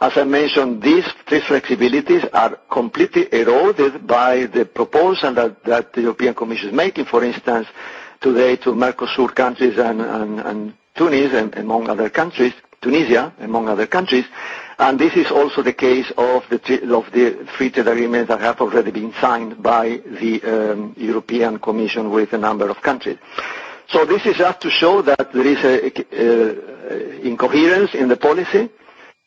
As I mentioned, these three flexibilities are completely eroded by the proposal that the European Commission is making, for instance, today to Mercosur countries and Tunis, among other countries, Tunisia, among other countries. This is also the case of the free trade agreements that have already been signed by the um, European Commission with a number of countries. This is just to show that there is incoherence in the policy.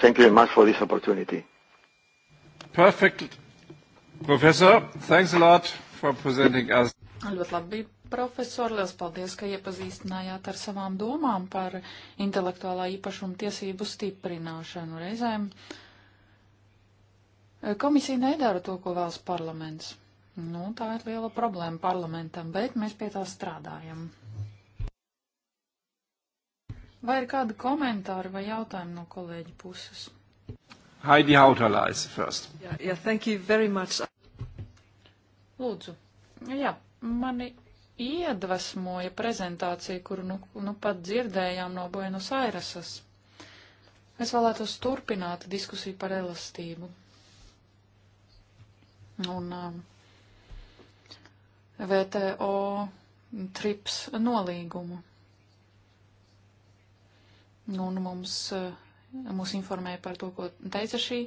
Thank you very much for this opportunity. Perfect. Professor, thanks a lot for presenting us. Ļoti labi, profesor. Liels paldies, ka iepazīstinājāt ar savām domām par intelektuālā īpašuma tiesību stiprināšanu reizēm. Komisija nedara to, ko vēlas parlaments. Nu, tā ir liela problēma parlamentam, bet mēs pie tā strādājam. Vai ir kādi komentāri vai jautājumi no kolēģi puses? Heidi Hautala is first. Yeah, yeah, thank you very much. Lūdzu. Jā, mani iedvesmoja prezentācija, kuru nu, nu pat dzirdējām no Buenos Airesas. Es vēlētos turpināt diskusiju par elastību. Un um, VTO trips nolīgumu un mums, eh, mums informēja par to, ko teica šī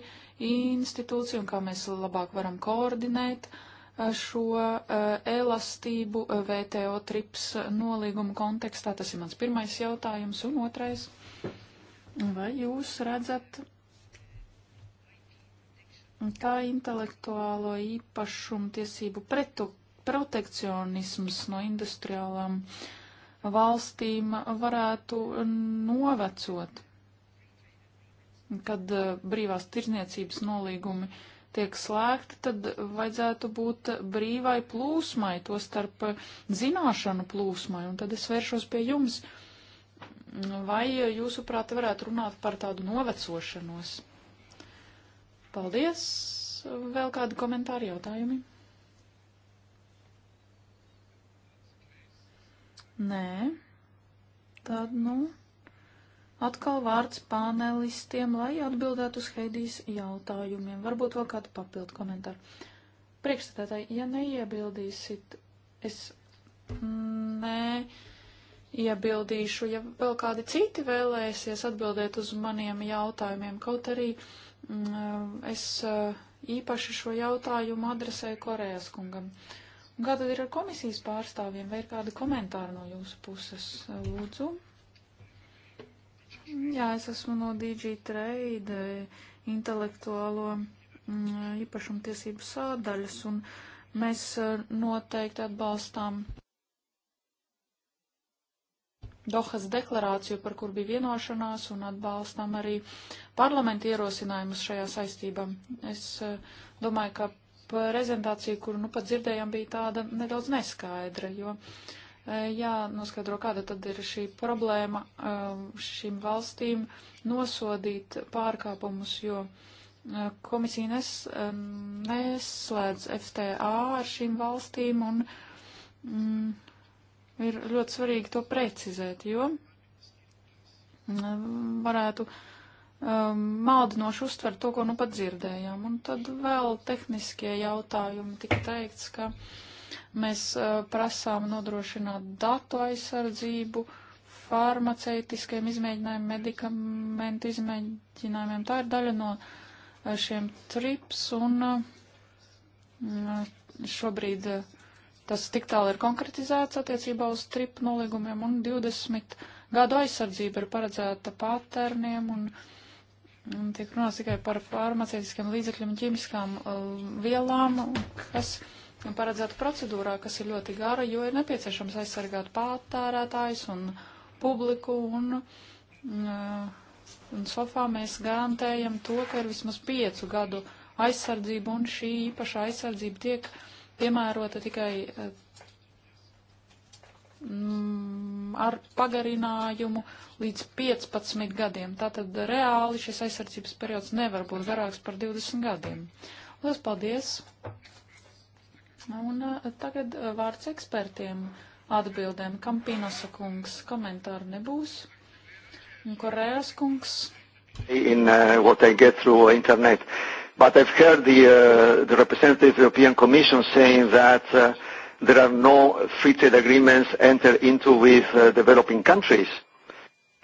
institūcija un kā mēs labāk varam koordinēt eh, šo eh, elastību VTO trips nolīguma kontekstā. Tas ir mans pirmais jautājums un otrais. Vai jūs redzat, kā intelektuālo īpašumu tiesību pretu protekcionisms no industriālām uh, valstīm varētu novecot, kad eh, brīvās tirzniecības nolīgumi tiek slēgti, tad vajadzētu būt brīvai plūsmai, to starp zināšanu plūsmai, un tad es vēršos pie jums. Vai jūsuprāt varētu runāt par tādu novecošanos? Paldies! Vēl kādi komentāri jautājumi? Nē. Tad, nu, atkal vārds panelistiem, lai atbildētu uz Heidijas jautājumiem. Varbūt vēl kādu papildu komentāru. Priekšstādātāji, ja neiebildīsit, es nē, iebildīšu, ja vēl kādi citi vēlēsies atbildēt uz maniem jautājumiem, kaut arī mm, es īpaši šo jautājumu adresēju Korejas kungam. Uh, Kā tad ir ar komisijas pārstāvjiem? Vai ir kādi komentāri no jūsu puses? Lūdzu. Jā, es esmu no DG Trade intelektuālo mm, īpašumu tiesību sādaļas, un mēs eh, noteikti atbalstām Dohas deklarāciju, par kur bija vienošanās, un atbalstam arī parlamentu ierosinājumus šajā saistībā. Es eh, domāju, ka prezentācija, kuru nu pat dzirdējām, bija tāda nedaudz neskaidra, jo e, jānoskaidro, kāda tad ir šī problēma e, šīm valstīm nosodīt pārkāpumus, jo e, komisija nes, neslēdz FTA ar šīm valstīm un mm, ir ļoti svarīgi to precizēt, jo varētu uh, um, maldinoši uztver to, ko nu pat dzirdējām. Un tad vēl tehniskie jautājumi tika teikts, ka mēs uh, prasām nodrošināt datu aizsardzību farmaceitiskiem izmēģinājumiem, medikamentu izmēģinājumiem. Tā ir daļa no uh, šiem trips un uh, šobrīd uh, tas tik tālu ir konkretizēts attiecībā uz tripu nolīgumiem un 20 gadu aizsardzība ir paredzēta patērniem un uh, Tiek runāts tikai par farmaceitiskiem līdzekļiem un ķīmiskām uh, vielām, kas paredzētu procedūrā, kas ir ļoti gara, jo ir nepieciešams aizsargāt patērētājs un publiku un, uh, un sofā mēs garantējam to, ka ir vismaz piecu gadu aizsardzība un šī īpaša aizsardzība tiek piemērota tikai uh, Mm, ar pagarinājumu līdz 15 gadiem. Tātad reāli šis aizsardzības periods nevar būt garāks par 20 gadiem. Lielas paldies! Un eh, tagad eh, vārds ekspertiem atbildēm. Kampinosa kungs komentāru nebūs. Un Korejas kungs. In uh, what I get through internet. But I've heard the, uh, the representative of the European Commission saying that uh, There are no free trade agreements entered into with uh, developing countries.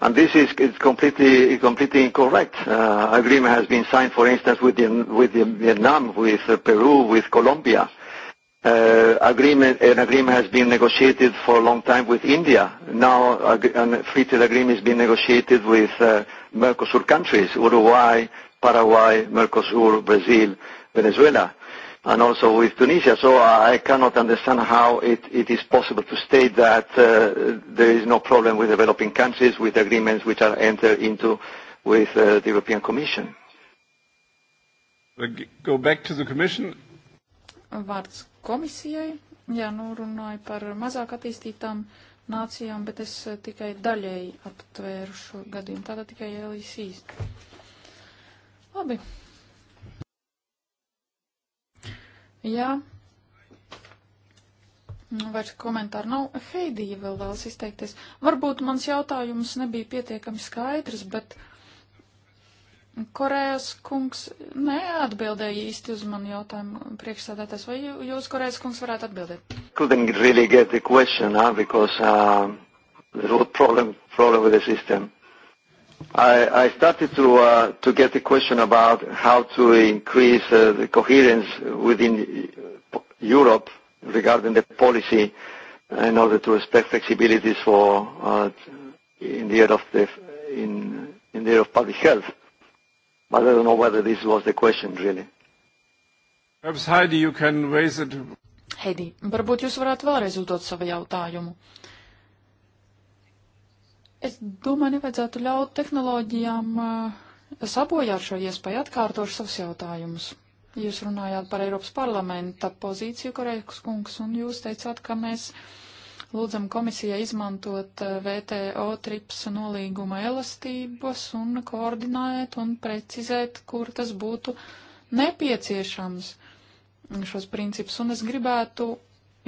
And this is it's completely, completely incorrect. Uh, agreement has been signed, for instance, with, the, with the Vietnam, with uh, Peru, with Colombia. Uh, agreement, an agreement has been negotiated for a long time with India. Now a free trade agreement is being negotiated with uh, Mercosur countries, Uruguay, Paraguay, Mercosur, Brazil, Venezuela and also with Tunisia. So I cannot understand how it, it is possible to state that uh, there is no problem with developing countries with agreements which are entered into with uh, the European Commission. Go back to the Commission. Vārds komisijai. Jā, nu runāju par mazāk attīstītām nācijām, bet es uh, tikai daļēji aptvēru šo gadījumu. Tātad tikai LICs. Labi. Jā. Nu, vairs komentāru nav. Heidija vēl vēlas izteikties. Varbūt mans jautājums nebija pietiekami skaidrs, bet Korejas kungs neatbildēja īsti uz manu jautājumu priekšsādātājs. Vai jūs, Korejas kungs, varētu atbildēt? Couldn't really get the question, huh? because uh, there was problem, problem with the system. I, I started to uh, to get the question about how to increase uh, the coherence within Europe regarding the policy in order to respect flexibilities for uh, in the area of the in in the area of public health. But I don't know whether this was the question really. Perhaps Heidi, you can raise it. Heidi, varbūt jūs varētu vēlreiz uzdot savu jautājumu. Uh, Es domāju, nevajadzētu ļaut tehnoloģijām eh, sabojāt šo iespēju atkārtošu savus jautājumus. Jūs runājāt par Eiropas parlamenta pozīciju, Korejas kungs, un jūs teicāt, ka mēs lūdzam komisijai izmantot eh, VTO trips nolīguma elastības un koordinēt un precizēt, kur tas būtu nepieciešams šos principus. Un es gribētu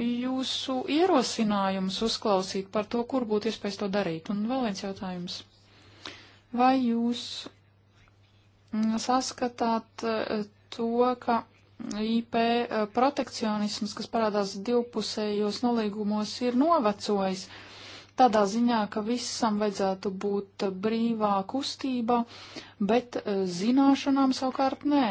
jūsu ierosinājumus uzklausīt par to, kur būtu iespējas to darīt. Un vēl viens jautājums. Vai jūs mm, saskatāt eh, to, ka IP eh, protekcionisms, kas parādās divpusējos nolīgumos, ir novecojis tādā ziņā, ka visam vajadzētu būt eh, brīvā kustībā, bet zināšanām savukārt nē?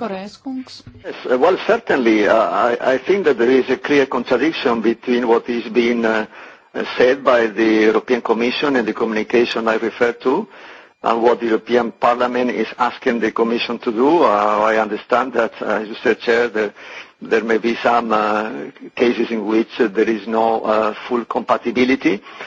Korēs kungs. Yes, well, certainly, uh, I, I think that there is a clear contradiction between what is being uh, said by the European Commission and the communication I refer to, and what the European Parliament is asking the Commission to do. Uh, I understand that, as you said, Chair, the, there may be some uh, cases in which uh, there is no uh, full compatibility. Uh,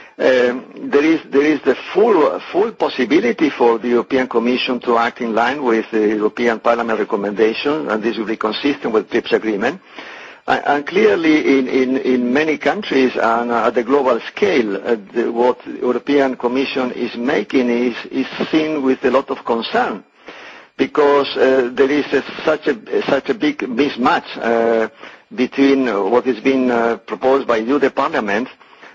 um, there is there is the full full possibility for the European Commission to act in line with the European Parliament recommendation, and this will be consistent with TRIPS agreement. And, and clearly, in, in, in many countries and at the global scale, uh, the, what the European Commission is making is, is seen with a lot of concern because uh, there is a, such, a, such a big mismatch uh, between what is being uh, proposed by you, the Parliament,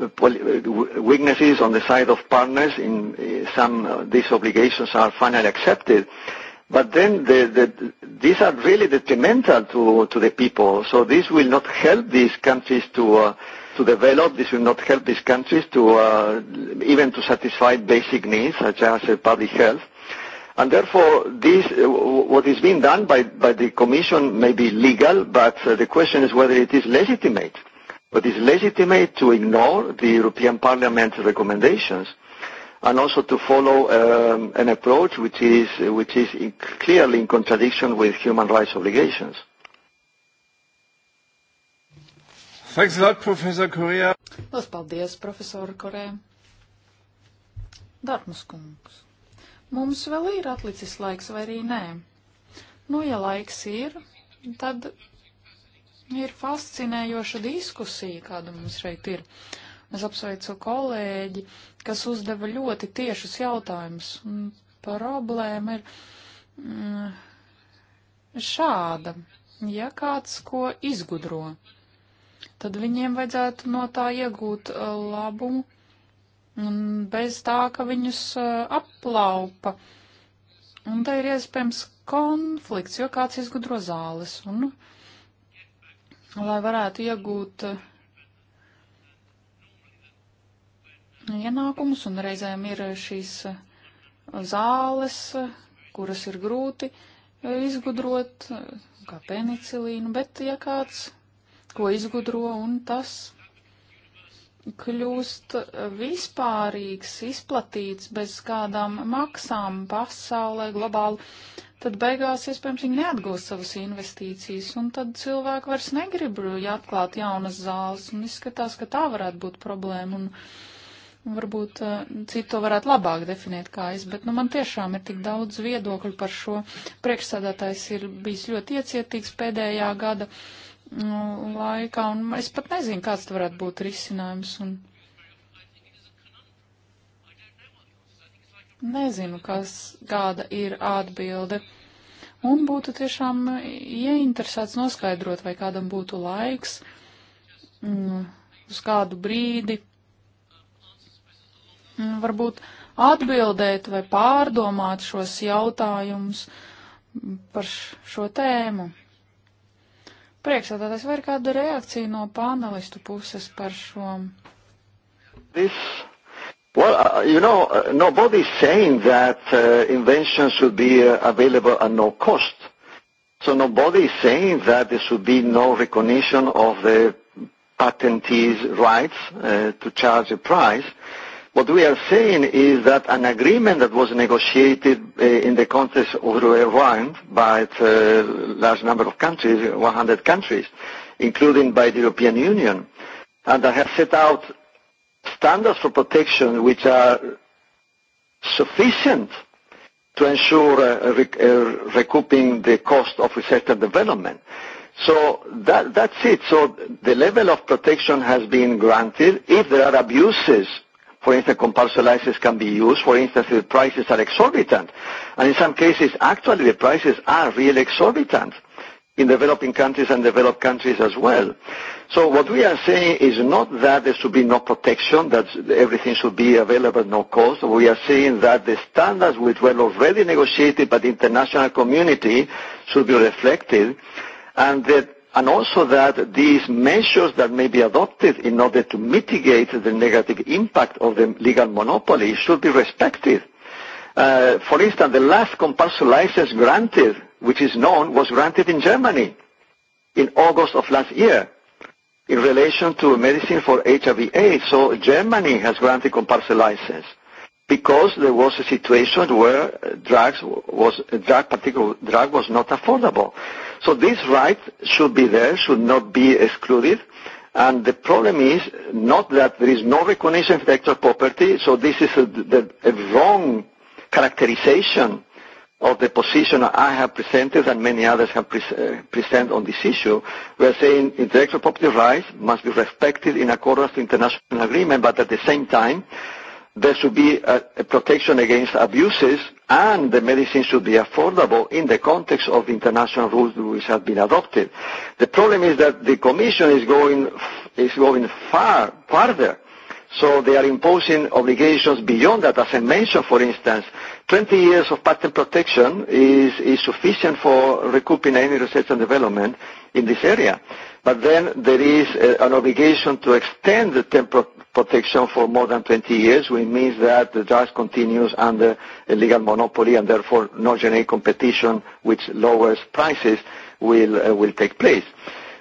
Uh, weaknesses on the side of partners in uh, some uh, these obligations are finally accepted. These are really detrimental to the people. This will not help these countries to develop. This will not help these countries to even to satisfy basic needs such as public health. Therefore, what is being done by the Commission may be legal, but the question is whether it is legitimate. But it's legitimate to ignore the European Parliament's recommendations and also to follow um, an approach which is, which is in, clearly in contradiction with human rights obligations. Thanks a lot, Professor Correa. Lielas paldies, profesora Correa. Dārmas kungs, mums vēl ir atlicis laiks vai arī nē? Nu, ja laiks ir, tad Ir fascinējoša diskusija, kāda mums šeit ir. Es apsveicu kolēģi, kas uzdeva ļoti tiešus jautājumus. Problēma ir mm, šāda. Ja kāds ko izgudro, tad viņiem vajadzētu no tā iegūt uh, labumu bez tā, ka viņus uh, aplaupa. Un te ir iespējams konflikts, jo kāds izgudro zāles. Un, nu, lai varētu iegūt uh, ienākumus, un reizēm ir šīs uh, zāles, uh, kuras ir grūti izgudrot, kā penicilīnu, bet ja kāds ko izgudro un tas kļūst vispārīgs, izplatīts bez kādām maksām pasaulē, globāli tad beigās iespējams viņi neatgūs savas investīcijas, un tad cilvēki vairs negrib eh, atklāt jaunas zāles, un izskatās, ka tā varētu būt problēma, un varbūt eh, citu to varētu labāk definēt kā es, bet nu man tiešām ir tik daudz viedokļu par šo. Priekšsādātājs ir bijis ļoti iecietīgs pēdējā gada nu, laikā, un es pat nezinu, kāds varētu būt risinājums. Un, Nezinu, kas, kāda ir atbilde. Un būtu tiešām ieinteresēts noskaidrot, vai kādam būtu laiks mm, uz kādu brīdi mm, varbūt atbildēt vai pārdomāt šos jautājumus par šo tēmu. Priekšsēdētājs, vai ir kāda reakcija no panelistu puses par šo? This Well, uh, uh, you know, uh, nobody's saying that uh, inventions should be uh, available at no cost. So nobody is saying that there should be no recognition of the patentee's rights uh, to charge a price. What we are saying is that an agreement that was negotiated uh, in the context of the round by a uh, large number of countries, 100 countries, including by the European Union, and that has set out standards for protection which are sufficient to ensure uh, rec uh, recouping the cost of research and development. So that, that's it. So the level of protection has been granted. If there are abuses, for instance, compulsory license can be used. For instance, the prices are exorbitant. And in some cases, actually, the prices are really exorbitant. Uh, in developing countries and developed countries as well. So what we are saying is not that there should be no protection, that everything should be available at no cost. We are saying that the standards which were already negotiated by the international community should be reflected, and that and also that these measures that may be adopted in order to mitigate the negative impact of the legal monopoly should be respected. Uh, for instance, the last compulsory license granted which is known, was granted in Germany in August of last year in relation to medicine for HIV/AIDS. So Germany has granted Comparsa license because there was a situation where drugs was drug particular drug was not affordable. So this right should be there, should not be excluded. And the problem is not that there is no recognition of intellectual property, so this is a, the, a wrong characterization of the position I have presented and many others have pre uh, presented on this issue. We are saying intellectual property rights must be respected in accordance to international agreement, but at the same time, there should be a, a protection against abuses and the medicine should be affordable in the context of the international rules which have been adopted. The problem is that the Commission is going, is going far, farther. So they are imposing obligations beyond that. As I mentioned, for instance, 20 years of patent protection is, is sufficient for recouping any research and development in this area. But then there is a, uh, an obligation to extend the term pro protection for more than 20 years, which means that the drug continues under a legal monopoly and therefore no generic competition, which lowers prices, will, uh, will take place. Uh,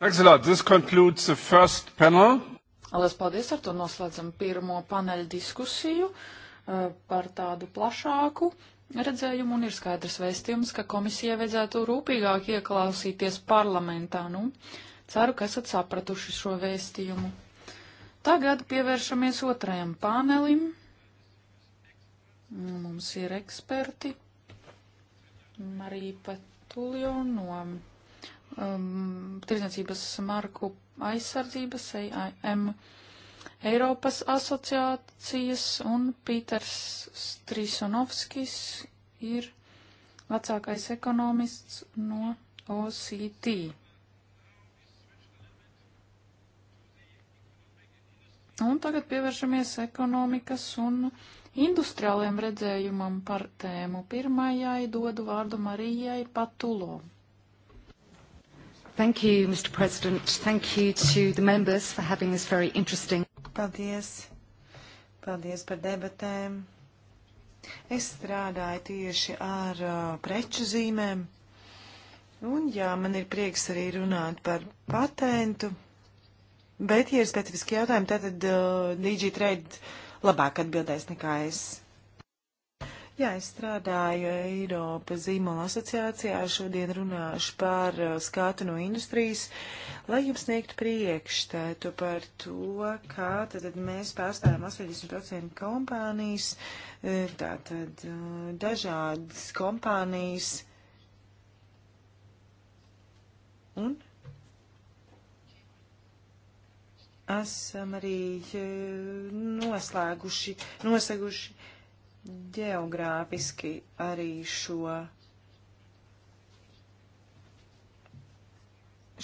Thanks a lot. This concludes the first panel. Lielas paldies, ar to noslēdzam pirmo paneļa diskusiju eh, par tādu plašāku redzējumu un ir skaidrs vēstījums, ka komisijai vajadzētu rūpīgāk ieklausīties parlamentā. Nu, ceru, ka esat sapratuši šo vēstījumu. Tagad pievēršamies otrajam panelim. Mums ir eksperti. Marija Patuljo no um, tirdzniecības marku aizsardzības AIM Eiropas asociācijas un Pīters Strīsonovskis ir vecākais ekonomists no OCT. Un tagad pievēršamies ekonomikas un industriāliem redzējumam par tēmu. Pirmajai dodu vārdu Marijai Patulo. Thank you, Mr. President. Thank you to the members for having this very interesting. Paldies. Paldies par debatēm. Es strādāju tieši ar uh, preču zīmēm. Un jā, man ir prieks arī runāt par patentu. Bet, ja ir specifiski jautājumi, tad uh, DigiTrade labāk atbildēs nekā es. Jā, es strādāju Eiropas zīmola asociācijā. Šodien runāšu par uh, skatu no industrijas, lai jums sniegtu priekšstatu par to, kā tad, tad mēs pārstāvam 80% kompānijas, e, tātad uh, dažādas kompānijas. Un esam arī e, noslēguši, noseguši ģeogrāfiski arī šo,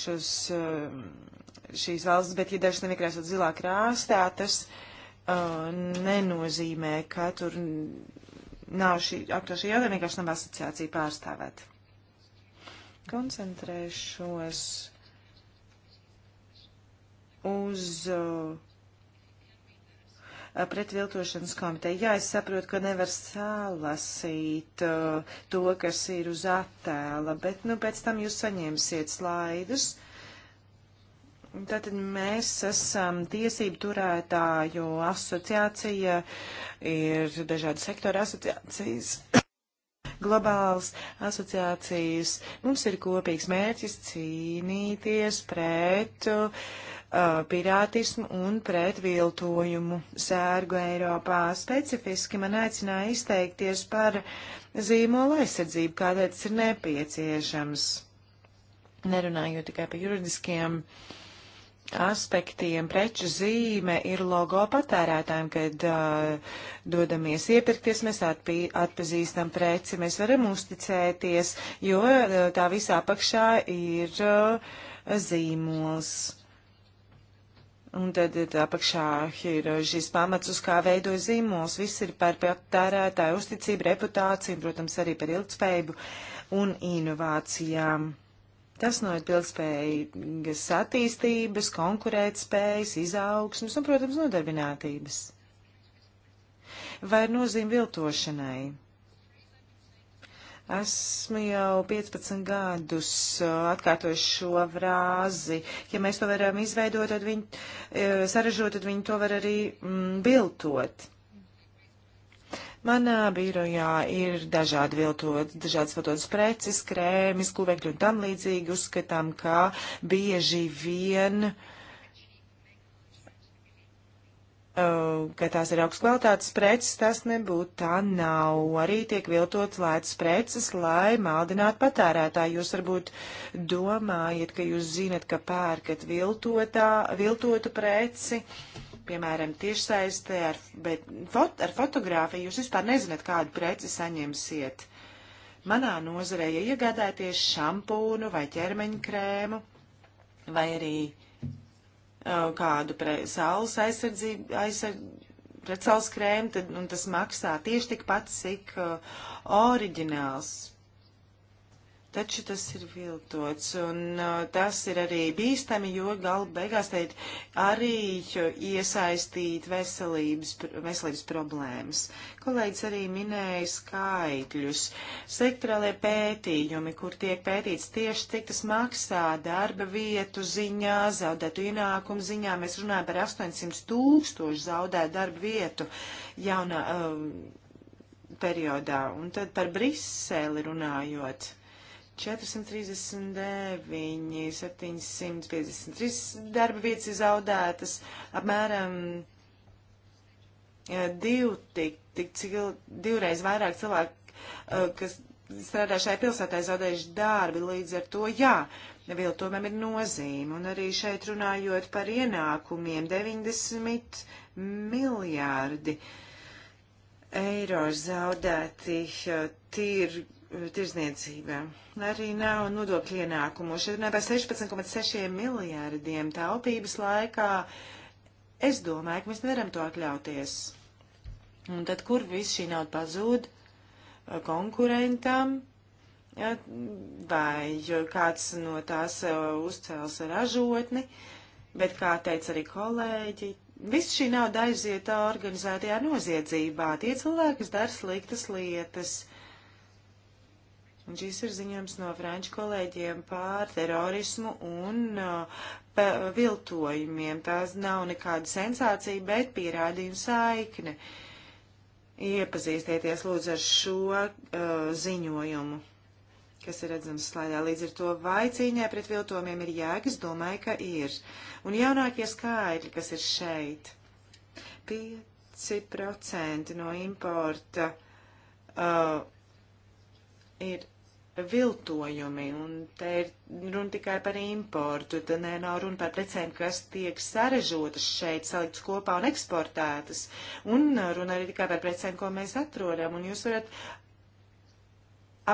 šos, um, šīs valsts, bet ja dažas nevikrāsot zilā krāstā, tas uh, nenozīmē, ka tur nav šī aktuāla jautājuma, vienkārši nav asociācija pārstāvēt. Koncentrēšos uz uh, Eh, pretviltošanas komiteja. Jā, es saprotu, ka nevar salasīt eh, to, kas ir uz attēla, bet nu, pēc tam jūs saņemsiet slaidus. Tātad mēs esam tiesību turētāju asociācija, ir dažādi sektora asociācijas, <coughs> globāls asociācijas. Mums ir kopīgs mērķis cīnīties pret uh, Uh, pirātismu un pret viltojumu sērgu Eiropā. Specifiski man aicināja izteikties par zīmola aizsardzību, kādēļ tas ir nepieciešams. Nerunājot tikai par juridiskiem aspektiem, preču zīme ir logo patērētājiem, kad uh, dodamies iepirkties, mēs atpī, atpazīstam preci, mēs varam uzticēties, jo uh, tā visā apakšā ir uh, zīmols. Un tad apakšā ir šis pamats, uz kā veido zīmols. Viss ir par patērētāju uzticību, reputāciju, protams, arī par ilgspējību un inovācijām. Tas no ilgspējīgas attīstības, konkurētspējas, izaugsmas un, protams, nodarbinātības. Vai ir nozīme viltošanai? Esmu jau 15 gadus atkārtojuši šo frāzi. Ja mēs to varam izveidot, tad viņi saražot, tad viņi to var arī mm, biltot. Manā birojā ir dažādi viltot, dažādas viltotas preces, krēmis, kuvekļi un tam līdzīgi. Uzskatām, ka bieži vien uh, Uh, ka tās ir augsts kvalitātes preces, tas nebūtu tā nav. Arī tiek viltots lētas preces, lai maldinātu patērētāju. Jūs varbūt domājat, ka jūs zinat, ka pērkat viltotā, viltotu preci, piemēram, tiešsaistē, ar, bet fot, ar fotogrāfiju jūs vispār nezināt, kādu preci saņemsiet. Manā nozarē, ja iegādājaties šampūnu vai ķermeņa krēmu, vai arī uh, Uh, kādu pre saules aizsardzību, aizsardzību pret saules krēmu, tad, un tas maksā tieši tikpat, cik uh, oriģināls Taču tas ir viltots, un uh, tas ir arī bīstami, jo galu beigās te ir arī iesaistīt veselības, veselības problēmas. Kolēģis arī minēja skaitļus, sektorālie pētījumi, kur tiek pētīts tieši, cik tas maksā darba vietu ziņā, zaudētu ienākumu ziņā. Mēs runājam par 800 tūkstošu zaudētu darba vietu jaunā. Um, periodā, un tad par Briseli runājot. 439, 753 darba vietas ir zaudētas, apmēram eh, div, tik, tik, cil, divreiz vairāk cilvēku, eh, kas strādā šajā pilsētā, zaudējuši darbi līdz ar to, jā, viltumam ir nozīme. Un arī šeit runājot par ienākumiem, 90 miljārdi eiro zaudēti eh, tirgi tirzniecībā. Arī nav nodokļu ienākumu. Šeit runāja par 16,6 miljārdiem taupības laikā. Es domāju, ka mēs nevaram to atļauties. Un tad, kur viss šī nauda pazūd konkurentam, ja, vai kāds no tās uh, uzcēls ražotni, bet, kā teica arī kolēģi, viss šī nauda aiziet organizētajā noziedzībā. Tie cilvēki, kas dara sliktas lietas Un šis ir ziņojums no franču kolēģiem pār terorismu un uh, viltojumiem. Tās nav nekāda sensācija, bet pierādījuma saikne. Iepazīstieties lūdzu ar šo uh, ziņojumu, kas ir redzams slaidā. Līdz ar to vai cīņai pret viltojumiem ir jēgas, domāju, ka ir. Un jaunākie skaidri, kas ir šeit. 5% no importa uh, ir viltojumi, un te ir runa tikai par importu, tad nē, nav runa par precēm, kas tiek sarežotas šeit, saliktas kopā un eksportētas, un runa arī tikai par precēm, ko mēs atrodam, un jūs varat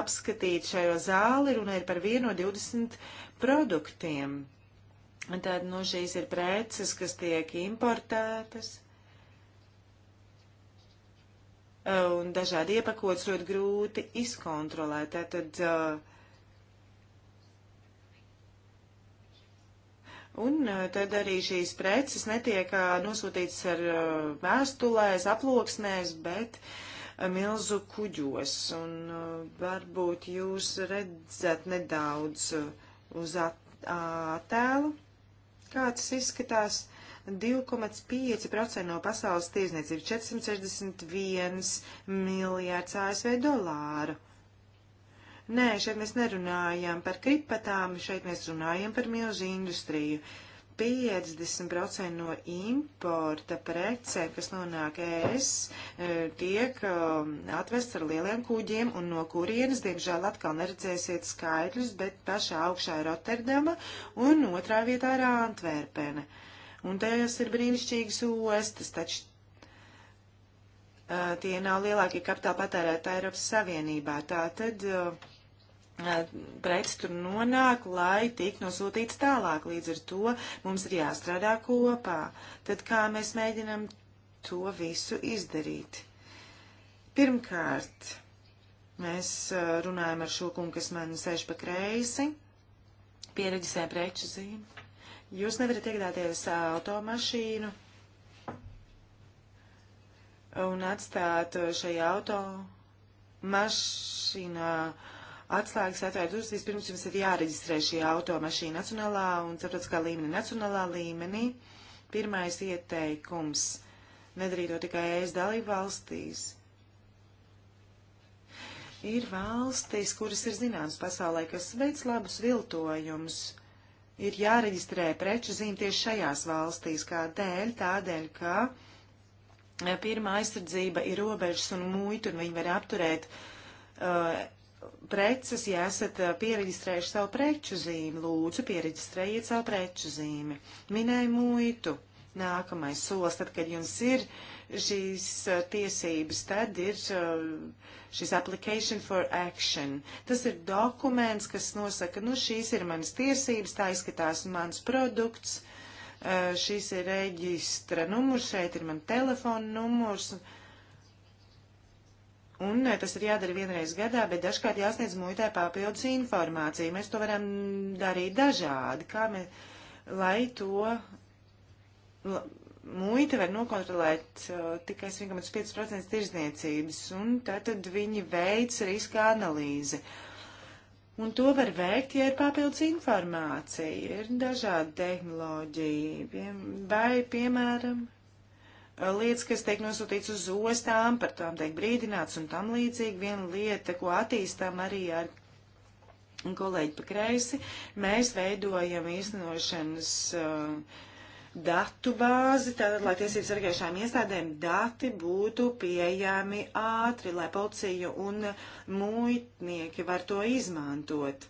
apskatīt šajo zāli, runa ir par vienu no 20 produktiem. Un tad, nu, šīs ir preces, kas tiek importētas. Eh, un dažādi iepakots ļoti grūti izkontrolēt. Tātad, eh, Un eh, tad arī šīs preces netiek nosūtītas ar vēstulēs, aploksnēs, bet milzu kuģos. Un varbūt jūs redzat nedaudz uz attēlu, kāds izskatās. 2,5% no pasaules tirzniecības, 461 miljārds ASV dolāru. Nē, šeit mēs nerunājam par kripatām, šeit mēs runājam par milzu industriju. 50% no importa precēm, kas nonāk ES, e, tiek e, atvests ar lieliem kuģiem, un no kurienes, diemžēl, atkal neredzēsiet skaitļus, bet pašā augšā ir Rotterdama, un otrā vietā ir Antverpene. Uh, Un tajās ir brīnišķīgas ostas, taču uh, tie nav lielākie kapitāla patērētāji Eiropas Savienībā. Tā tad uh, preces tur nonāk, lai tik nosūtīts tālāk. Līdz ar to mums ir jāstrādā kopā. Tad kā mēs mēģinam to visu izdarīt? Pirmkārt, mēs runājam ar šo kungu, kas man sēž pa kreisi, pieredzē preču zīmi. Jūs nevarat iegādāties automašīnu un atstāt šajā automašīnā atslēgas atvērt durvis. Vispirms jums ir jāreģistrē šī automašīna nacionālā un starptautiskā līmenī. Nacionālā līmenī pirmais ieteikums nedarīt to tikai es dalību valstīs. Ir valstis, kuras ir zināmas pasaulē, kas veic labus viltojumus ir jāreģistrē preču zīme tieši šajās valstīs. Kādēļ? Tādēļ, ka e, pirmā aizsardzība ir robežas un muita, un viņi var apturēt uh, preces, ja esat e, pieregistrējuši savu preču zīmi. Lūdzu, pieregistrējiet savu preču zīmi. Minēju muitu. Nākamais solis, tad, kad jums ir uh, šīs uh, tiesības, tad ir uh, šis application for action. Tas ir dokuments, kas nosaka, nu šīs ir manas tiesības, tā izskatās mans produkts, uh, šis ir reģistra numurs, šeit ir man telefona numurs. Un tas ir jādara vienreiz gadā, bet dažkārt jāsniedz muitē papildus informāciju. Mēs to varam darīt dažādi, kā mēs, lai to muita var nokontrolēt uh, tikai 1,5% tirzniecības, un tātad viņi veids riska analīzi. Un to var veikt, ja ir papildus informācija, ir dažādi tehnoloģija, vai, piemēram, uh, lietas, kas tiek nosūtīts uz ostām, par tām tiek brīdināts un tam līdzīgi. Viena lieta, ko attīstām arī ar kolēģi pa kreisi, mēs veidojam īstenošanas uh, datu bāzi, tātad, lai tiesību sargājušām iestādēm dati būtu pieejami ātri, lai policija un muitnieki var to izmantot.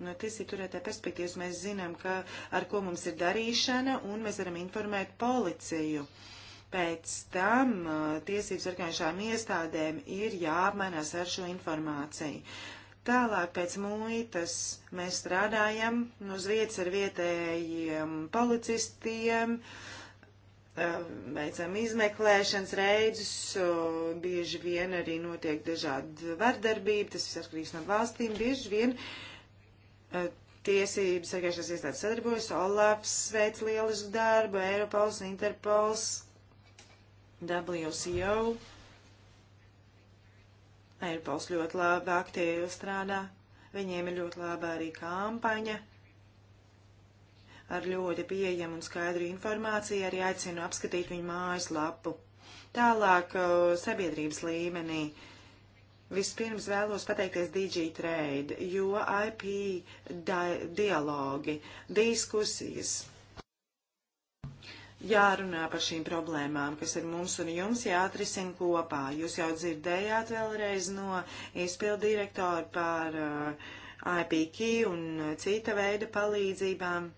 No tiesību turētā perspektīvas mēs zinām, ka, ar ko mums ir darīšana, un mēs varam informēt policiju. Pēc tam uh, tiesības sargājušām iestādēm ir jāapmainās ar šo informāciju. Uh, Tālāk pēc muitas mēs strādājam uz vietas ar vietējiem policistiem, veicam izmeklēšanas reidus, bieži vien arī notiek dažādi vardarbība, tas viss atkarīgs no valstīm, bieži vien tiesības sargājušās iestādes sadarbojas, Olafs veic lielisku darbu, Eiropols, Interpols, WCO Eiropols ļoti labi aktīvi strādā, viņiem ir ļoti laba arī kampaņa ar ļoti pieejamu un skaidru informāciju, arī aicinu apskatīt viņu mājaslapu. Tālāk sabiedrības līmenī. Vispirms vēlos pateikties DigiTrade, jo IP di dialogi, diskusijas jārunā par šīm problēmām, kas ir mums un jums jāatrisina kopā. Jūs jau dzirdējāt vēlreiz no izpildu direktora par uh, IPQ un cita veida palīdzībām.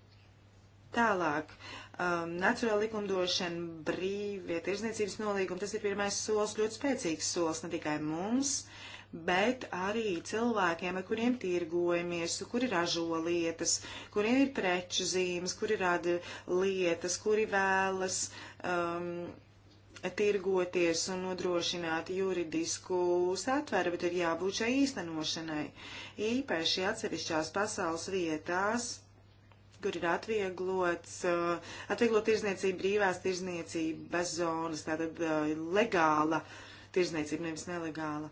Tālāk, um, nacionāla likumdošana, brīvie tirzniecības nolīgumi, tas ir pirmais solis, ļoti spēcīgs solis ne tikai mums, uh, bet arī cilvēkiem, ar kuriem tirgojamies, kuri ražo lietas, kuriem ir preču zīmes, kuri rada lietas, kuri vēlas um, tirgoties un nodrošināt juridisku satveru, bet ir jābūt šai īstenošanai. Īpaši atsevišķās pasaules vietās kur ir atvieglots, uh, atvieglot tirzniecību brīvās tirzniecības zonas, tātad uh, legāla tirzniecība, nevis nelegāla.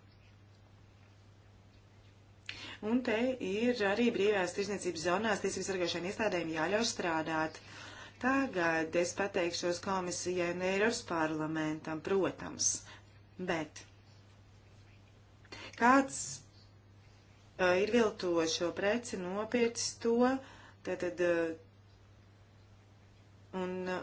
Un te ir arī brīvās tirzniecības zonās tiesības sargājušajām iestādēm jāļauj strādāt. Tagad es pateikšos komisijai un Eiropas parlamentam, protams, bet kāds uh, ir viltošo preci nopircis to, tad, tad uh, un uh,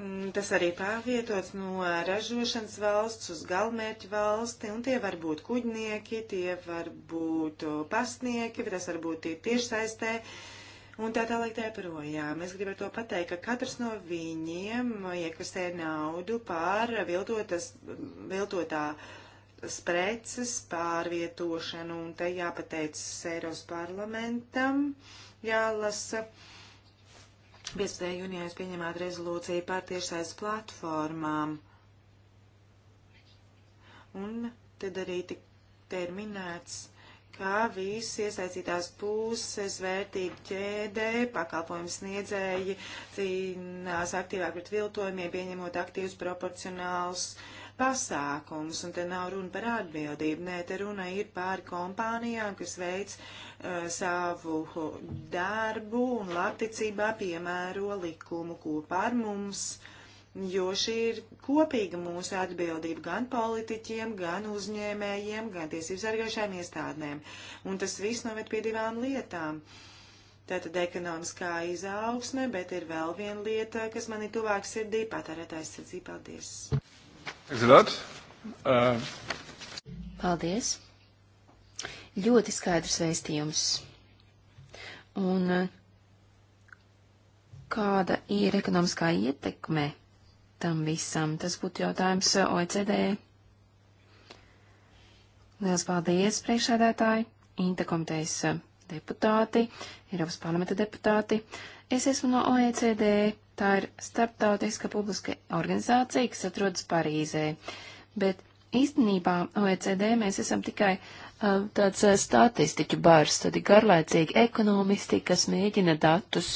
Mm, tas arī pārvietots no ražošanas valsts uz galvenmērķu valsti, un tie var būt kuģnieki, tie var būt pasnieki, tas var būt tie tiešsaistē, un tā tālāk tā projām. Es gribētu to pateikt, ka katrs no viņiem iekasē naudu pār viltotas, viltotā spreces pārvietošanu, un te jāpateicas Eiros parlamentam, jālasa. Uh, 15. jūnijā jūs pieņemāt rezolūciju par tiešsaistes platformām. Un tad arī tik te ir minēts, ka visas iesaistītās puses, vērtību ķēdē, pakalpojumu sniedzēji cīnās aktīvāk pret viltojumiem, pieņemot aktīvus proporcionāls uh, pasākumus, un te nav runa par atbildību, nē, te runa ir par kompānijām, kas veic uh, savu uh, darbu un labticībā piemēro likumu kopā ar mums, jo šī ir kopīga mūsu atbildība gan politiķiem, gan uzņēmējiem, gan tiesības sargājušajām iestādnēm, un tas viss noved pie divām lietām. Tātad ekonomiskā izaugsme, bet ir vēl viena lieta, kas man ir tuvāk sirdī, patērētājs sirdī. Paldies! Thanks a lot. Uh... Paldies. Ļoti skaidrs vēstījums. Un uh, kāda ir ekonomiskā ietekme tam visam? Tas būtu jautājums uh, OECD. Liels paldies, priekšādētāji, Intekomitejas uh, deputāti, Eiropas parlamenta deputāti. Uh, Es esmu no OECD. Tā ir starptautiska publiska organizācija, kas atrodas Parīzē. Bet īstenībā OECD mēs esam tikai uh, tāds uh, statistiķu bars, tādi garlaicīgi ekonomisti, kas mēģina datus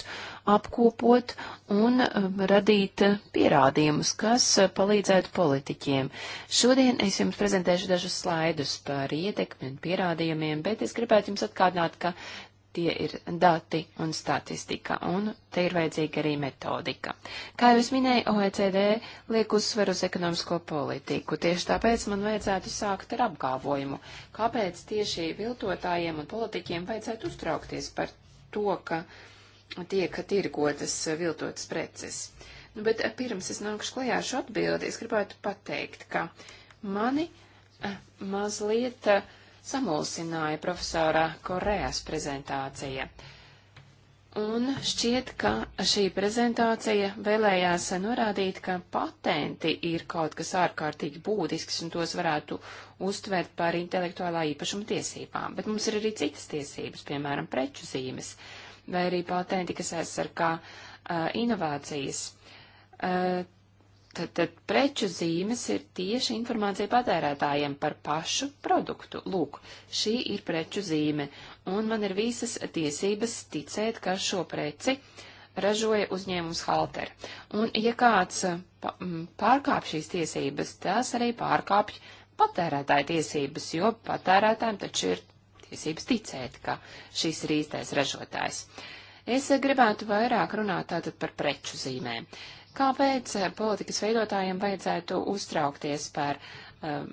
apkopot un um, uh, radīt pierādījumus, kas uh, palīdzētu politiķiem. Šodien es jums prezentēšu dažus slaidus par ietekmi un pierādījumiem, bet es gribētu jums atkārtināt, ka tie ir dati un statistika, un te ir vajadzīga arī metodika. Kā jau es minēju, OECD liek uzsveru uz ekonomisko politiku, tieši tāpēc man vajadzētu sākt ar apgalvojumu, kāpēc tieši viltotājiem un politiķiem vajadzētu uztraukties par to, ka tiek tirgotas viltotas preces. Nu, bet eh, pirms es nākušu klajā ar šo atbildi, es gribētu pateikt, ka mani eh, mazliet uh, samulsināja profesora Korejas prezentācija. Un šķiet, ka šī prezentācija vēlējās norādīt, ka patenti ir kaut kas ārkārtīgi būtisks un tos varētu uztvert par intelektuālā īpašuma tiesībām. Bet mums ir arī citas tiesības, piemēram, preču zīmes vai arī patenti, kas aizsargā uh, inovācijas. Uh, Tad, tad preču zīmes ir tieši informācija patērētājiem par pašu produktu. Lūk, šī ir preču zīme, un man ir visas tiesības ticēt, ka šo preci ražoja uzņēmums Halter. Un, ja kāds eh, mm, pārkāp šīs tiesības, tas arī pārkāpj patērētāja tiesības, jo patērētājiem taču ir tiesības ticēt, ka šis ir īstais ražotājs. Es gribētu vairāk runāt tātad par preču zīmēm. Kāpēc eh, politikas veidotājiem vajadzētu uztraukties par um,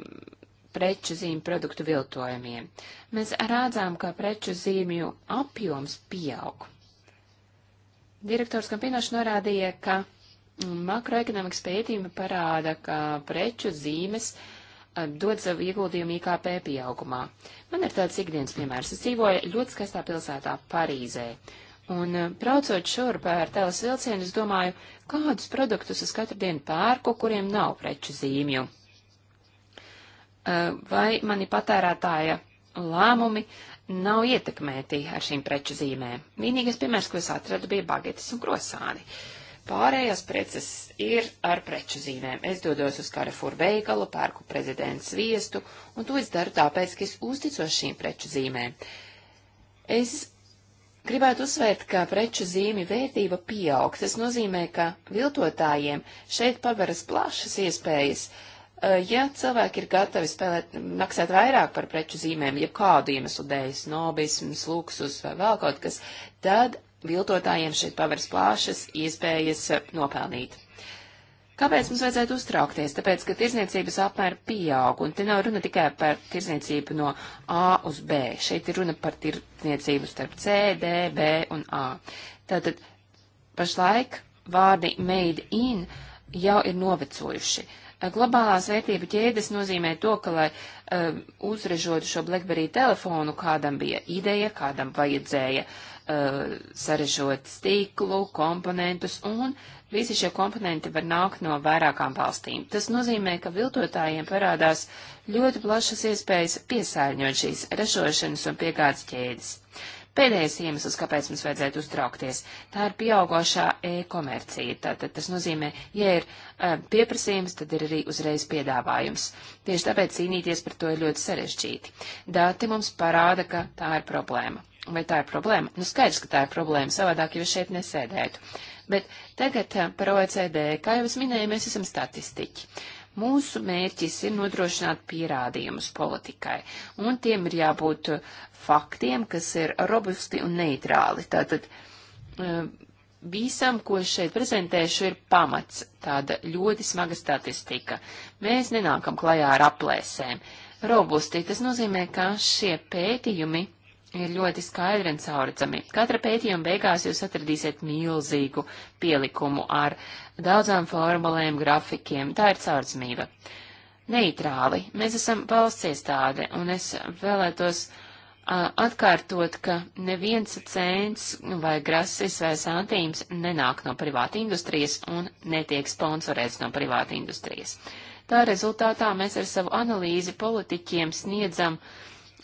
preču zīmju produktu viltojumiem? Mēs rādzām, ka preču zīmju apjoms pieaug. Direktors Kampinošs norādīja, ka mm, makroekonomikas pētījumi parāda, ka preču zīmes eh, dod savu ieguldījumu IKP pieaugumā. Man ir tāds ikdienas piemērs. Es dzīvoju ļoti skaistā pilsētā Parīzē. Un eh, braucot šurp ar tēlas vilcienu, es domāju, kādus produktus es katru dienu pērku, kuriem nav preču zīmju. Eh, vai mani patērētāja lēmumi nav ietekmēti ar šīm preču zīmēm? Vienīgais piemērs, ko es atradu, bija bagetes un krosāni. Pārējās preces ir ar preču zīmēm. Es dodos uz Karafur veikalu, pērku prezidents sviestu, un to es daru tāpēc, ka es uzticos šīm preču zīmēm. Es Gribētu uzsvērt, ka preču zīmju vērtība pieaug. Tas nozīmē, ka viltotājiem šeit paveras plašas iespējas. Ja cilvēki ir gatavi spēlēt, maksāt vairāk par preču zīmēm, ja kādu iemeslu dēļ, snobisms, luksus vai vēl kaut kas, tad viltotājiem šeit paveras plašas iespējas nopelnīt. Kāpēc mums vajadzētu uztraukties? Tāpēc, ka tirzniecības apmēri pieaug, un te nav runa tikai par tirzniecību no A uz B. Šeit ir runa par tirzniecību starp C, D, B un A. Tātad pašlaik vārdi made in jau ir novecojuši. Globālās vērtību ķēdes nozīmē to, ka, lai um, uzražotu šo BlackBerry telefonu, kādam bija ideja, kādam vajadzēja uh, uh, sarežot stīklu, komponentus, un visi šie komponenti var nākt no vairākām valstīm. Tas nozīmē, ka viltotājiem parādās ļoti plašas iespējas piesārņot šīs ražošanas un piegādes ķēdes. Pēdējais iemesls, kāpēc mums vajadzētu uztraukties, tā ir pieaugošā e-komercija. Tātad tas nozīmē, ja ir uh, pieprasījums, tad ir arī uzreiz piedāvājums. Tieši tāpēc cīnīties par to ir ļoti sarežģīti. Dati mums parāda, ka tā ir problēma. Vai tā ir problēma? Nu, skaidrs, ka tā ir problēma, savādāk jau šeit nesēdētu. Bet tagad eh, par OECD, kā jau es minēju, mēs esam statistiķi. Mūsu mērķis ir nodrošināt pierādījumus politikai, un tiem ir jābūt eh, faktiem, kas ir robusti un neitrāli. Tātad eh, visam, ko es šeit prezentēšu, ir pamats tāda ļoti smaga statistika. Mēs nenākam klajā ar aplēsēm. Robusti, tas nozīmē, ka šie pētījumi ir ļoti skaidri un cauradzami. Katra pētījuma beigās jūs atradīsiet milzīgu pielikumu ar daudzām formulēm, grafikiem. Tā ir cauradzamība. Neitrāli. Mēs esam valsts iestāde, un es vēlētos a, atkārtot, ka neviens cents vai grasis vai santīms nenāk no privāta industrijas un netiek sponsorēts no privāta industrijas. Tā rezultātā mēs ar savu analīzi politiķiem sniedzam uh,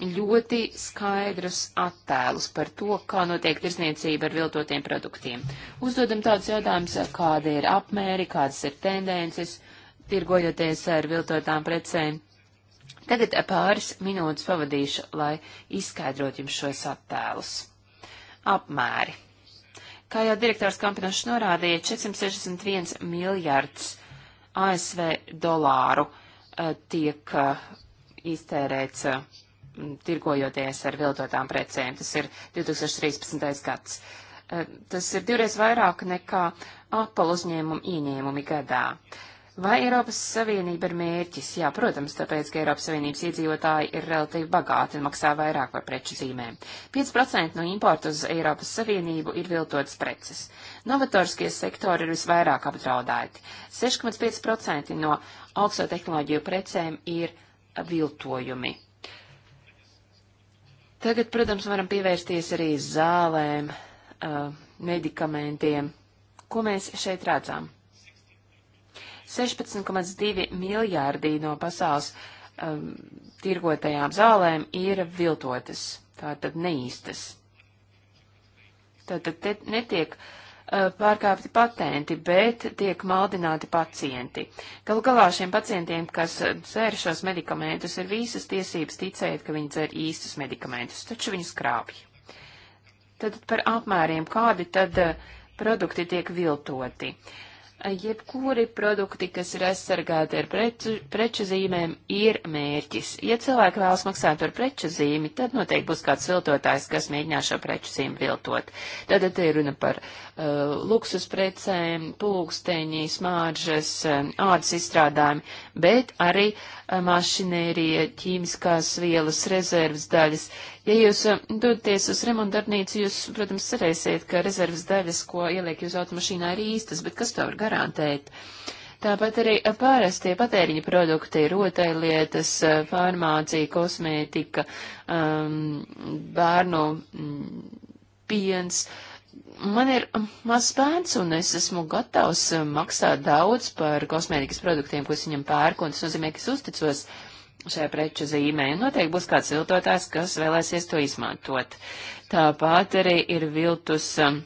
ļoti skaidrus attēlus par to, kā notiek tirsniecība ar viltotiem produktiem. Uzdodam tādus jautājumus, kāda ir apmēri, kādas ir tendences, tirgojoties ar viltotām precēm. Tagad pāris minūtes pavadīšu, lai izskaidrotu jums šos attēlus. Apmēri. Kā jau direktors Kampinošs norādīja, 461 miljards ASV dolāru eh, tiek eh, iztērēts eh, tirgojoties ar viltotām precēm. Tas ir 2013. gads. Eh, tas ir divreiz vairāk nekā Apple uzņēmumu ieņēmumi gadā. Vai Eiropas Savienība ir mērķis? Jā, protams, tāpēc, ka Eiropas Savienības iedzīvotāji ir relatīvi bagāti un maksā vairāk par preču zīmēm. 5% no importa uz Eiropas Savienību ir viltotas preces. Novatoriskie sektori ir visvairāk apdraudēti. 6,5% no augsto tehnoloģiju precēm ir viltojumi. Tagad, protams, varam pievērsties arī zālēm, medikamentiem. Ko mēs šeit redzam? 16,2 miljārdi no pasaules um, tirgotajām zālēm ir viltotas, tātad neīstas. Tātad te netiek uh, Eh, pārkāpti patenti, bet tiek maldināti pacienti. Galu galā šiem pacientiem, kas dzēr šos medikamentus, ir visas tiesības ticēt, ka viņi dzēr īstus medikamentus, taču viņus krāpj. Tad par apmēriem, kādi tad eh, produkti tiek viltoti. Uh, Jebkuri produkti, kas ir aizsargāti ar preču, preču zīmēm, ir mērķis. Ja cilvēki vēlas maksāt par preču zīmi, tad noteikti būs kāds viltotājs, kas mēģinās šo preču zīmi viltot. Tad te ir runa par uh, luksus precēm, pulksteņi, smāržas, uh, ādas izstrādājumi, bet arī uh, mašinērija, ķīmiskās vielas, rezerves daļas, Ja jūs eh, dodaties uz remontdarbnīcu, jūs, protams, cerēsiet, ka rezerves daļas, ko ieliek jūs automašīnā, ir īstas, bet kas to var garantēt? Tāpat arī pārastie patēriņa produkti, rotaļlietas, eh, farmācija, kosmētika, um, bērnu mm, piens. Man ir mm, mazs bērns, un es esmu gatavs eh, maksāt daudz par kosmētikas produktiem, ko es viņam pērku, un tas nozīmē, ka es uzticos uh, šajā preču zīmē. Noteikti būs kāds viltotājs, kas vēlēsies to izmantot. Tāpat arī ir viltus um,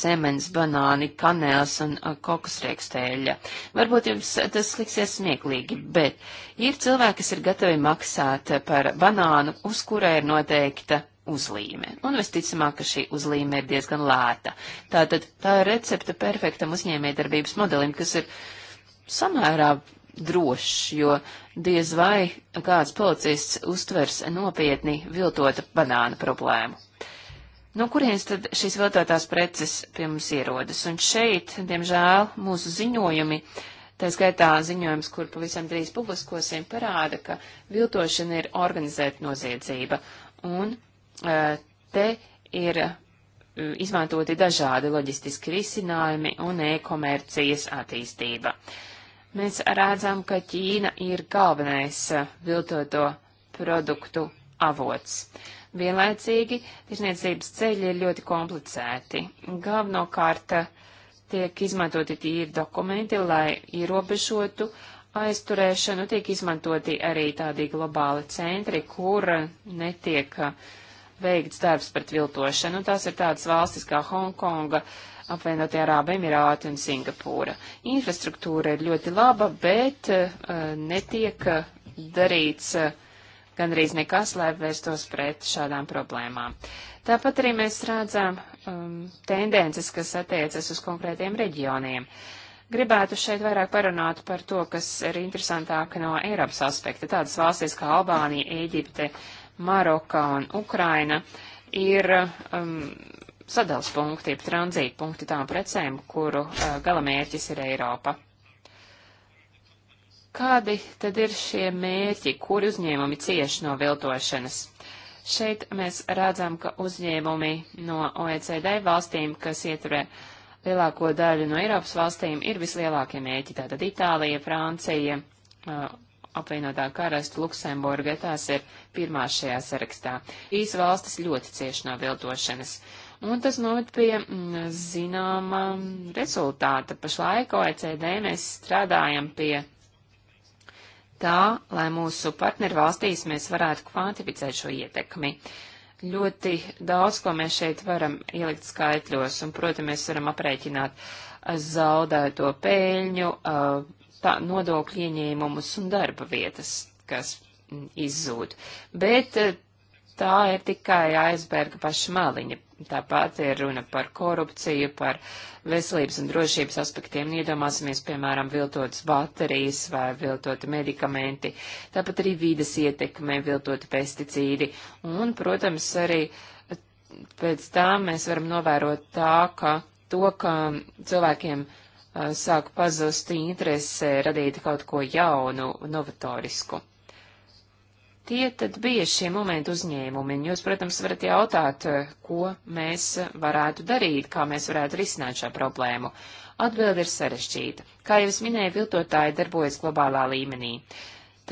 zemens, banāni, kanēls un uh, kokosriekstēļa. Varbūt jums tas liksies smieklīgi, bet ir cilvēki, kas ir gatavi maksāt uh, par banānu, uz kurai ir noteikta uzlīme. Un visticamāk, ka šī uzlīme ir diezgan lēta. Tātad tā ir recepte perfektam uzņēmējdarbības modelim, kas ir samērā drošs, jo diez vai kāds policists uztvers nopietni viltota banāna problēmu. No kurienes tad šīs viltotās preces pie mums ierodas? Un šeit, diemžēl, mūsu ziņojumi, tā skaitā ziņojums, kur pavisam drīz publiskosim, parāda, ka viltošana ir organizēta noziedzība. Un e, te ir e, izmantoti dažādi loģistiski risinājumi un e-komercijas attīstība. Uh, Mēs redzam, ka Ķīna ir galvenais eh, viltoto produktu avots. Vienlaicīgi tirsniecības ceļi ir ļoti komplicēti. Galvenokārt eh, tiek izmantoti tīri dokumenti, lai ierobežotu aizturēšanu, tiek izmantoti arī tādi globāli centri, kur netiek eh, veikts darbs pret viltošanu. Tās ir tādas valstis kā Hongkonga, uh, apvienotie Arābu Emirāti un Singapūra. Infrastruktūra ir ļoti laba, bet eh, netiek eh, darīts eh, gandrīz nekas, lai vērstos pret šādām problēmām. Tāpat arī mēs redzam um, tendences, kas attiecas uz konkrētiem reģioniem. Gribētu šeit vairāk parunāt par to, kas ir interesantāk no Eiropas aspekta. Tādas valstis kā Albānija, Ēģipte, Maroka un Ukraina ir um, sadals punkti, jeb tranzīta punkti tām precēm, kuru uh, galamērķis ir Eiropa. Kādi tad ir šie mērķi, kuri uzņēmumi cieši no viltošanas? Šeit mēs redzam, ka uzņēmumi no OECD valstīm, kas ieturē lielāko daļu no Eiropas valstīm, ir vislielākie mērķi. Tātad Itālija, Francija, uh, apvienotā karasta Luksemburga, tās ir pirmās šajā sarakstā. Šīs valstis ļoti cieši no viltošanas. Uh, Un tas noved pie mm, zināma rezultāta. Pašlaik OECD mēs strādājam pie tā, lai mūsu partneru valstīs mēs varētu kvantificēt šo ietekmi. Ļoti daudz, ko mēs šeit varam ielikt skaitļos, un, protams, mēs varam aprēķināt eh, zaudēto peļņu, eh, tā, nodokļu ieņēmumus un darba vietas, kas mm, izzūd. Bet eh, tā ir tikai aizberga paša maliņa. Tāpat ir runa par korupciju, par veselības un drošības aspektiem. Iedomāsimies, piemēram, viltotas baterijas vai viltoti medikamenti, tāpat arī vīdes ietekme, viltoti pesticīdi. Un, protams, arī pēc tam mēs varam novērot tā, ka to, ka cilvēkiem uh, sāk pazust interese radīt kaut ko jaunu, novatorisku. Tie tad bija šie momenti uzņēmumi, un jūs, protams, varat jautāt, eh, ko mēs eh, varētu darīt, kā mēs varētu risināt šo problēmu. Atbilde ir sarešķīta. Kā jau es minēju, viltotāji darbojas globālā līmenī.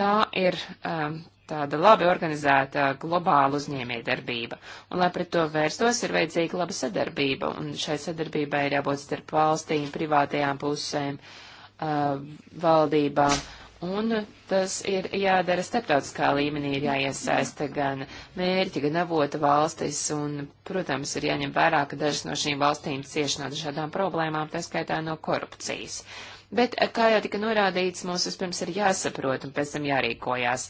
Tā ir um, tāda labi organizēta globāla uzņēmējdarbība, un, lai pret to vērstos, ir vajadzīga laba sadarbība, un šai sadarbībai ir jābūt starp valstīm, privātajām pusēm, uh, valdībām, Un tas ir jādara starptautiskā līmenī, ir jāiesaista gan mērķi, gan avota valstis, un, protams, ir jāņem vērā, ka dažas no šīm valstīm cieši no dažādām problēmām, tā skaitā no korupcijas. Bet, eh, kā jau tika norādīts, mums vispirms ir jāsaprot un pēc tam jārīkojās.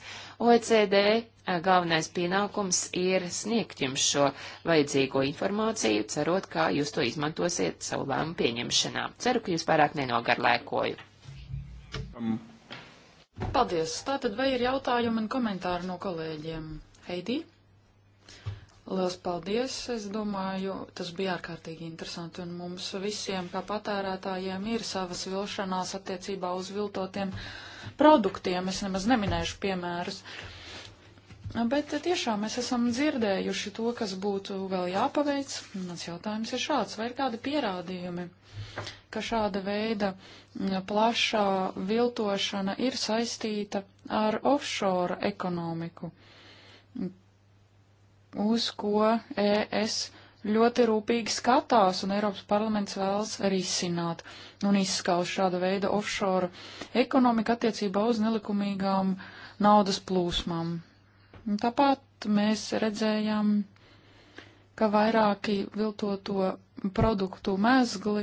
OECD eh, galvenais pienākums ir sniegt jums šo vajadzīgo informāciju, cerot, kā jūs to izmantosiet savu lēmumu pieņemšanā. Ceru, ka jūs pārāk nenogarlēkoju. Um. Paldies! Tātad vai ir jautājumi un komentāri no kolēģiem? Heidi? Lielas paldies! Es domāju, tas bija ārkārtīgi interesanti, un mums visiem, kā patērētājiem, ir savas vilšanās attiecībā uz viltotiem produktiem. Es nemaz neminēšu piemērus. Uh, Bet tiešām mēs esam dzirdējuši to, kas būtu vēl jāpaveic. Mans jautājums ir šāds, vai ir kādi pierādījumi, ka šāda veida plašā viltošana ir saistīta ar offshore ekonomiku, uz ko ES ļoti rūpīgi skatās, un Eiropas parlaments vēlas risināt un izskaus šāda veida offshore ekonomika attiecībā uz nelikumīgām naudas plūsmām. Tāpat mēs redzējām, ka vairāki viltoto produktu mēzgli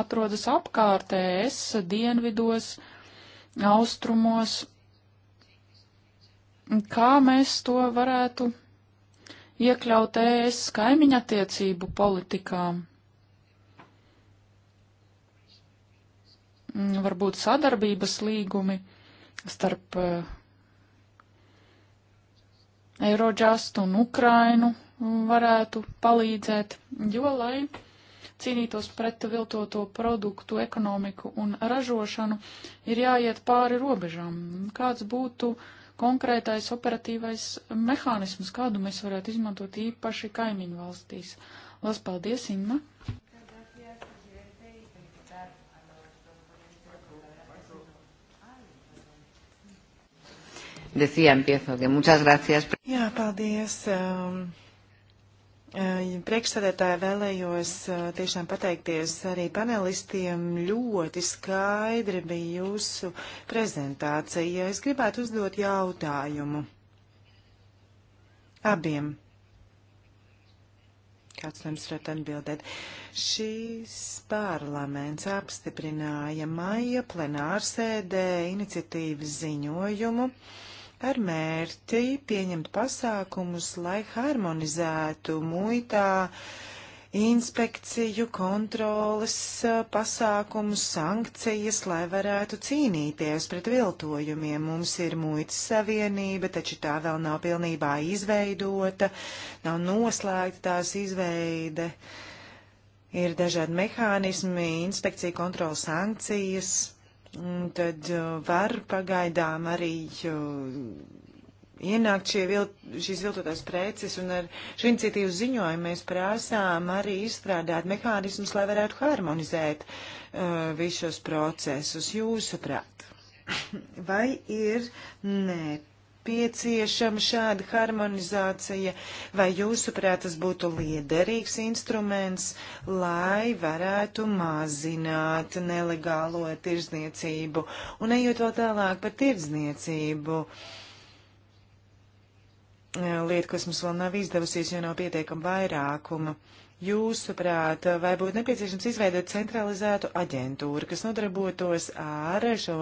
atrodas apkārtēs, dienvidos, austrumos. Kā mēs to varētu iekļaut ES kaimiņa attiecību politikā? Varbūt sadarbības līgumi starp uh, Eurojust un Ukrainu varētu palīdzēt, jo lai cīnītos pret viltoto produktu ekonomiku un ražošanu, ir jāiet pāri robežām. Kāds būtu konkrētais operatīvais mehānisms, kādu mēs varētu izmantot īpaši kaimiņu valstīs? Las paldies, Inma! Decía, empiezo, que muchas gracias. Jā, paldies. Um, uh, Priekšsēdētāji vēlējos uh, tiešām pateikties arī panelistiem. Ļoti skaidri bija jūsu prezentācija. Es gribētu uzdot jautājumu abiem. Kāds no jums varētu atbildēt? Šīs parlaments apstiprināja maija plenārsēdē iniciatīvas ziņojumu. Uh, ar mērķi pieņemt pasākumus, lai harmonizētu muitā inspekciju, kontroles pasākumus, sankcijas, lai varētu cīnīties pret viltojumiem. Mums ir muitas savienība, taču tā vēl nav pilnībā izveidota, nav noslēgta tās izveide. Ir dažādi mehānismi, inspekcija, kontrola, sankcijas tad uh, var pagaidām arī uh, ienākt vil, šīs viltotās preces, un ar šo iniciatīvu ziņojumu mēs prasām arī izstrādāt mehānismus, lai varētu harmonizēt uh, visus šos procesus. Jūsuprāt, <coughs> vai ir ne nepieciešama šāda harmonizācija, vai jūsuprāt tas būtu liederīgs instruments, lai varētu mazināt nelegālo tirdzniecību? Un ejot vēl tālāk par tirdzniecību lieta, kas mums vēl nav izdevusies, jo nav pietiekama vairākuma. Jūsuprāt, vai būtu nepieciešams izveidot centralizētu aģentūru, kas nodarbotos ar šo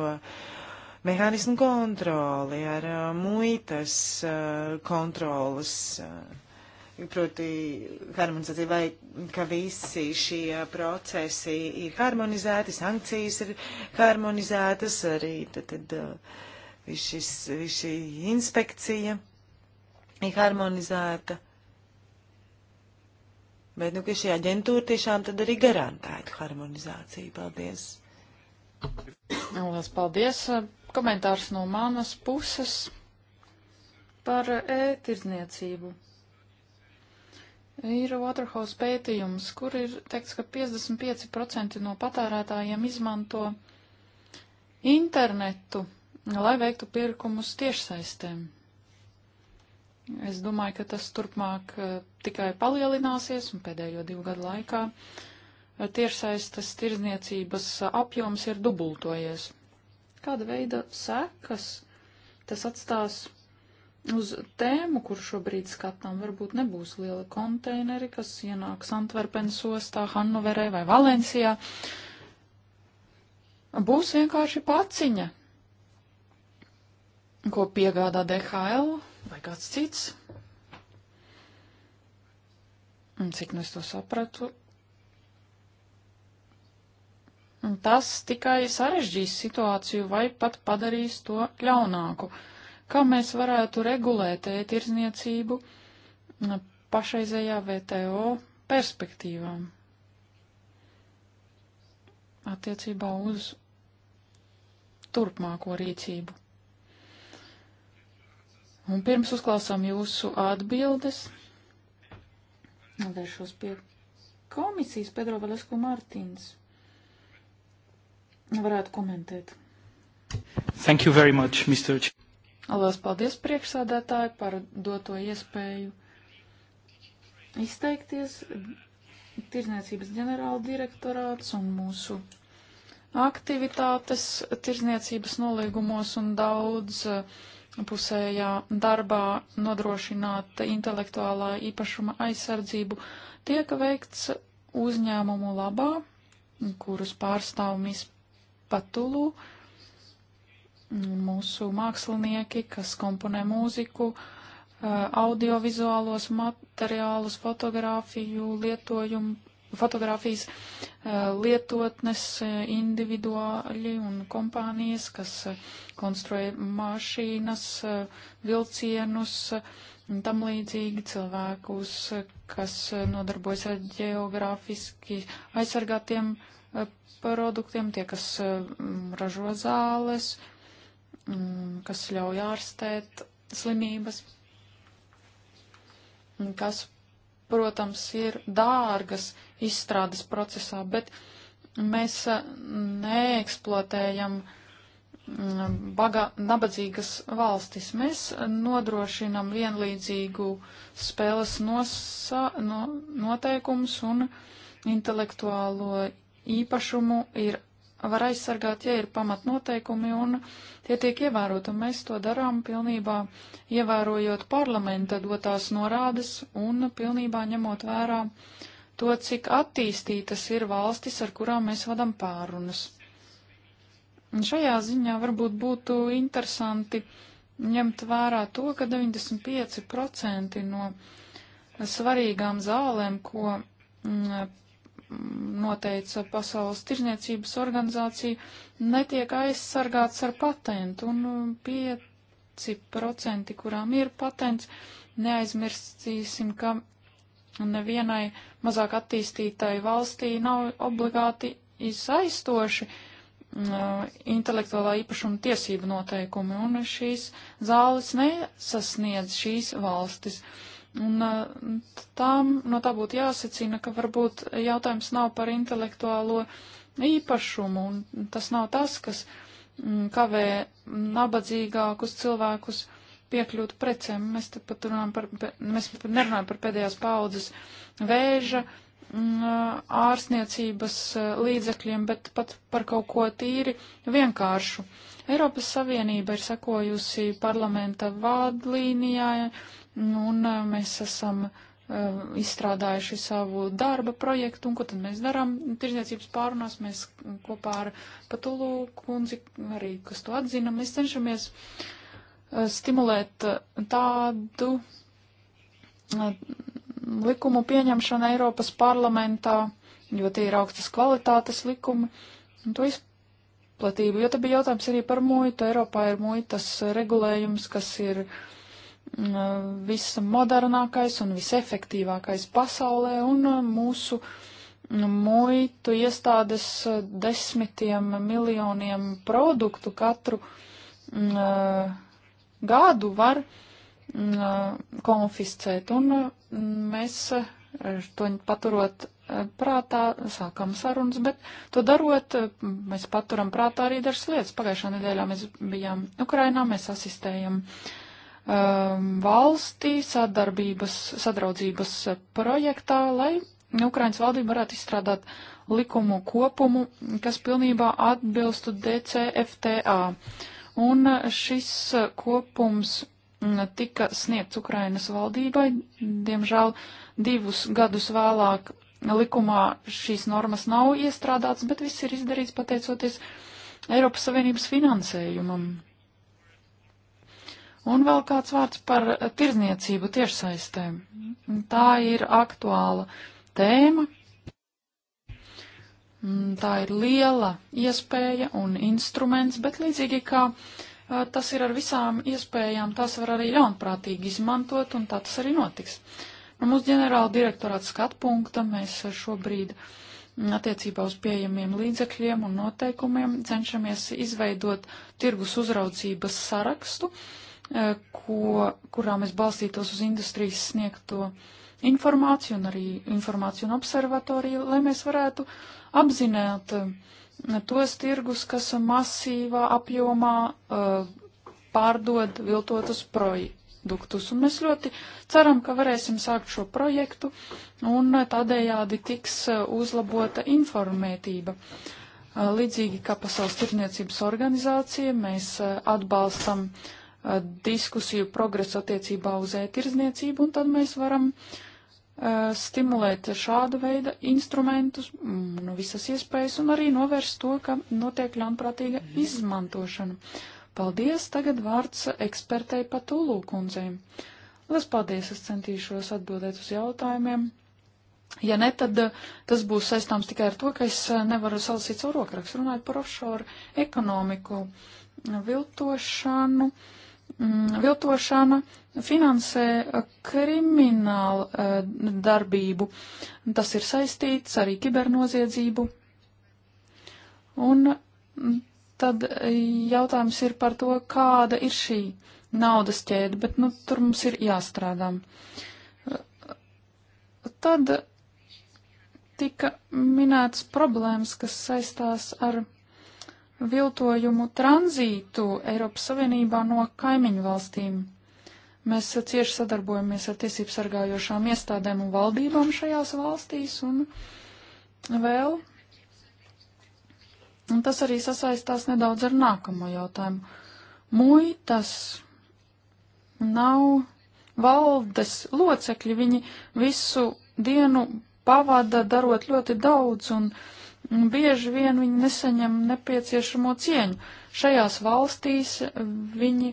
mehānismu kontroli, ar uh, muitas uh, kontrolas. Uh, proti harmonizācija vai ka visi šie procesi ir harmonizēti, sankcijas ir harmonizētas, arī tad, tad uh, viss šis, viss šī inspekcija ir harmonizēta. Bet, nu, ka šī aģentūra tiešām tad arī garantētu harmonizāciju. Paldies! Lielas paldies! komentārs no manas puses par ētirdzniecību. E ir Waterhouse pētījums, kur ir teikts, ka 55% no patērētājiem izmanto internetu, lai veiktu pirkumus tiešsaistēm. Es domāju, ka tas turpmāk eh, tikai palielināsies un pēdējo divu gadu laikā tiešsaistes tirdzniecības apjoms ir dubultojies kāda veida sekas tas atstās uz tēmu, kur šobrīd skatām. Varbūt nebūs liela konteineri, kas ienāks Antverpenes ostā, Hannoverē vai Valencijā. Būs vienkārši paciņa, ko piegādā DHL vai kāds cits. Un cik nu es to sapratu, Tas tikai sarežģīs situāciju vai pat padarīs to ļaunāku. Kā mēs varētu regulēt e-tirzniecību pašreizējā VTO perspektīvām? Attiecībā uz turpmāko rīcību. Un pirms uzklausām jūsu atbildes, vēršos pie komisijas Pedro Valesku Martins varētu komentēt. Thank you very much, Mr. Č. Lielas paldies priekšsādātāji par doto iespēju izteikties. Tirzniecības ģenerāla direktorāts un mūsu aktivitātes tirzniecības nolīgumos un daudz uh, pusējā darbā nodrošināt intelektuālā īpašuma aizsardzību tiek veikts uzņēmumu labā, kurus pārstāv MIS Patulu. Mūsu mākslinieki, kas komponē mūziku, audiovizuālos materiālus, fotografiju lietojumu, fotografijas lietotnes individuāļi un kompānijas, kas konstruē mašīnas, vilcienus, un tam līdzīgi cilvēkus, kas nodarbojas ar geogrāfiski aizsargātiem produktiem, tie, kas mm, ražo zāles, mm, kas ļauj ārstēt slimības, kas, protams, ir dārgas izstrādes procesā, bet mēs eh, neeksploatējam mm, baga, nabadzīgas valstis. Mēs nodrošinam vienlīdzīgu spēles nosa, no, noteikums un intelektuālo īpašumu ir, var aizsargāt, ja ir pamatnoteikumi un tie tiek ievērot, un mēs to darām pilnībā ievērojot parlamenta dotās norādes un pilnībā ņemot vērā to, cik attīstītas ir valstis, ar kurām mēs vadam pārunas. Un šajā ziņā varbūt būtu interesanti ņemt vērā to, ka 95% no svarīgām zālēm, ko mm, noteica Pasaules tirzniecības organizācija, netiek aizsargāts ar patentu, un 5%, um, kurām ir patents, neaizmirstīsim, ka nevienai mazāk attīstītai valstī nav obligāti izsaistoši uh, intelektuālā īpašuma tiesību noteikumi, un šīs zāles nesasniedz šīs valstis. Uh, Un eh, tām, no tā būtu jāsacina, ka varbūt jautājums nav par intelektuālo īpašumu, un tas nav tas, kas mm, kavē nabadzīgākus cilvēkus piekļūt precēm. Mēs te pat runājam par, mēs nerunājam par pēdējās paudzes vēža mm, ārsniecības eh, līdzekļiem, bet pat par kaut ko tīri vienkāršu. Eiropas Savienība ir sekojusi parlamenta vadlīnijai Nu, un eh, mēs esam eh, izstrādājuši savu darba projektu, un ko tad mēs darām? Tirzniecības pārunās mēs kopā ar Patulu kundzi, arī kas to atzina, mēs cenšamies eh, stimulēt tādu likumu pieņemšanu Eiropas parlamentā, jo tie ir augstas kvalitātes likumi, un to izplatību, jo te bija jautājums arī par muitu. Eiropā ir muitas regulējums, kas ir uh, vismodernākais un visefektīvākais pasaulē, un mūsu muitu iestādes e, desmitiem miljoniem produktu katru uh, gadu var uh, konfiscēt, un uh, mēs to paturot prātā, sākam sarunas, bet to darot, mēs paturam prātā arī dažas lietas. Pagājušā nedēļā mēs bijām Ukrainā, mēs asistējam uh, um, valstī sadarbības, sadraudzības projektā, lai Ukrainas valdība varētu izstrādāt likumu kopumu, kas pilnībā atbilstu DCFTA. Un šis kopums mm, tika sniegts Ukrainas valdībai. Diemžēl divus gadus vēlāk likumā šīs normas nav iestrādāts, bet viss ir izdarīts pateicoties Eiropas Savienības finansējumam. Un vēl kāds vārds par eh, tirzniecību tiešsaistēm. Tā ir aktuāla tēma. Mm, tā ir liela iespēja un instruments, bet līdzīgi kā eh, tas ir ar visām iespējām, tas var arī ļaunprātīgi izmantot, un tā tas arī notiks. No mūsu ģenerāla direktorāta skatpunkta mēs eh, šobrīd mm, attiecībā uz pieejamiem līdzekļiem un noteikumiem cenšamies izveidot tirgus uzraudzības sarakstu, uh, Eh, ko, kurā mēs balstītos uz industrijas sniegto informāciju un arī informāciju un observatoriju, lai mēs varētu apzināt eh, tos tirgus, kas masīvā apjomā eh, pārdod viltotus produktus. Un mēs ļoti ceram, ka varēsim sākt šo projektu un tādējādi tiks uzlabota informētība. Līdzīgi kā Pasaules tirniecības organizācija, mēs atbalstam uh, Eh, diskusiju progresu attiecībā uz e-tirzniecību, un tad mēs varam eh, stimulēt šādu veidu instrumentus, mm, nu, visas iespējas, un arī novērst to, ka notiek ļaunprātīga izmantošana. Paldies, tagad vārds ekspertei Patulū kundzei. Lielas paldies, es centīšos atbildēt uz jautājumiem. Ja ne, tad eh, tas būs saistāms tikai ar to, ka es nevaru salasīt savu rokrakstu, runājot par offshore ekonomiku, viltošanu. Uh, Mm, viltošana finansē eh, kriminālu eh, darbību. Tas ir saistīts arī kibernoziedzību. Un mm, tad eh, jautājums ir par to, kāda ir šī naudas ķēde, bet nu, tur mums ir jāstrādā. Tad tika minētas problēmas, kas saistās ar viltojumu tranzītu Eiropas Savienībā no kaimiņu valstīm. Mēs cieši sadarbojamies ar tiesību sargājošām iestādēm un valdībām šajās valstīs un vēl. Un tas arī sasaistās nedaudz ar nākamo jautājumu. Muitas nav valdes locekļi, viņi visu dienu pavada darot ļoti daudz un uh, bieži vien viņi nesaņem nepieciešamo cieņu. Šajās valstīs viņi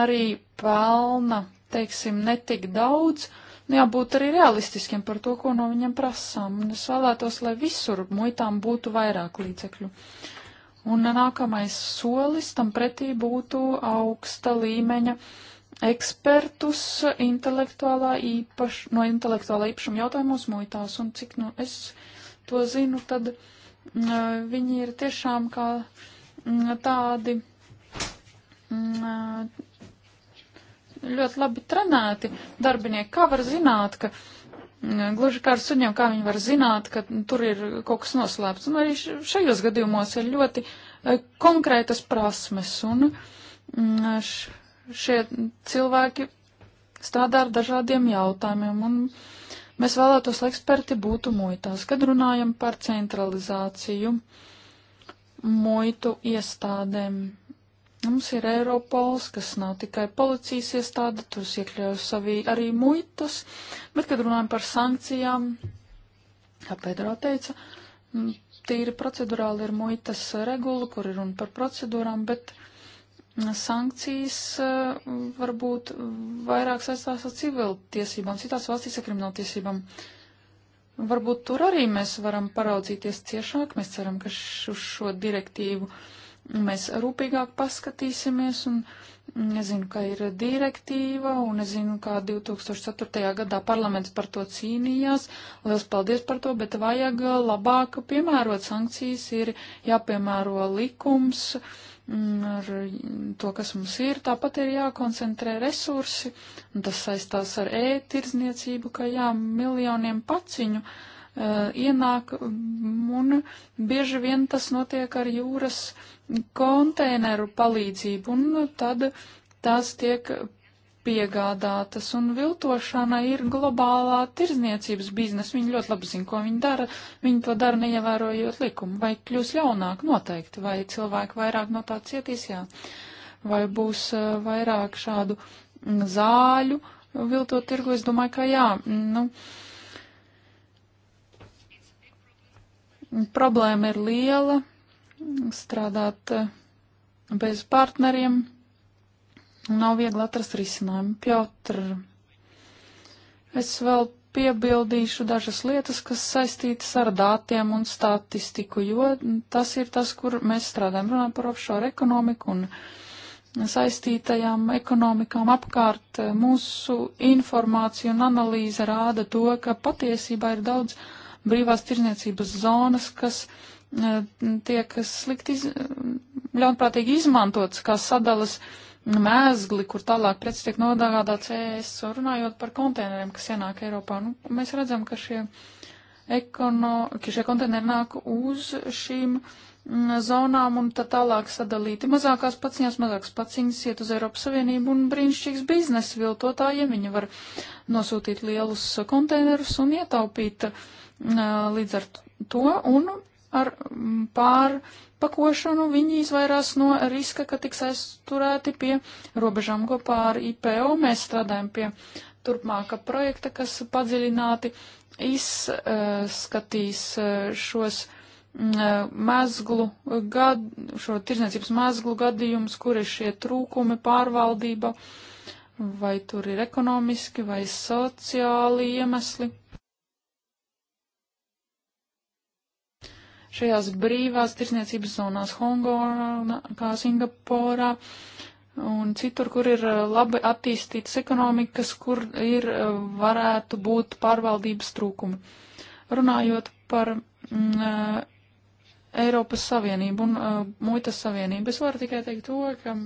arī pelna, teiksim, netik daudz, nu jābūt arī realistiskiem par to, ko no viņiem prasām. Un es vēlētos, lai visur muitām būtu vairāk līdzekļu. Un nākamais solis tam pretī būtu augsta līmeņa ekspertus intelektuālā īpaš, no intelektuālā īpašuma jautājumos muitās. Un cik, nu, es to zinu, tad mm, viņi ir tiešām kā mm, tādi mm, ļoti labi trenēti darbinieki. Kā var zināt, ka gluži kā ar suņiem, kā viņi var zināt, ka tur ir kaut kas noslēpts? Un arī šajos gadījumos ir ļoti konkrētas prasmes, un šie cilvēki strādā ar dažādiem jautājumiem, un Mēs vēlētos, lai eksperti būtu muitās. Kad runājam par centralizāciju muitu iestādēm, mums ir Eiropols, kas nav tikai policijas iestāde, tur iekļaujas arī muitas, bet, kad runājam par sankcijām, kā Pēdero teica, tīri procedurāli ir muitas regula, kur ir runa par procedūrām, bet sankcijas eh, varbūt vairāk saistās ar civilu tiesībām, citās valstīs ar kriminālu tiesībām. Varbūt tur arī mēs varam paraudzīties ciešāk. Mēs ceram, ka uz šo direktīvu mēs rūpīgāk paskatīsimies. Un es zinu, ka ir direktīva, un es zinu, kā 2004. gadā parlaments par to cīnījās. Liels paldies par to, bet vajag labāk piemērot sankcijas, ir jāpiemēro likums. Uh, ar to, kas mums ir. Tāpat ir jākoncentrē resursi, un tas saistās ar ētirdzniecību, e ka jā, miljoniem paciņu uh, ienāk, un bieži vien tas notiek ar jūras konteineru palīdzību, un tad tās tiek piegādātas, un viltošana ir globālā tirzniecības biznesa. Viņi ļoti labi zina, ko viņi dara. Viņi to dara neievērojot likumu. Vai kļūs ļaunāk noteikti, vai cilvēki vairāk no tā cietīs, jā. Vai būs eh, vairāk šādu mm, zāļu vilto tirgu, es domāju, ka jā. Mm, nu, problēma ir liela. Strādāt eh, bez partneriem Nav viegli atrast risinājumu. Piotr, es vēl piebildīšu dažas lietas, kas saistītas ar datiem un statistiku, jo tas ir tas, kur mēs strādājam. Runājam par offshore ekonomiku un saistītajām ekonomikām apkārt. Mūsu informācija un analīze rāda to, ka patiesībā ir daudz brīvās tirzniecības zonas, kas eh, tiek slikti, iz, ļaunprātīgi izmantotas kā sadalas uh, mēzgli, kur tālāk preces tiek nodāgādāts ES, runājot par konteineriem, kas ienāk Eiropā. Nu, mēs redzam, ka šie, ekono, ka šie konteineri nāk uz šīm mm, zonām un tad tālāk sadalīti mazākās paciņas, mazākas paciņas iet uz Eiropas Savienību un brīnišķīgs biznes viltotājiem. Viņi var nosūtīt lielus konteinerus un ietaupīt mm, līdz ar to un ar mm, pār pakošanu, viņi izvairās no riska, ka tiks aizturēti pie robežām kopā ar IPO. Mēs strādājam pie turpmāka projekta, kas padziļināti izskatīs eh, šos mezglu, mm, eh, gad, šo tirzniecības mezglu gadījumus, kur ir šie trūkumi pārvaldība, vai tur ir ekonomiski vai sociāli iemesli. šajās brīvās tirsniecības zonās Hongkongā, kā Singapūrā un citur, kur ir uh, labi attīstītas ekonomikas, kur ir uh, varētu būt pārvaldības trūkumi. Runājot par mm, uh, Eiropas Savienību un uh, Muitas Savienību, es varu tikai teikt to, ka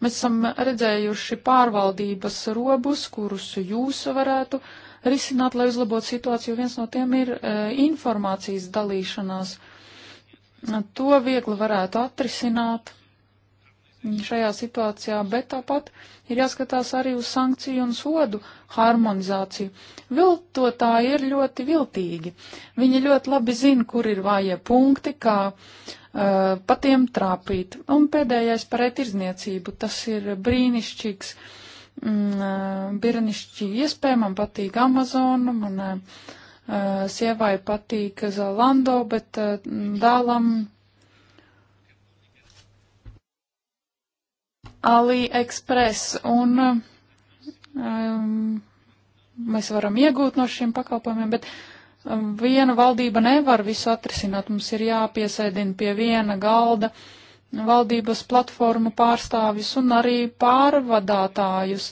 mēs esam redzējuši pārvaldības robus, kurus jūs varētu uh, risināt, lai uzlabotu situāciju. Viens no tiem ir e, informācijas dalīšanās. To viegli varētu atrisināt šajā situācijā, bet tāpat ir jāskatās arī uz sankciju un sodu harmonizāciju. Viltotāji ir ļoti viltīgi. Viņi ļoti labi zina, kur ir vājie punkti, kā uh, e, patiem trāpīt. Un pēdējais par e-tirzniecību. Tas ir brīnišķīgs. Uh, Mm, birnišķi iespēja, man patīk Amazona, man uh, sievai patīk Zalando, bet uh, mm, dēlam AliExpress. Un um, mēs varam iegūt no šiem pakalpojumiem, bet viena valdība nevar visu atrisināt. Mums ir jāpiesēdina pie viena galda. Uh, valdības platformu pārstāvjus un arī pārvadātājus,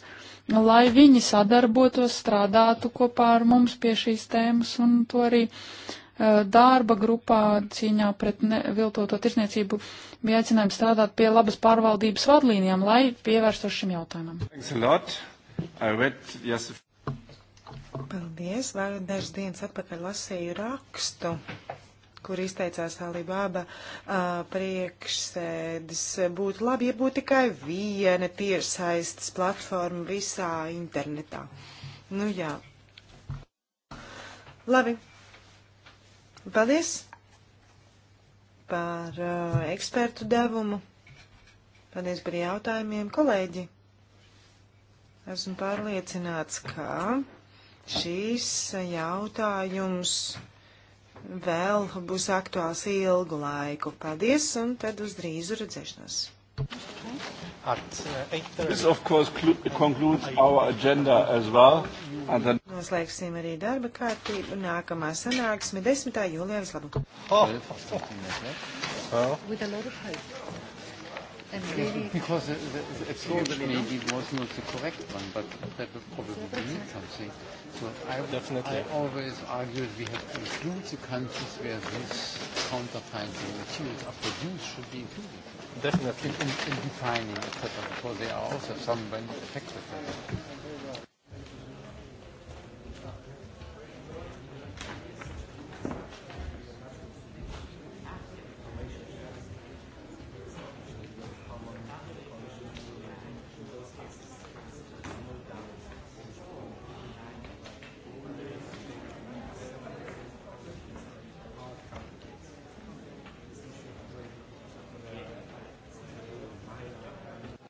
lai viņi sadarbotos, strādātu kopā ar mums pie šīs tēmas un to arī eh, darba grupā cīņā pret ne, viltoto tirsniecību bija aicinājums strādāt pie labas pārvaldības vadlīnijām, lai pievērstos šim jautājumam. Yes. Paldies, vēl dažas dienas atpakaļ lasīju rakstu kur izteicās Alibaba priekšsēdis, būtu labi, ja būtu tikai viena tiešsaistes platforma visā internetā. Nu jā. Labi. Paldies par uh, ekspertu devumu. Paldies par jautājumiem, kolēģi. Esmu pārliecināts, ka šīs jautājums vēl būs aktuāls ilgu laiku. Paldies, un tad uz drīzu redzēšanos. Uh, This of course concludes our agenda as well. And then... Noslēgsim arī darba kārtību. Nākamā sanāksme 10. jūlijā. Vislabāk! Oh. Oh. With a lot of hope. Yes, because the, the slogan maybe was not the correct one, but that would probably mean something. So I, Definitely. I always argue we have to include the countries where these counterfeiting materials are produced should be included. Definitely. In, in, in defining, etc., because they are also somewhat affected by that.